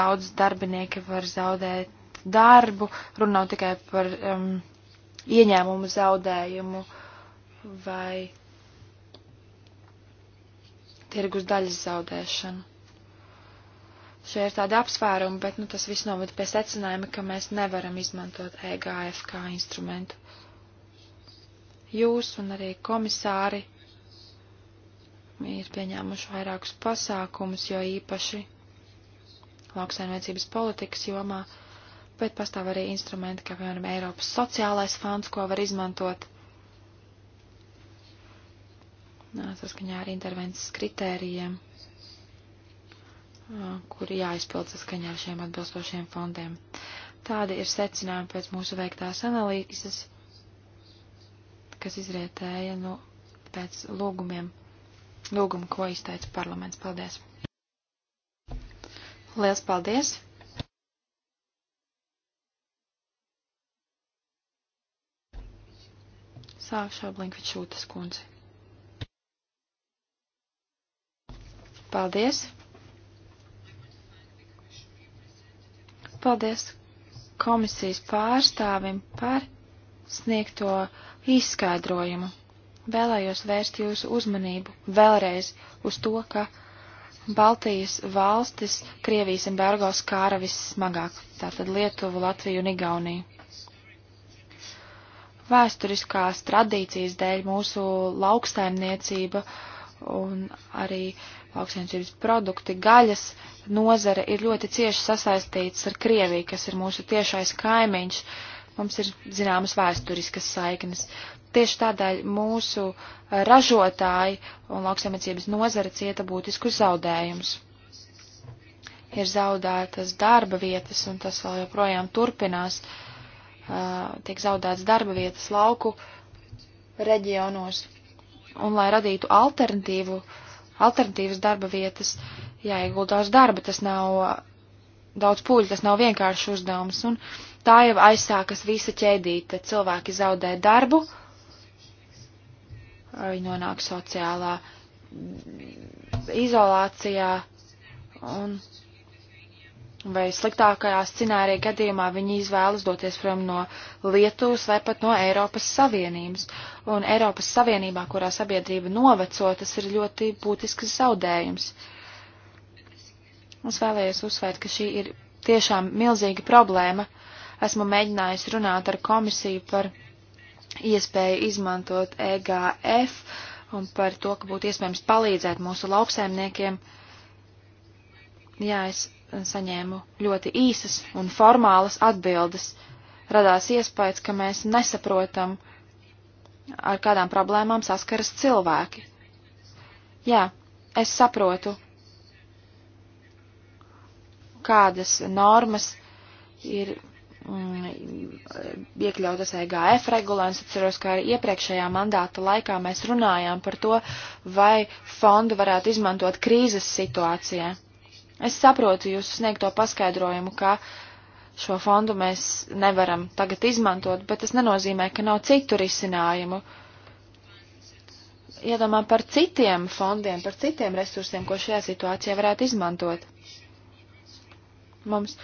A: daudz darbinieki var zaudēt darbu, runā tikai par um, ieņēmumu zaudējumu vai tirgus daļas zaudēšanu. Šie ir tādi apsvērumi, bet nu, tas viss novada pie secinājuma, ka mēs nevaram izmantot EGF kā instrumentu. Jūs un arī komisāri ir pieņēmuši vairākus pasākumus, jo īpaši lauksaimniecības politikas jomā. Jo bet pastāv arī instrumenti, kā piemēram Eiropas sociālais fonds, ko var izmantot saskaņā ar intervences kritērijiem, kuri jāizpild saskaņā ar šiem atbilstošiem fondiem. Tādi ir secinājumi pēc mūsu veiktās analīzes, kas izrietēja nu, pēc lūgumiem, lūgumu, ko izteica parlaments. Paldies! Liels paldies! Sākšu ar Blinkvičūtas kundzi. Paldies! Paldies komisijas pārstāvim par sniegto izskaidrojumu. Vēlējos vērst jūsu uzmanību vēlreiz uz to, ka Baltijas valstis Krievijas embargo skāra vissmagāk, tātad Lietuvu, Latviju un Igauniju vēsturiskās tradīcijas dēļ mūsu lauksaimniecība un arī lauksaimniecības produkti, gaļas nozare ir ļoti cieši sasaistīts ar Krieviju, kas ir mūsu tiešais kaimiņš. Mums ir zināmas vēsturiskas saiknes. Tieši tādēļ mūsu ražotāji un lauksaimniecības nozare cieta būtiskus zaudējumus. Ir zaudētas darba vietas, un tas vēl joprojām turpinās. Uh, Uh, tiek zaudēts darba vietas lauku reģionos. Un, lai radītu alternatīvu, alternatīvas darba vietas, jāieguldās darba, tas nav daudz pūļu, tas nav vienkāršs uzdevums. Un tā jau aizsākas visa ķēdīte. Cilvēki zaudē darbu, viņi nonāk sociālā izolācijā un vai sliktākajā scenārija gadījumā viņi izvēlas doties prom no Lietuvas vai pat no Eiropas Savienības. Un Eiropas Savienībā, kurā sabiedrība noveco, tas ir ļoti būtisks zaudējums. Es vēlējos uzsvērt, ka šī ir tiešām milzīga problēma. Esmu mēģinājusi runāt ar komisiju par iespēju izmantot EGF un par to, ka būtu iespējams palīdzēt mūsu lauksēmniekiem. Jā, es saņēmu ļoti īsas un formālas atbildes. Radās iespējas, ka mēs nesaprotam, ar kādām problēmām saskaras cilvēki. Jā, es saprotu, kādas normas ir mm, iekļautas EGF regulējums. Atceros, ka arī iepriekšējā mandāta laikā mēs runājām par to, vai fondu varētu izmantot krīzes situācijā. Es saprotu jūsu sniegto paskaidrojumu, ka šo fondu mēs nevaram tagad izmantot, bet tas nenozīmē, ka nav citu risinājumu. Iedomā par citiem fondiem, par citiem resursiem, ko šajā situācijā varētu izmantot. Mums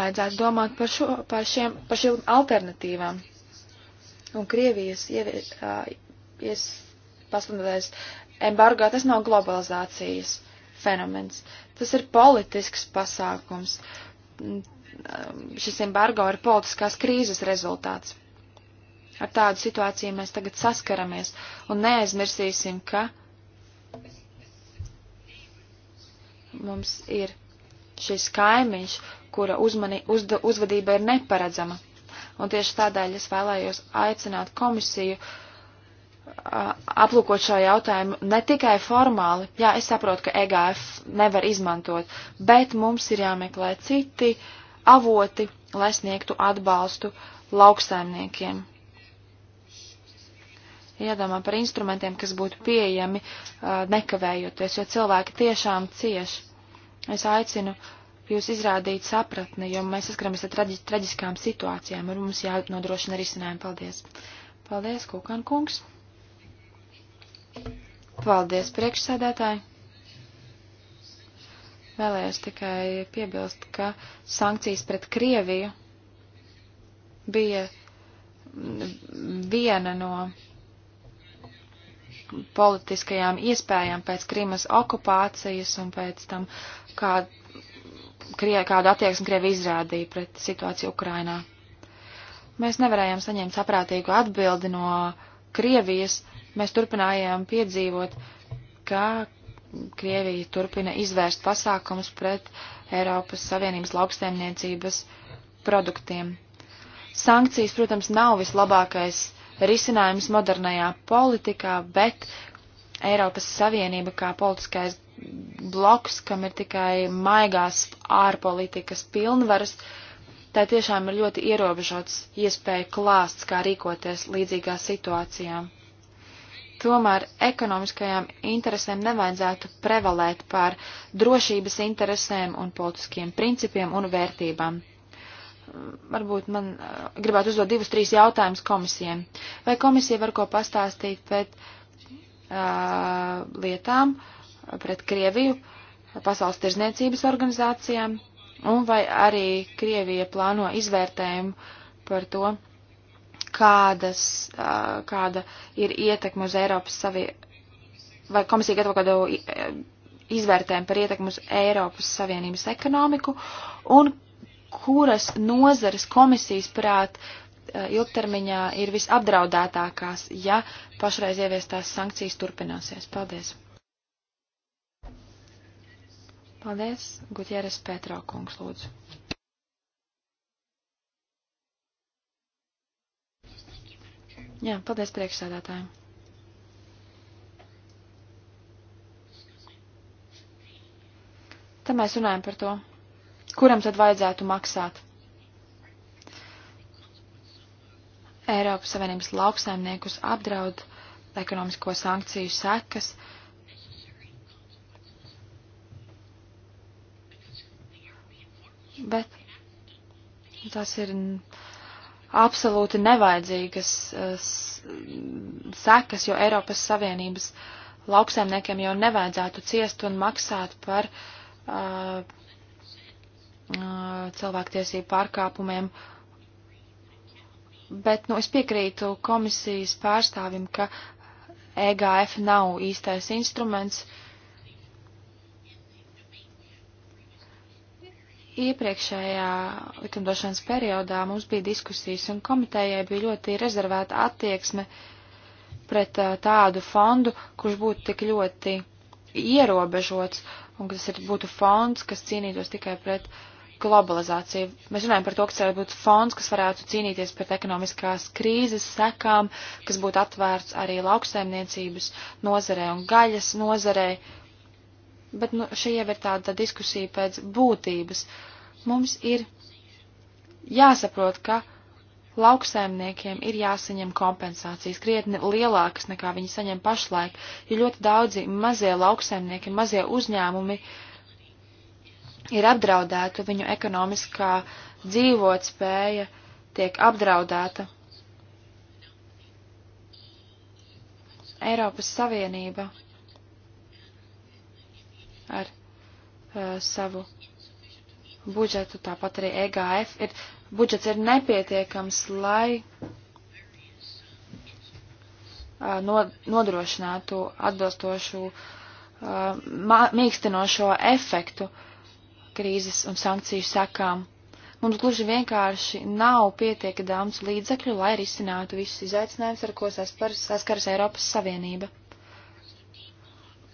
A: vajadzētu domāt par, šo, par, šiem, par šiem alternatīvām. Un Krievijas ies pasludinātais embargo, tas nav globalizācijas fenomens. Tas ir politisks pasākums. Mm, mm, šis embargo ir politiskās krīzes rezultāts. Ar tādu situāciju mēs tagad saskaramies un neaizmirsīsim, ka mums ir šis kaimiņš, kura uzmani, uzda, uzvadība ir neparedzama. Un tieši tādēļ es vēlējos aicināt komisiju uh, aplūkot šo jautājumu ne tikai formāli, jā, es saprotu, ka EGF nevar izmantot, bet mums ir jāmeklē citi avoti, lai sniegtu atbalstu lauksaimniekiem. Iedomā par instrumentiem, kas būtu pieejami nekavējoties, jo cilvēki tiešām cieši. Es aicinu jūs izrādīt sapratni, jo mēs saskaramies ar traģi traģiskām situācijām, un mums jānodrošina risinājumi. Paldies! Paldies, Kukan kungs! Paldies, priekšsēdētāji! Vēlējos tikai piebilst, ka sankcijas pret Krieviju bija viena no politiskajām iespējām pēc Krimas okupācijas un pēc tam, kā, krie, kādu attieksmi Krievi izrādīja pret situāciju Ukrainā. Mēs nevarējām saņemt saprātīgu atbildi no Krievijas, mēs turpinājām piedzīvot, ka Krievija turpina izvērst pasākums pret Eiropas Savienības lauksaimniecības produktiem. Sankcijas, protams, nav vislabākais risinājums modernajā politikā, bet Eiropas Savienība kā politiskais bloks, kam ir tikai maigās ārpolitikas pilnvaras, tā tiešām ir ļoti ierobežots iespēja klāsts, kā rīkoties līdzīgās situācijām. Tomēr ekonomiskajām interesēm nevajadzētu prevalēt pār drošības interesēm un politiskiem principiem un vērtībām. Varbūt man eh, gribētu uzdot divus, trīs jautājumus komisijiem. Vai komisija var ko pastāstīt pēc uh, eh, lietām pret Krieviju, pasaules tirzniecības organizācijām, un vai arī Krievija plāno izvērtējumu par to, kādas, kāda ir ietekme uz Eiropas savi, vai komisija gatavo kādu izvērtējumu par ietekmu uz Eiropas Savienības ekonomiku, un kuras nozares komisijas prāt ilgtermiņā ir visapdraudētākās, ja pašreiz ieviestās sankcijas turpināsies. Paldies! Paldies, Gutieres Petro kungs, lūdzu. Jā, paldies priekšsēdētājiem. Tad mēs runājam par to, kuram tad vajadzētu maksāt. Eiropas Savienības lauksaimniekus apdraud ekonomisko sankciju sekas. Bet tas ir absolūti nevajadzīgas eh, sekas, jo Eiropas Savienības lauksaimniekiem jau nevajadzētu ciest un maksāt par uh, cilvēktiesību pārkāpumiem. Bet, nu, es piekrītu komisijas pārstāvim, ka EGF nav īstais instruments, uh, iepriekšējā likumdošanas periodā mums bija diskusijas, un komitējai bija ļoti rezervēta attieksme pret tādu fondu, kurš būtu tik ļoti ierobežots, un kas ir, būtu fonds, kas cīnītos tikai pret globalizāciju. Mēs runājam par to, kas varētu būt fonds, kas varētu cīnīties pret ekonomiskās krīzes sekām, kas būtu atvērts arī lauksaimniecības nozarē un gaļas nozarei. Uh, bet nu, šī jau ir tāda diskusija pēc būtības. Mums ir jāsaprot, ka lauksaimniekiem ir jāsaņem kompensācijas krietni lielākas nekā viņi saņem pašlaik, jo ļoti daudzi mazie lauksaimnieki, mazie uzņēmumi ir apdraudēti, viņu ekonomiskā dzīvotspēja tiek apdraudēta. Eiropas Savienība ar uh, savu budžetu, tāpat arī EGF. Ir, budžets ir nepietiekams, lai uh, no, nodrošinātu atbilstošu uh, mīkstinošo efektu krīzes un sankciju sekām. Mums gluži vienkārši nav pietiekami daudz līdzekļu, lai risinātu visus izaicinājumus, ar ko saskars Eiropas Savienība.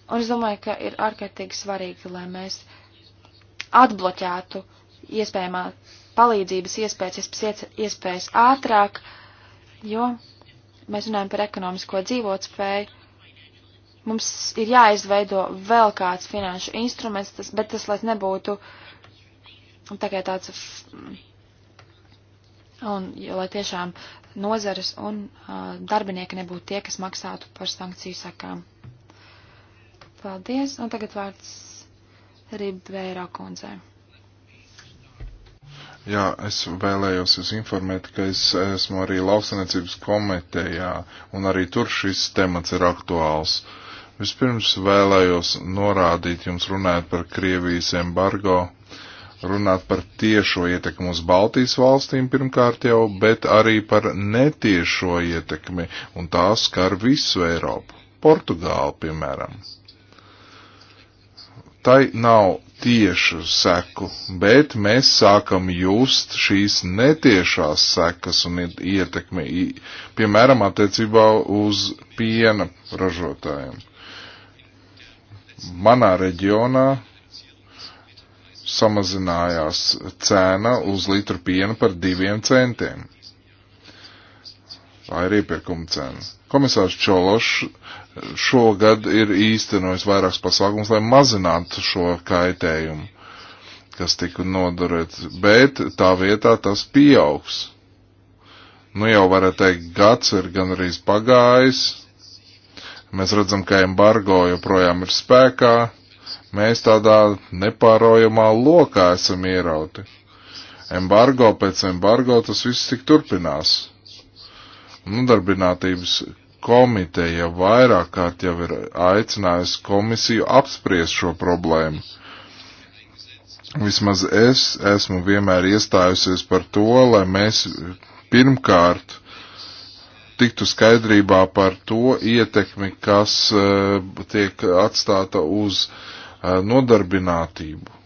A: Un es domāju, ka ir ārkārtīgi svarīgi, lai mēs atbloķētu iespējamā palīdzības iespējas, iespējas ātrāk, jo mēs runājam par ekonomisko dzīvotspēju. Mums ir jāizveido vēl kāds finanšu instruments, tas, bet tas, lai nebūtu tikai tā tāds, un lai tiešām nozares un uh, darbinieki nebūtu tie, kas maksātu par sankciju sakām. Paldies, un tagad vārds Ribvēra kundzei.
C: Jā, es vēlējos jūs informēt, ka es esmu arī lauksanēcības komitejā, un arī tur šis temats ir aktuāls. Vispirms vēlējos norādīt jums runājot par Krievijas embargo, runāt par tiešo ietekmi uz Baltijas valstīm pirmkārt jau, bet arī par netiešo ietekmi, un tā skar visu Eiropu. Portugālu, piemēram tai nav tiešu seku, bet mēs sākam just šīs netiešās sekas un ietekmi, piemēram, attiecībā uz piena ražotājiem. Manā reģionā samazinājās cena uz litru piena par diviem centiem. Tā ir iepirkuma cena. Komisārs Čološs šogad ir īstenojis vairākus pasākums, lai mazinātu šo kaitējumu, kas tika nodarēts, bet tā vietā tas pieaugs. Nu jau varētu teikt, gads ir gan arī pagājis, mēs redzam, ka embargo joprojām ir spēkā, mēs tādā nepārojumā lokā esam ierauti. Embargo pēc embargo tas viss tik turpinās. Nodarbinātības nu, komiteja vairāk kārt jau ir aicinājusi komisiju apspriest šo problēmu. Vismaz es esmu vienmēr iestājusies par to, lai mēs pirmkārt tiktu skaidrībā par to ietekmi, kas eh, tiek atstāta uz eh, nodarbinātību.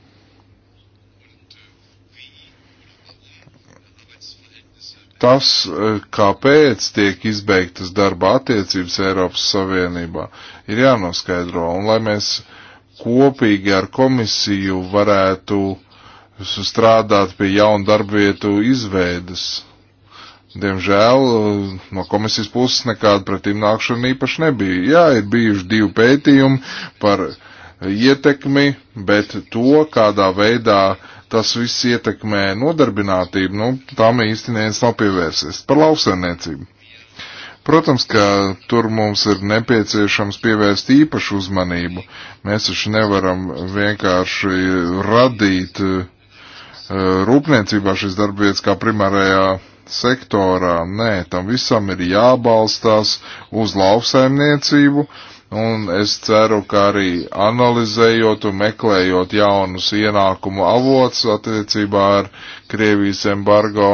C: tas, e, kāpēc tiek izbeigtas darba attiecības Eiropas Savienībā, ir jānoskaidro. Un lai mēs kopīgi ar komisiju varētu strādāt pie jaunu darba vietu izveidas. Diemžēl e, no komisijas puses nekāda pretim nākšana īpaši nebija. Jā, ir bijuši divi pētījumi par ietekmi, bet to, kādā veidā uh, tas viss ietekmē nodarbinātību, nu, tam īsti neviens nav pievērsies. Par lauksaimniecību. Protams, ka tur mums ir nepieciešams pievērst īpašu uzmanību. Mēs taču nevaram vienkārši radīt eh, rūpniecībā šīs darbvietas kā primārajā sektorā. Nē, tam visam ir jābalstās uz lauksaimniecību. Uh, Un es ceru, ka arī analizējot un meklējot jaunus ienākumu avots attiecībā ar Krievijas embargo,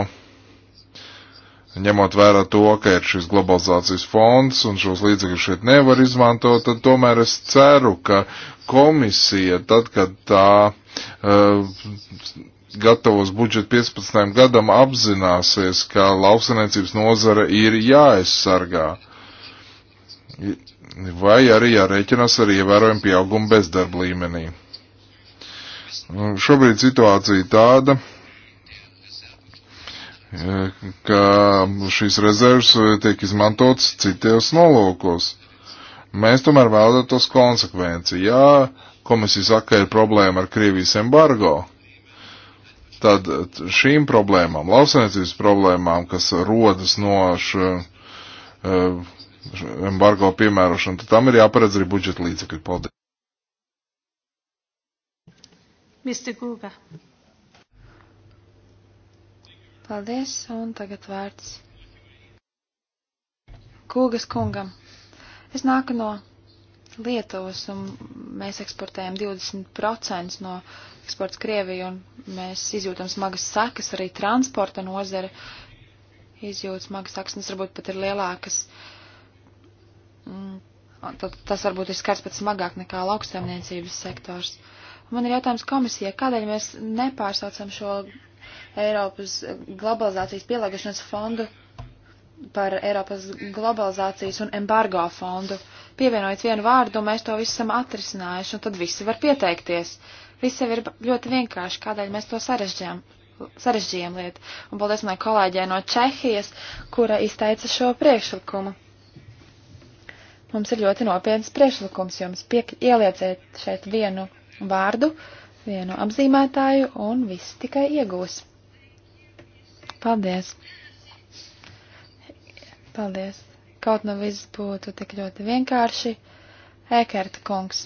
C: ņemot vērā to, ka ir šis globalizācijas fonds un šos līdzekļus šeit nevar izmantot, tad tomēr es ceru, ka komisija, tad, kad tā uh, gatavos budžetu 15. gadam, apzināsies, ka lauksaimniecības nozara ir jāaizsargā vai arī jārēķinās ar ievērojumu pieaugumu bezdarba līmenī. Nu, šobrīd situācija tāda, ka šīs rezerves tiek izmantotas citos nolūkos. Mēs tomēr vēlētos konsekvenci. Jā, komisija saka, ka ir problēma ar Krievijas embargo. Tad šīm problēmām, lauksainiecības problēmām, kas rodas no šo, uh, eh, embargo piemērošanu, tad tam ir jāparedz arī budžeta līdzekļi. Paldies.
A: Mr. Guga. Paldies, un tagad vārds. Kūgas kungam. Es nāku no Lietuvas, un mēs eksportējam 20% no eksports Krieviju, un mēs izjūtam smagas sekas, arī transporta nozare izjūt smagas sekas, un tas varbūt pat ir lielākas uh, Tas varbūt ir skars pat smagāk nekā lauksaimniecības sektors. Man ir jautājums komisijai, kādēļ mēs nepārsaucam šo Eiropas globalizācijas pielāgošanas fondu par Eiropas globalizācijas un embargo fondu. Pievienojot vienu vārdu, mēs to visu esam atrisinājuši, un tad visi var pieteikties. Viss jau ir ļoti vienkārši, kādēļ mēs to sarežģījām, sarežģījām lietu. Un paldies manai kolēģē no Čehijas, kura izteica šo priekšlikumu. Mums ir ļoti nopietns priekšlikums jums ielieciet šeit vienu vārdu, vienu apzīmētāju un viss tikai iegūs. Paldies! Paldies! Kaut nav nu viss būtu tik ļoti vienkārši. Ekerta kungs.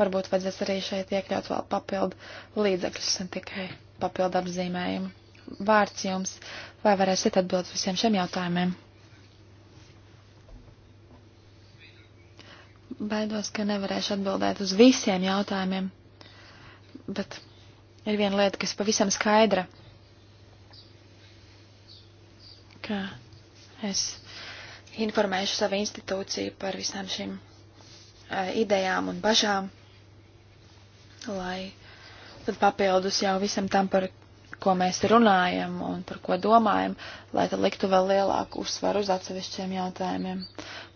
A: Varbūt vajadzēs arī šeit iekļaut vēl papildu līdzekļus un tikai papildu apzīmējumu. Vārds jums, vai varēsiet atbildēt visiem šiem jautājumiem? Baidos, ka nevarēšu atbildēt uz visiem jautājumiem, bet ir viena lieta, kas pavisam skaidra, ka es informēšu savu institūciju par visām šīm eh, idejām un bažām, lai tad papildus jau visam tam, par ko mēs runājam un par ko domājam, lai tad liktu vēl lielāku uzsvaru uz atsevišķiem jautājumiem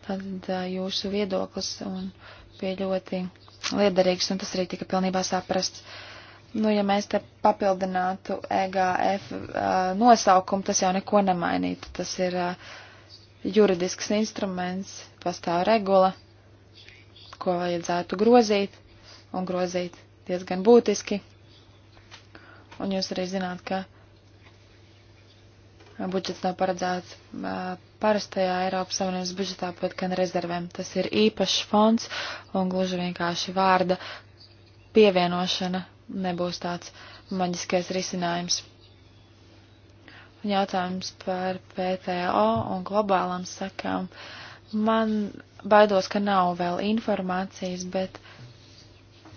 A: tad jūsu viedoklis un bija ļoti liederīgs, un tas arī tika pilnībā saprasts. Nu, ja mēs te papildinātu EGF nosaukumu, tas jau neko nemainītu. Tas ir juridisks instruments, pastāv regula, ko vajadzētu grozīt, un grozīt diezgan būtiski. Un jūs arī zināt, ka budžets nav paredzēts parastajā Eiropas Savienības budžetā, bet gan rezervēm. Tas ir īpašs fonds un gluži vienkārši vārda pievienošana nebūs tāds maģiskais risinājums. Un jautājums par PTO un globālām sakām. Man baidos, ka nav vēl informācijas, bet,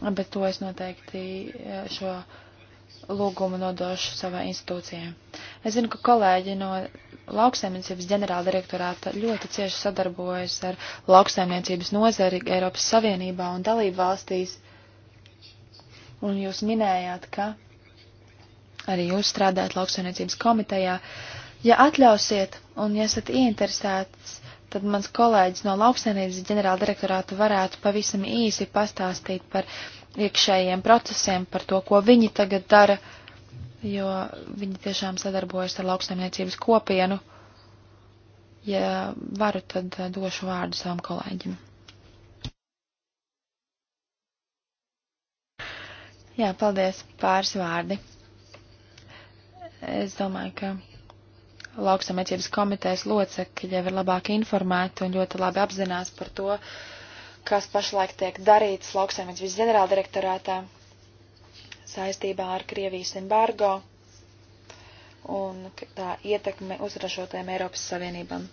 A: bet to es noteikti šo. Uh, lūgumu nodošu savai institūcijai. Es zinu, ka kolēģi no lauksaimniecības ģenerāla direktorāta ļoti cieši sadarbojas ar lauksaimniecības nozari Eiropas Savienībā un dalību valstīs. Un jūs minējāt, ka arī jūs strādājat lauksaimniecības komitejā. Ja atļausiet un ja esat ieinteresēts, tad mans kolēģis no lauksaimniecības ģenerāla direktorāta varētu pavisam īsi pastāstīt par iekšējiem procesiem, par to, ko viņi tagad dara, jo viņi tiešām sadarbojas ar lauksaimniecības kopienu. Ja varu, tad eh, došu vārdu savam kolēģim. Jā, paldies, pāris vārdi. Es domāju, ka lauksamniecības komitejas locekļi jau ir labāk informēti un ļoti labi apzinās par to, uh, kas pašlaik tiek darīts lauksaimniecības ģenerāldirektorātā saistībā ar Krievijas embargo un tā ietekme uzrašotajiem Eiropas Savienībām.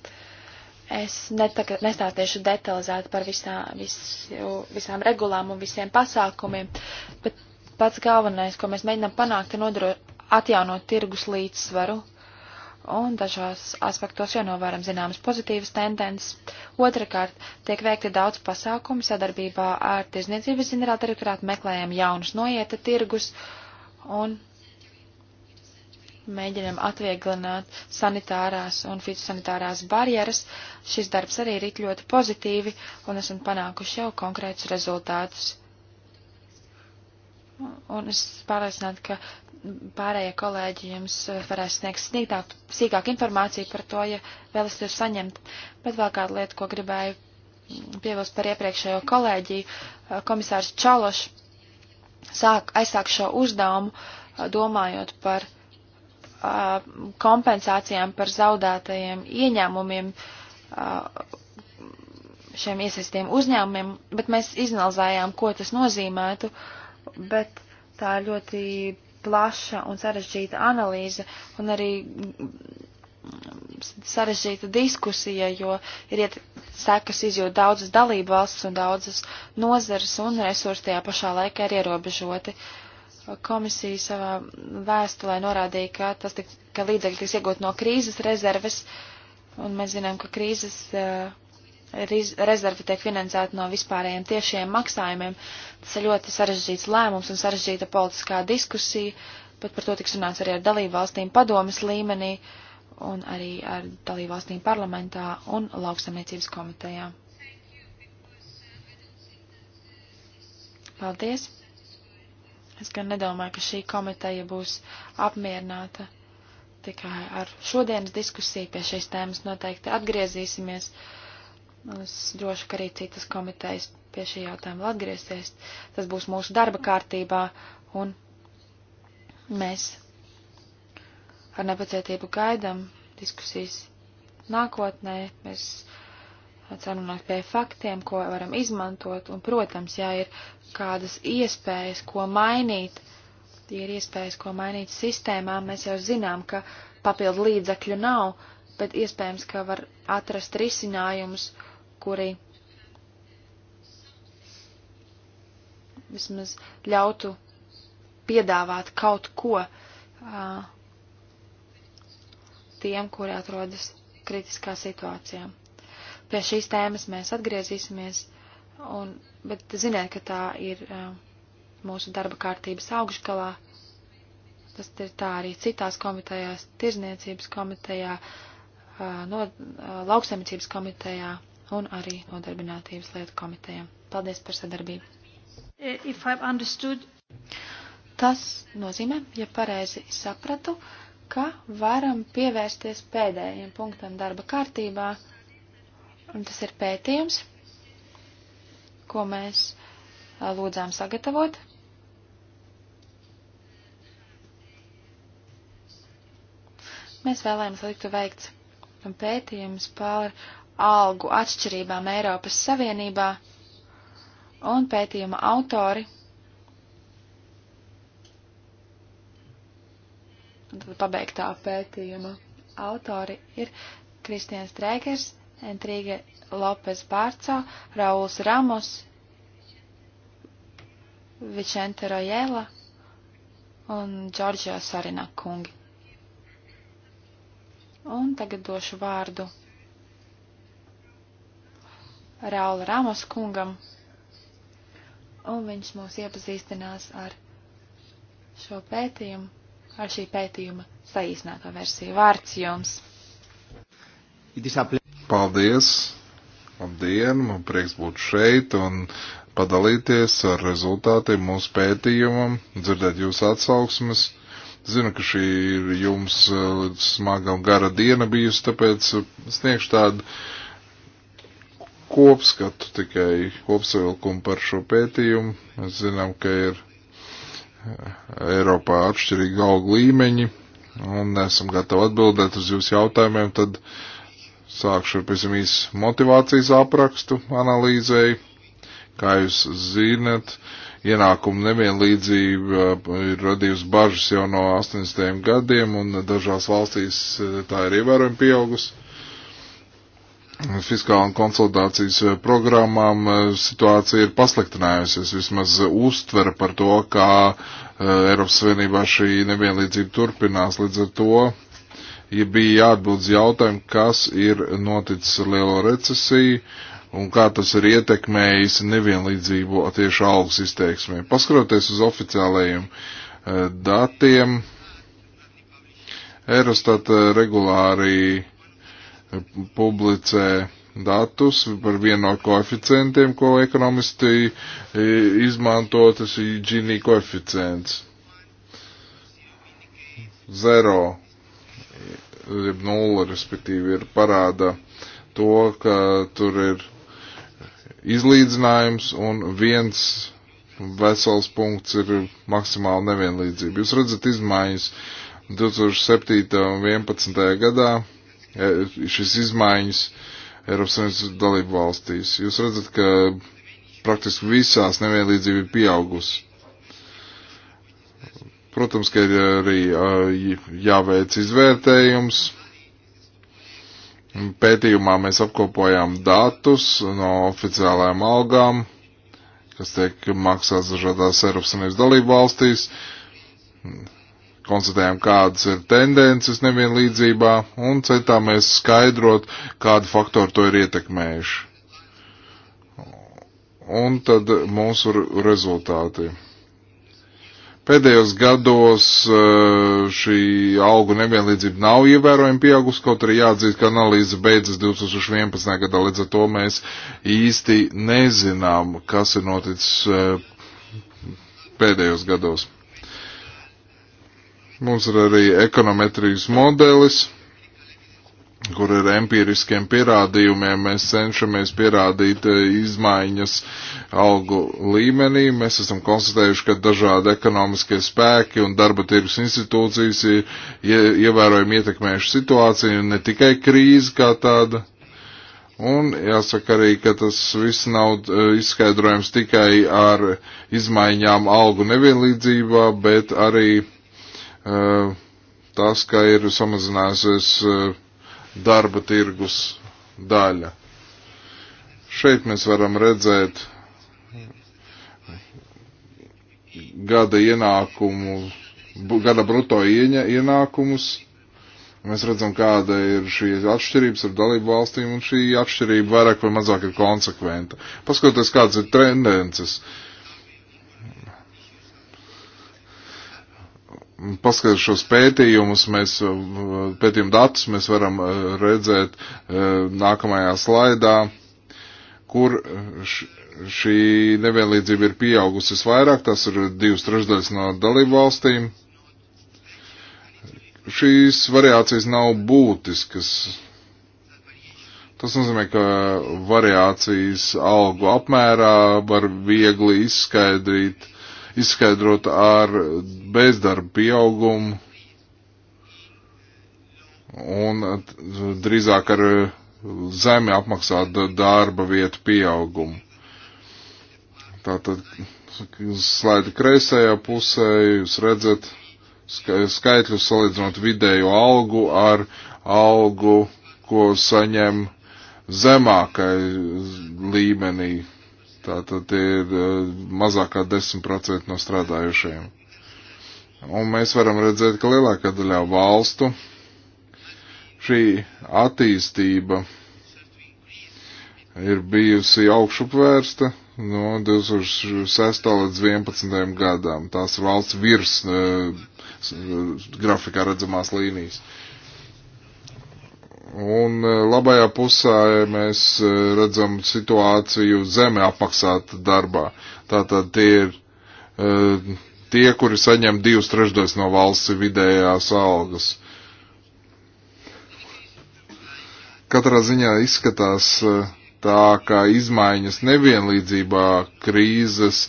A: Es netaka, nestāstīšu detalizēti par visā, visu, visām regulām un visiem pasākumiem, bet pats galvenais, ko mēs mēģinām panākt, ir nodro, atjaunot tirgus līdzsvaru, uh, un dažos aspektos jau novēram zināmas pozitīvas tendences. Otrakārt, tiek veikti daudz pasākumu sadarbībā ar Tirzniecības ģenerāla direktorātu, meklējam jaunus noieta tirgus un mēģinam atvieglināt sanitārās un fitosanitārās barjeras. Šis darbs arī ir ļoti pozitīvi un esam panākuši jau konkrētus rezultātus. Un es pārliecinātu, ka pārējie kolēģi jums eh, varēs sniegt sīkāk, sīkāk informāciju par to, ja vēlaties saņemt. Bet vēl kāda lieta, ko gribēju mm, piebilst par iepriekšējo kolēģiju, eh, komisārs Čalošs sāk, aizsāk šo uzdevumu, eh, domājot par a, kompensācijām par zaudētajiem ieņēmumiem a, šiem iesaistiem uzņēmumiem, bet mēs izanalizējām, ko tas nozīmētu. Uh, bet tā ir ļoti plaša un sarežģīta analīze un arī sarežģīta diskusija, jo ir iet sekas izjūt daudzas dalību valsts un daudzas nozares un resursi tajā pašā laikā ir ierobežoti. Komisija savā vēstulē norādīja, ka, tas tik, ka līdzekļi tiks iegūt no krīzes rezerves, un mēs zinām, ka krīzes uh, rezerve tiek finansēta no vispārējiem tiešiem maksājumiem. Tas ir ļoti sarežģīts lēmums un sarežģīta politiskā diskusija, bet par to tiks runāts arī ar dalībvalstīm padomas līmenī un arī ar dalībvalstīm parlamentā un lauksamniecības komitejā. Paldies! Es gan nedomāju, ka šī komiteja būs apmierināta tikai ar šodienas diskusiju. Pie šīs tēmas noteikti atgriezīsimies. Uh, Es droši, ka arī citas komitejas pie šī jautājuma atgriezties. Tas būs mūsu darba kārtībā, un mēs ar nepacietību gaidām diskusijas nākotnē. Mēs ceram nonākt pie faktiem, ko varam izmantot, un, protams, ja ir kādas iespējas, ko mainīt, ir iespējas, ko mainīt sistēmā, mēs jau zinām, ka papildu līdzekļu nav, bet iespējams, ka var atrast risinājumus, uh, kuri vismaz ļautu piedāvāt kaut ko uh, tiem, kuri atrodas kritiskā situācijā. Pie šīs tēmas mēs atgriezīsimies, un, bet ziniet, ka tā ir uh, mūsu darba kārtības augšgalā. Tas ir tā arī citās komitejās, tirzniecības komitejā, uh, no, lauksaimniecības komitejā, un arī nodarbinātības lietu komitejām. Paldies par sadarbību. Eh, tas nozīmē, ja pareizi sapratu, ka varam pievērsties pēdējiem punktam darba kārtībā, un tas ir pētījums, ko mēs eh, lūdzām sagatavot. Mēs vēlējāmies liktu veikts pētījums pār algu atšķirībām Eiropas Savienībā, un pētījuma autori pabeigtā pētījuma autori ir Kristians Trēkers, Entrīga Lopes Bārcā, Rauls Ramos, Vičente Rojēla un Džordžio Sarina kungi. Un tagad došu vārdu Raula Ramos kungam, un viņš mūs iepazīstinās ar šo pētījumu, ar šī pētījuma saīsnāto versiju. Vārds jums!
C: Paldies! Labdien! Man prieks būt šeit un padalīties ar rezultātiem mūsu pētījumam, dzirdēt jūsu atsauksmes. Zinu, ka šī ir jums eh, smaga un gara diena bijusi, tāpēc sniegšu tādu uh, kopskatu tikai kopsavilkumu par šo pētījumu. Mēs zinām, ka ir eh, Eiropā atšķirīgi algu līmeņi un nesam gatavi atbildēt uz jūsu jautājumiem, tad sākšu ar pavisam īsu motivācijas aprakstu analīzēji. Kā jūs zinat, ienākumu nevienlīdzība eh, ir radījusi bažas jau no 80. gadiem un dažās valstīs eh, tā ir ievērojami pieaugusi fiskālām konsultācijas eh, programmām eh, situācija ir pasliktinājusies, vismaz uztvera par to, kā eh, Eiropas Savienībā šī nevienlīdzība turpinās. Līdz ar to ja bija jāatbild jautājumu, kas ir noticis ar lielo recesiju un kā tas ir ietekmējis nevienlīdzību tieši algas izteiksmē. Paskatoties uz oficiālajiem datiem, Eurostat regulāri publicē datus par vienu no koeficientiem, ko ekonomisti izmanto, tas ir Gini koeficients. Zero, jeb nulle, respektīvi, ir parāda to, ka tur ir izlīdzinājums un viens vesels punkts ir maksimāla nevienlīdzība. Jūs redzat izmaiņas 2007. un 2011. gadā Eh, šis izmaiņas Eiropas Savienības dalību valstīs. Jūs redzat, ka praktiski visās nevienlīdzība ir pieaugusi. Protams, ka ir arī eh, jāveic izvērtējums. Pētījumā mēs apkopojām datus no oficiālajām algām, kas tiek maksāts dažādās Eiropas Savienības dalību valstīs konstatējām, kādas ir tendences nevienlīdzībā un centāmies skaidrot, kādu faktoru to ir ietekmējuši. Un tad mūsu rezultāti. Pēdējos gados eh, šī augu nevienlīdzība nav ievērojami pieaugusi, kaut arī jāatzīst, ka analīze beidzas 2011. gadā, līdz ar to mēs īsti nezinām, kas ir noticis eh, pēdējos gados. Mums ir arī ekonometrijas modelis, kur ar empiriskiem pierādījumiem mēs cenšamies pierādīt eh, izmaiņas algu līmenī. Mēs esam konstatējuši, ka dažādi ekonomiskie spēki un darba tirgus institūcijas ir ievērojami ietekmējuši situāciju, ne tikai krīzi kā tāda. Un jāsaka arī, ka tas viss nav eh, izskaidrojams tikai ar izmaiņām algu nevienlīdzībā, bet arī Eh, tas, ka ir samazinājusies eh, darba tirgus daļa. Šeit mēs varam redzēt gada ienākumu, gada bruto ienākumus. Mēs redzam, kāda ir šī atšķirības ar dalību valstīm, un šī atšķirība vairāk vai mazāk ir konsekventa. Paskatoties, kādas ir tendences. Uh, paskatot šos pētījumus, mēs, uh, pētījumu datus, mēs varam uh, redzēt uh, nākamajā slaidā, kur šī nevienlīdzība ir pieaugusi visvairāk, tas ir divas trešdaļas no dalību valstīm. Šīs variācijas nav būtiskas. Tas nozīmē, ka variācijas algu apmērā var viegli izskaidrīt uh, izskaidrot ar bezdarba pieaugumu un drīzāk ar zemi apmaksāt darba vietu pieaugumu. Tātad slaida kreisajā pusē, jūs redzat skaitļus salīdzinot vidēju algu ar algu, ko saņem zemākai līmenī Tātad ir e, mazāk kā 10% no strādājušajiem. Un mēs varam redzēt, ka lielākā daļā valstu šī attīstība ir bijusi augšupvērsta no 2006. līdz 2011. gadām. Tās valsts virs uh, grafikā redzamās līnijas. Uh, Un e, labajā pusē mēs e, redzam situāciju zeme apmaksāta darbā. Tātad tie ir e, tie, kuri saņem divus trešdaļus no valsts vidējās algas. Katrā ziņā izskatās tā, ka izmaiņas nevienlīdzībā krīzes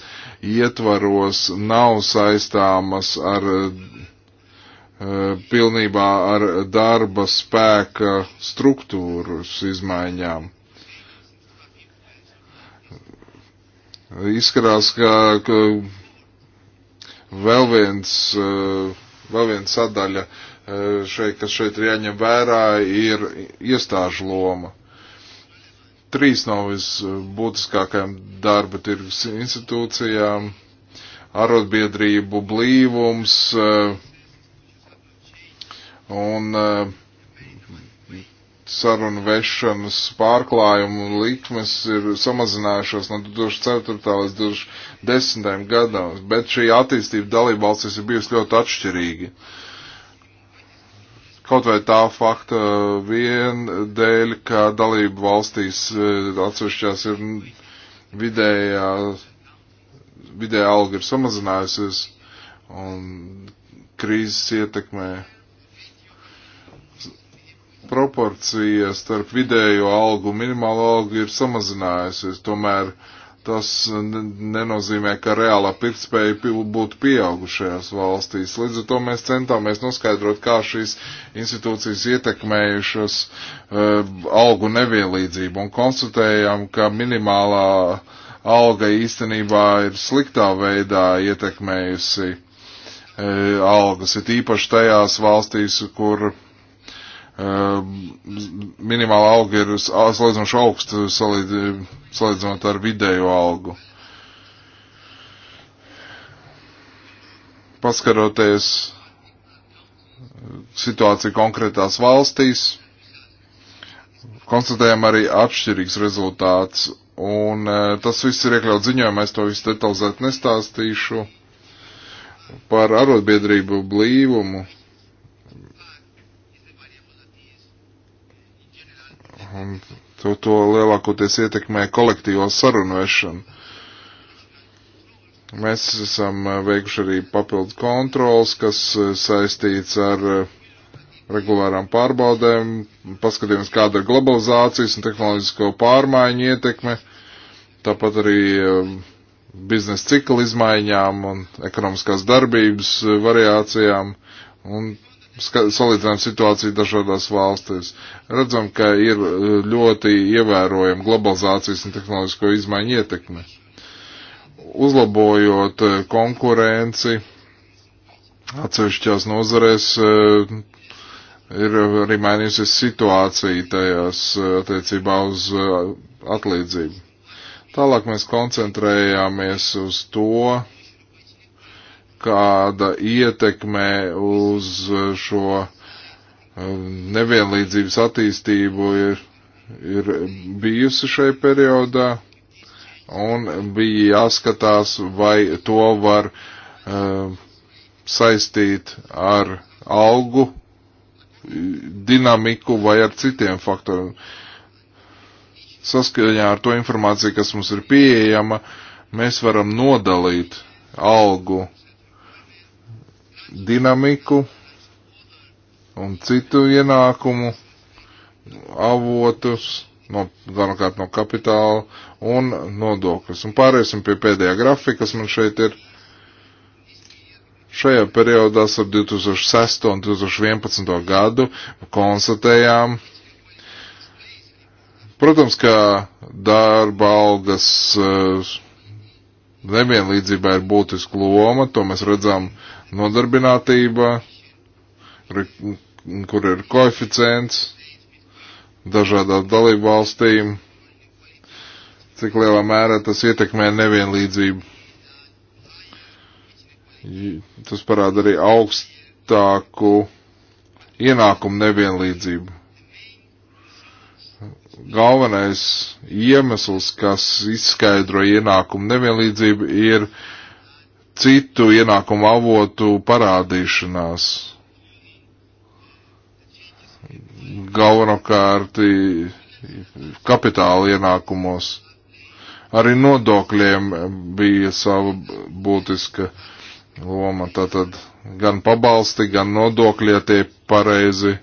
C: ietvaros nav saistāmas ar Eh, pilnībā ar darba spēka struktūras izmaiņām. Izskatās, ka vēl viens, eh, vēl viens sadaļa eh, šeit, kas šeit ir jāņem vērā, ir iestāžu loma. Trīs no visbūtiskākajām darba tirgus institūcijām - arotbiedrību blīvums, uh, un eh, sarunu vešanas pārklājumu likmes ir samazinājušās no 2004. līdz 2010. gadam, bet šī attīstība dalībvalstīs ir bijusi ļoti atšķirīga. Kaut vai tā fakta vien dēļ, ka dalību valstīs eh, atsevišķās ir vidējā, vidējā alga ir samazinājusies un krīzes ietekmē proporcija starp vidējo algu un minimālo algu ir samazinājusies. Tomēr tas nenozīmē, ka reālā pirktspēja būtu pieaugušajās valstīs. Līdz ar to mēs centāmies noskaidrot, kā šīs institūcijas ietekmējušas uh, algu nevienlīdzību un konstatējām, ka minimālā alga īstenībā ir sliktā veidā ietekmējusi uh, algas, ir īpaši tajās valstīs, kur uh, Ehm, minimāla alga ir salīdzinoši augsta salīdzinot ar vidējo algu. Paskaroties eh, situāciju konkrētās valstīs, konstatējam arī atšķirīgs rezultāts, un eh, tas viss ir iekļauts ziņojumā, es to visu detalizēt nestāstīšu par arotbiedrību blīvumu Un to, to lielākoties ietekmē kolektīvo sarunvešanu. Mēs esam eh, veikuši arī papildus kontrols, kas eh, saistīts ar eh, regulārām pārbaudēm, paskatījums, kāda ir globalizācijas un tehnoloģisko pārmaiņu ietekme, tāpat arī biznesa cikla izmaiņām un ekonomiskās darbības variācijām un salīdzinām situāciju dažādās valstīs, redzam, ka ir e, ļoti ievērojama globalizācijas un tehnoloģisko izmaiņu ietekme. Uzlabojot e, konkurenci atsevišķās nozarēs, e, ir arī mainījusies situācija tajās attiecībā uz atlīdzību. Tālāk mēs koncentrējāmies uz to, kāda ietekme uz šo um, nevienlīdzības attīstību ir, ir bijusi šai periodā, un bija jāskatās, vai to var uh, saistīt ar algu dinamiku vai ar citiem faktoriem. Saskaņā ar to informāciju, kas mums ir pieejama, mēs varam nodalīt algu dinamiku un citu ienākumu avotus, no, galvenokārt no kapitāla un nodokļus. Un pāriesim pie pēdējā grafika, kas man šeit ir. Šajā periodā ap 2006 un 2011 gadu konstatējām, protams, ka darba algas eh, nevienlīdzībā ir būtiska loma, to mēs redzam uh, nodarbinātība, kur ir koeficients dažādām dalību valstīm, cik lielā mērā tas ietekmē nevienlīdzību. Tas parāda arī augstāku ienākumu nevienlīdzību. Galvenais iemesls, kas izskaidro ienākumu nevienlīdzību, ir uh, citu ienākumu avotu parādīšanās. Galvenokārt kapitāla ienākumos. Arī nodokļiem bija sava būtiska loma. Tātad gan pabalsti, gan nodokļi, ja tie pareizi e,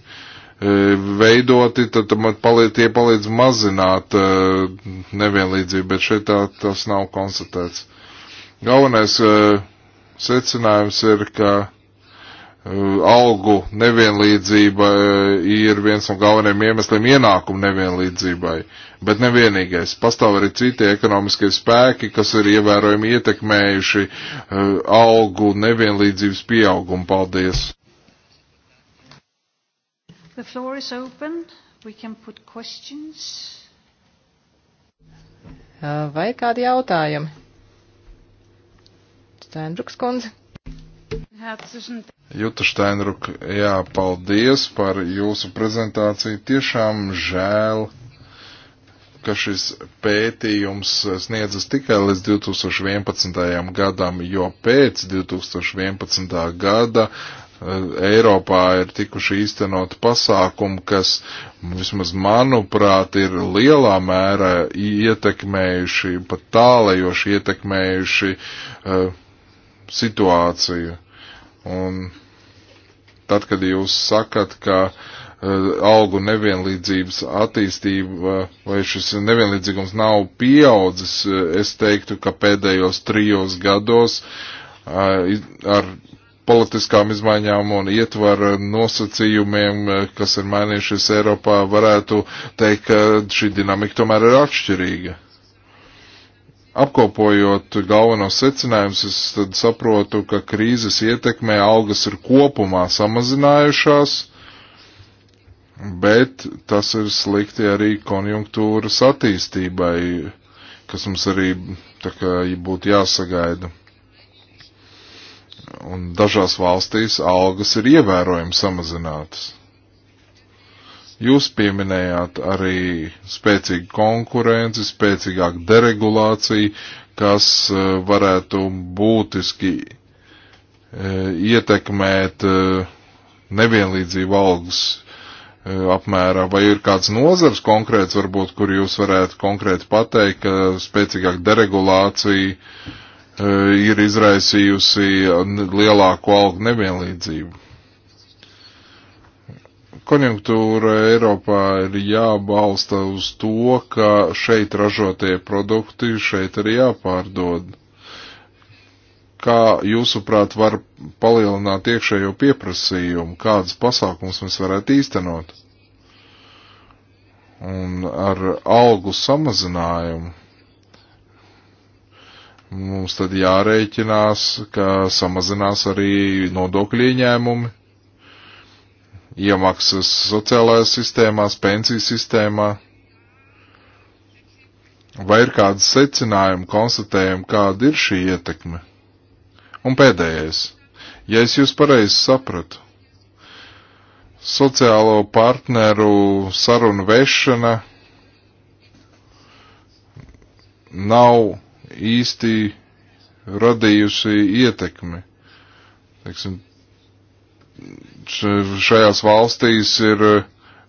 C: veidoti, tad paliet, tie palīdz mazināt e, nevienlīdzību, bet šeit tā, tas nav konstatēts. Galvenais uh, secinājums ir, ka uh, algu nevienlīdzība uh, ir viens no galvenajiem iemesliem ienākumu nevienlīdzībai, bet nevienīgais. Pastāv arī citi ekonomiskie spēki, kas ir ievērojami ietekmējuši algu nevienlīdzības pieaugumu. Paldies!
B: The floor is open. We can put questions. Vai kādi jautājumi? Steinbruks kundze.
C: Juta Steinruk, jā, paldies par jūsu prezentāciju. Tiešām žēl, ka šis pētījums sniedzas tikai līdz 2011. gadam, jo pēc 2011. gada eh, Eiropā ir tikuši īstenot pasākumi, kas vismaz manuprāt ir lielā mērā ietekmējuši, pat tālējoši ietekmējuši uh, situāciju. Un tad, kad jūs sakat, ka uh, algu nevienlīdzības attīstība vai šis nevienlīdzīgums nav pieaudzis, e, es teiktu, ka pēdējos trijos gados uh, ar politiskām izmaiņām un ietvara nosacījumiem, kas ir mainījušies Eiropā, varētu teikt, ka šī dinamika tomēr ir atšķirīga. Apkopojot galvenos secinājumus, es tad saprotu, ka krīzes ietekmē algas ir kopumā samazinājušās, bet tas ir slikti arī konjunktūras attīstībai, kas mums arī tā kā būtu jāsagaida. Un dažās valstīs algas ir ievērojami samazinātas. Jūs pieminējāt arī spēcīgu konkurenci, spēcīgāku deregulāciju, kas e, varētu būtiski e, ietekmēt e, nevienlīdzību algas apmērā, vai ir kāds nozars konkrēts, varbūt, kur jūs varētu konkrēti pateikt, ka spēcīgāk deregulācija ir izraisījusi lielāku algu nevienlīdzību. Konjunktūra Eiropā ir jābalsta uz to, ka šeit ražotie produkti šeit arī jāpārdod. Kā jūsuprāt var palielināt iekšējo pieprasījumu, kādas pasākums mēs varētu īstenot? Un ar algu samazinājumu mums tad jārēķinās, ka samazinās arī nodokļu ieņēmumi iemaksas sociālajās sistēmās, pensiju sistēmā? Vai ir kādi secinājumi, konstatējumi, kāda ir šī ietekme? Un pēdējais, ja es jūs pareizi sapratu, sociālo partneru sarunu vešana nav īsti radījusi ietekmi. Teiksim, šajās valstīs ir eh,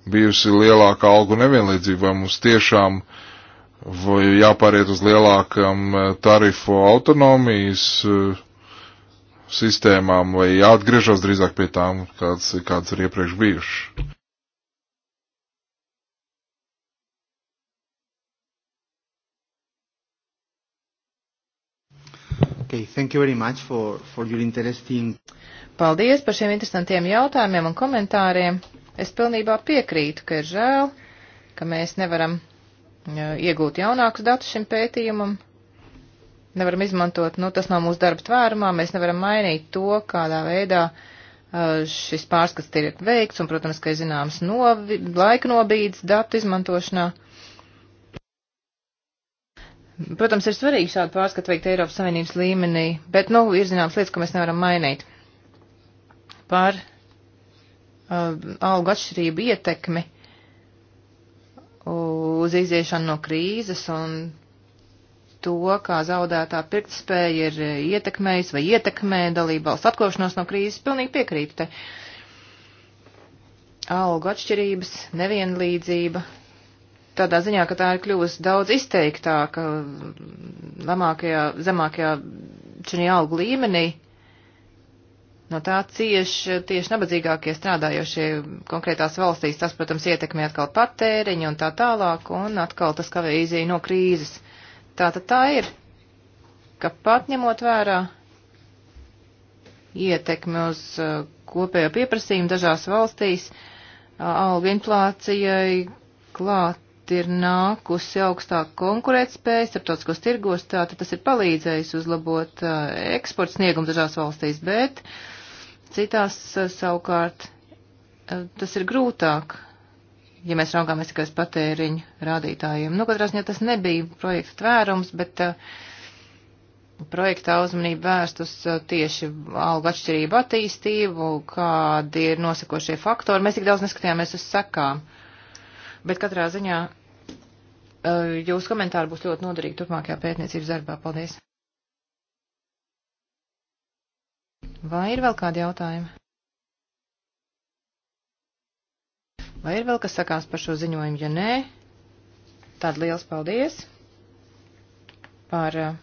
C: bijusi lielāka algu nevienlīdzība, vai mums tiešām jāpāriet uz lielākam eh, tarifu autonomijas eh, sistēmām, vai jāatgriežas drīzāk pie tām, kāds, kāds ir iepriekš bijušas.
A: Okay, thank you very much for, for your interesting
B: Paldies par šiem interesantiem jautājumiem un komentāriem. Es pilnībā piekrītu, ka ir žēl, ka mēs nevaram e, iegūt jaunākus datus šim pētījumam. Nevaram izmantot, nu tas nav mūsu darba tvērumā, mēs nevaram mainīt to, kādā veidā e, šis pārskats tiek veikts, un, protams, ka ir zināms novi, laika nobīdes datu izmantošanā. Protams, ir svarīgi šādu pārskatu veikt Eiropas Savienības līmenī, bet, nu, ir zināms lietas, ko mēs nevaram mainīt par uh, algu atšķirību ietekmi uz iziešanu no krīzes un to, kā zaudētā pirktspēja ir ietekmējis vai ietekmē dalībvalsts atkošanos no krīzes, pilnīgi piekrītu. Algu atšķirības, nevienlīdzība, tādā ziņā, ka tā ir kļuvusi daudz izteiktāka zemākajā, zemākajā šajā algu līmenī, No tā cieši tieši nabadzīgākie strādājošie konkrētās valstīs. Tas, protams, ietekmē atkal patēriņu un tā tālāk, un atkal tas kavē izēju no krīzes. Tā tad tā ir, ka pat ņemot vērā ietekmi uz uh, kopējo pieprasījumu dažās valstīs, uh, alga inflācijai klāt ir nākusi augstāka konkurētspēja starptautiskos tirgos, tātad tas ir palīdzējis uzlabot uh, eksporta sniegumu dažās valstīs, bet uh, Citās eh, savukārt eh, tas ir grūtāk, ja mēs raugāmies tikai uz patēriņu rādītājiem. Nu, katrā ziņā tas nebija projekta tvērums, bet eh, projektā uzmanība vērst uz tieši algu atšķirību attīstību, kādi ir nosakošie faktori. Mēs tik daudz neskatījāmies uz sekām. Bet katrā ziņā jūsu komentāri būs ļoti noderīgi turpmākajā pētniecības darbā. Paldies! Vai ir vēl kādi jautājumi? Vai ir vēl kas sakās par šo ziņojumu? Ja nē, tad liels paldies par eh,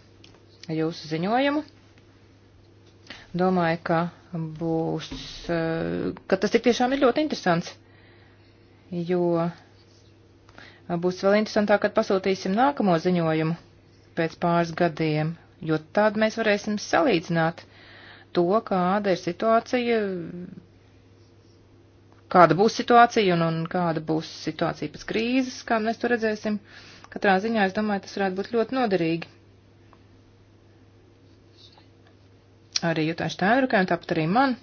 B: jūsu ziņojumu. Domāju, ka būs, eh, ka tas tik tiešām ir ļoti interesants, jo būs vēl interesantāk, kad pasūtīsim nākamo ziņojumu pēc pāris gadiem, jo tad mēs varēsim salīdzināt to, kāda ir situācija, kāda būs situācija un, un kāda būs situācija pēc krīzes, kā mēs to redzēsim. Katrā ziņā es domāju, tas varētu būt ļoti noderīgi. Arī Jutai Štēnrukai un tāpat arī man.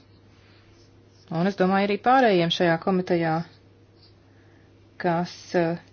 B: Un es domāju arī pārējiem šajā komitejā, kas uh,